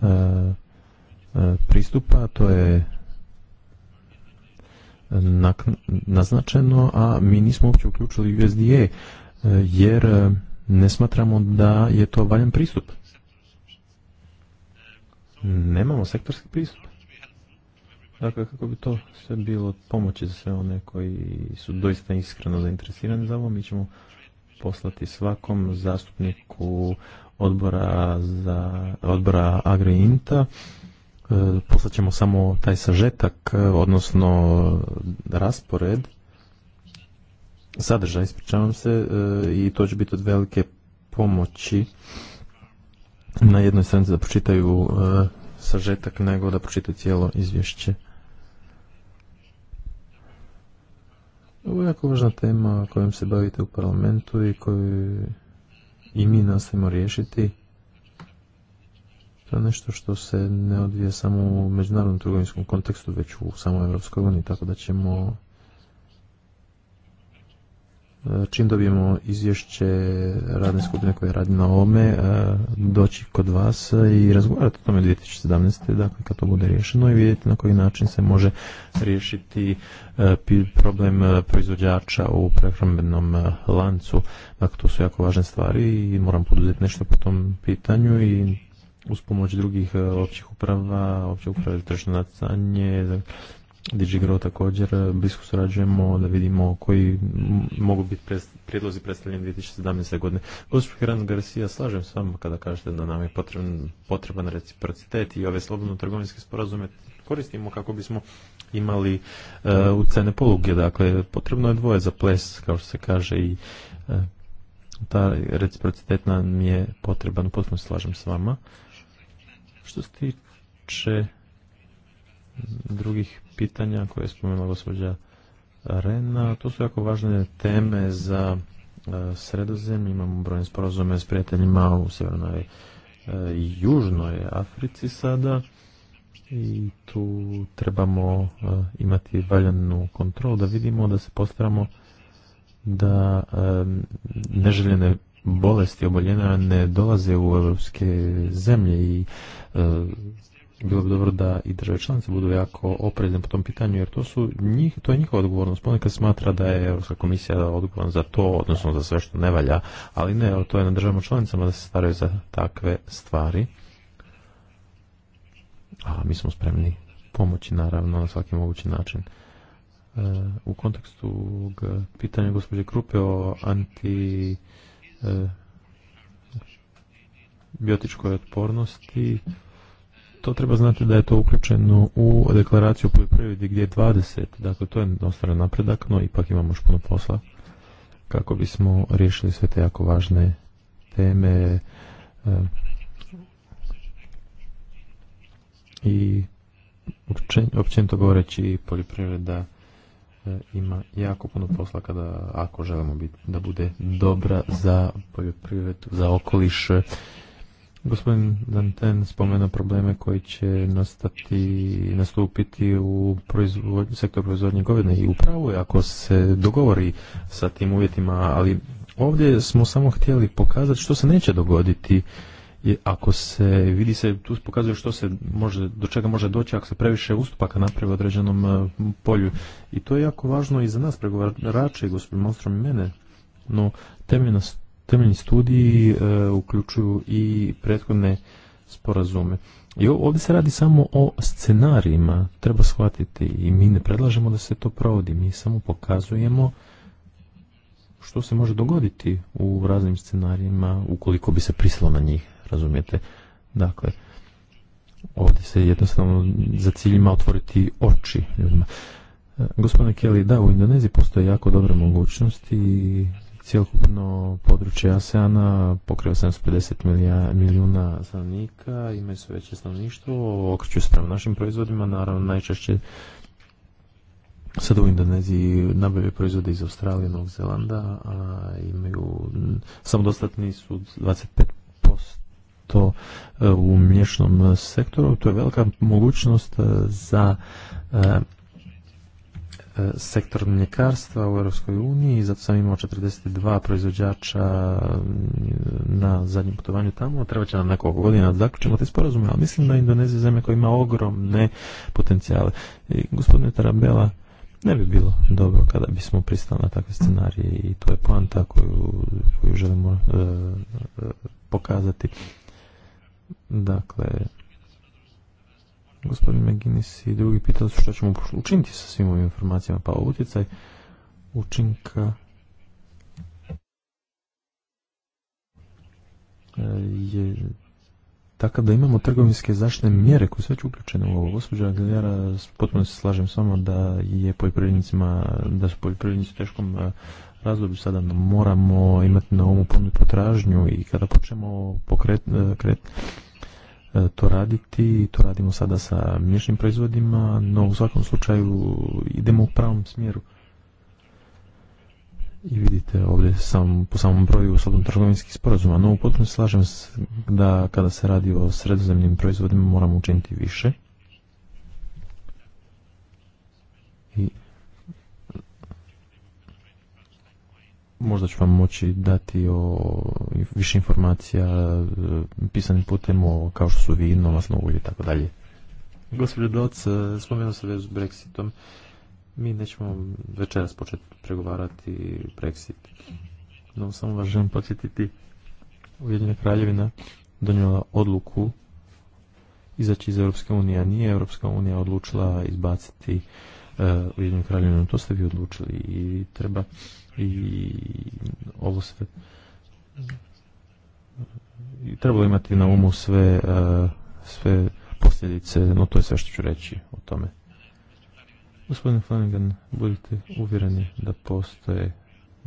e, e, pristupa, to je naznačeno, a mi nismo uopće uključili USDA, e, jer ne smatramo da je to valjan pristup. Nemamo sektorski pristup. Dakle, kako bi to sve bilo pomoći za sve one koji su doista iskreno zainteresirani za ovo, mi ćemo poslati svakom zastupniku odbora, za, odbora Agriinta. E, poslat ćemo samo taj sažetak, e, odnosno raspored, sadržaj, ispričavam se, e, i to će biti od velike pomoći na jednoj stranici da pročitaju sažetak nego da pročitaju cijelo izvješće. Ovo je jako važna tema kojom se bavite u parlamentu i koju i mi nastavimo riješiti. To je nešto što se ne odvije samo u međunarodnom trgovinskom kontekstu, već u samoj Europskoj uniji, tako da ćemo čim dobijemo izvješće radne skupine koje radi na ovome, e, doći kod vas i razgovarati o tome 2017. Dakle, kad to bude riješeno i vidjeti na koji način se može riješiti e, problem e, proizvođača u prehrambenom lancu. Dakle, to su jako važne stvari i moram poduzeti nešto po tom pitanju i uz pomoć drugih općih uprava, opće uprave za tržno DigiGrow također e, blisko surađujemo da vidimo koji mogu biti prijedlozi predstavljeni 2017. godine. Gospodin Heran Garcia, slažem s vama kada kažete da nam je potreban, potreban reciprocitet i ove slobodno trgovinske sporazume koristimo kako bismo imali e, u cene poluge. Dakle, potrebno je dvoje za ples, kao što se kaže i e, ta reciprocitet nam je potreban, potpuno slažem s vama. Što se tiče drugih pitanja koje je spomenula gospođa Rena. To su jako važne teme za e, sredozemlje. Imamo brojne sporazume s prijateljima u Sjevernoj i e, Južnoj Africi sada i tu trebamo e, imati valjanu kontrolu da vidimo da se postaramo da neželjene bolesti oboljenja ne dolaze u europske zemlje i bilo bi dobro da i države članice budu jako oprezne po tom pitanju, jer to, su njih, to je njihova odgovornost. Ponekad smatra da je Europska komisija odgovorna za to, odnosno za sve što ne valja, ali ne, to je na državama članicama da se staraju za takve stvari. A mi smo spremni pomoći, naravno, na svaki mogući način. E, u kontekstu pitanja gospođe Krupe o anti... E, biotičkoj otpornosti to treba znati da je to uključeno u deklaraciju o poljoprivredi gdje je 20, dakle to je ostvaren napredak, no ipak imamo još puno posla kako bismo riješili sve te jako važne teme eh, i općenito govoreći poljoprivreda eh, ima jako puno posla kada ako želimo biti da bude dobra za poljoprivredu, za okoliš Gospodin Danten spomenuo probleme koji će nastati, nastupiti u proizvod, proizvodnje govjene i upravo je ako se dogovori sa tim uvjetima, ali ovdje smo samo htjeli pokazati što se neće dogoditi i ako se vidi se, tu pokazuje što se može, do čega može doći ako se previše ustupaka napravi u određenom e, polju i to je jako važno i za nas pregovarače, i gospodin Malstrom i mene no temeljna temeljni studiji e, uključuju i prethodne sporazume. I ovdje se radi samo o scenarijima, treba shvatiti i mi ne predlažemo da se to provodi, mi samo pokazujemo što se može dogoditi u raznim scenarijima ukoliko bi se prislo na njih, razumijete? Dakle, ovdje se jednostavno za ciljima otvoriti oči ljudima. E, gospodine Kelly, da, u Indoneziji postoje jako dobre mogućnosti i Cijelokupno područje ASEANA pokriva 750 milijuna stanovnika, imaju sve veće stanovništvo, okreću se prema našim proizvodima, naravno najčešće sad u Indoneziji nabave proizvode iz Australije i Novog Zelanda, a imaju samodostatni su 25% e, u mješnom sektoru, to je velika mogućnost e, za e, E, sektor mljekarstva u Europskoj uniji, zato sam imao 42 proizvođača mm, na zadnjem putovanju tamo, treba će nam nekoliko godina da zaključimo te sporazume, ali mislim da je Indonezija zemlja koja ima ogromne potencijale. I, gospodine Tarabela, ne bi bilo dobro kada bismo pristali na takve scenarije i to je poanta koju, koju želimo e, e, pokazati. Dakle, Gospodin McGinnis i drugi pitali su što ćemo učiniti sa svim ovim informacijama, pa utjecaj učinka e, je takav da imamo trgovinske zaštitne mjere koje su već uključene u ovo. Gospođa Aguilera, potpuno se slažem s vama da je poljoprivrednicima, da su poljoprivrednici u teškom e, razdoblju sada moramo imati na umu punu potražnju i kada počnemo pokret, e, E, to raditi. To radimo sada sa mješnim proizvodima, no u svakom slučaju idemo u pravom smjeru. I vidite ovdje sam, po samom broju slobodno trgovinskih sporazuma. No, potpuno se slažem da kada se radi o sredozemnim proizvodima moramo učiniti više. I možda ću vam moći dati o više informacija e, pisanim putem o kao što su vino, masno ulje i tako dalje. Gospodin Doc, e, spomenuo se s Brexitom. Mi nećemo večeras početi pregovarati Brexit. No, samo vas želim podsjetiti Ujedinjena kraljevina donijela odluku izaći iz Europske unije, a nije Europska unija odlučila izbaciti e, Ujedinjenu kraljevinu. To ste vi odlučili i treba i ovo sve i trebalo imati na umu sve, e, sve posljedice, no to je sve što ću reći o tome. Gospodine Flanagan, budite uvjereni da postoje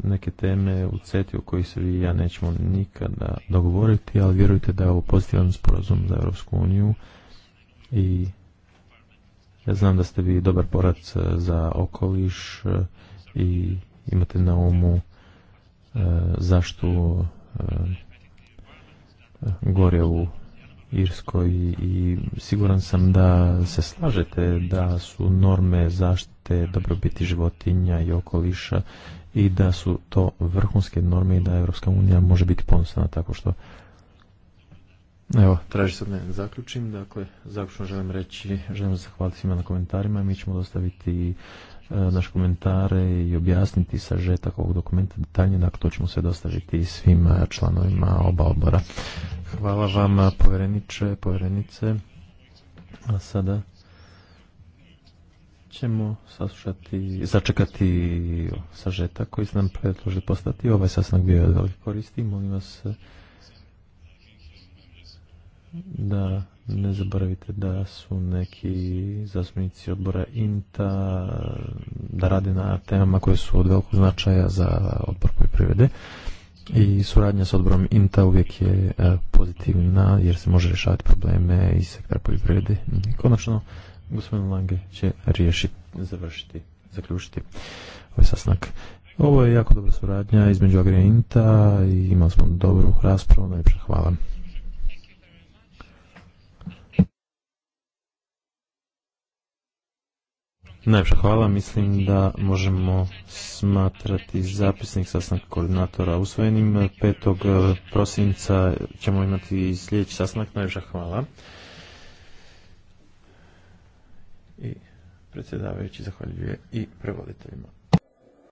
neke teme u CETI o kojih se vi i ja nećemo nikada dogovoriti, ali vjerujte da je ovo pozitivan sporazum za Europsku uniju i ja znam da ste vi dobar porac e, za okoliš e, i imate na umu e, zašto e, gore u Irskoj i siguran sam da se slažete da su norme zaštite dobrobiti životinja i okoliša i da su to vrhunske norme i da Evropska unija može biti ponosna tako što Evo, traži se da ne zaključim. Dakle, zaključno želim reći, želim zahvaliti svima na komentarima. Mi ćemo dostaviti E, naše komentare i objasniti sažetak ovog dokumenta detaljnije, dakle to ćemo se dostaviti svim e, članovima oba odbora. Hvala vam e, povjereniče, povjerenice. A sada ćemo saslušati, začekati sažetak koji se nam predložili postati. Ovaj sastanak bio je koristi. Molim vas da ne zaboravite da su neki zastupnici odbora INTA da rade na temama koje su od velikog značaja za odbor poljoprivrede i suradnja s odborom INTA uvijek je e, pozitivna jer se može rješavati probleme iz sektora poljoprivrede. Konačno, gospodin Lange će riješiti, završiti, zaključiti ovaj sasnak. Ovo je jako dobra suradnja između agrija INTA i imali smo dobru raspravu, najprej hvala. Najpša hvala, mislim da možemo smatrati zapisnik sastanak koordinatora usvojenim. 5. Eh, prosinca ćemo imati sljedeći sastanak, najpša hvala. I predsjedavajući zahvaljuje i prevoditeljima.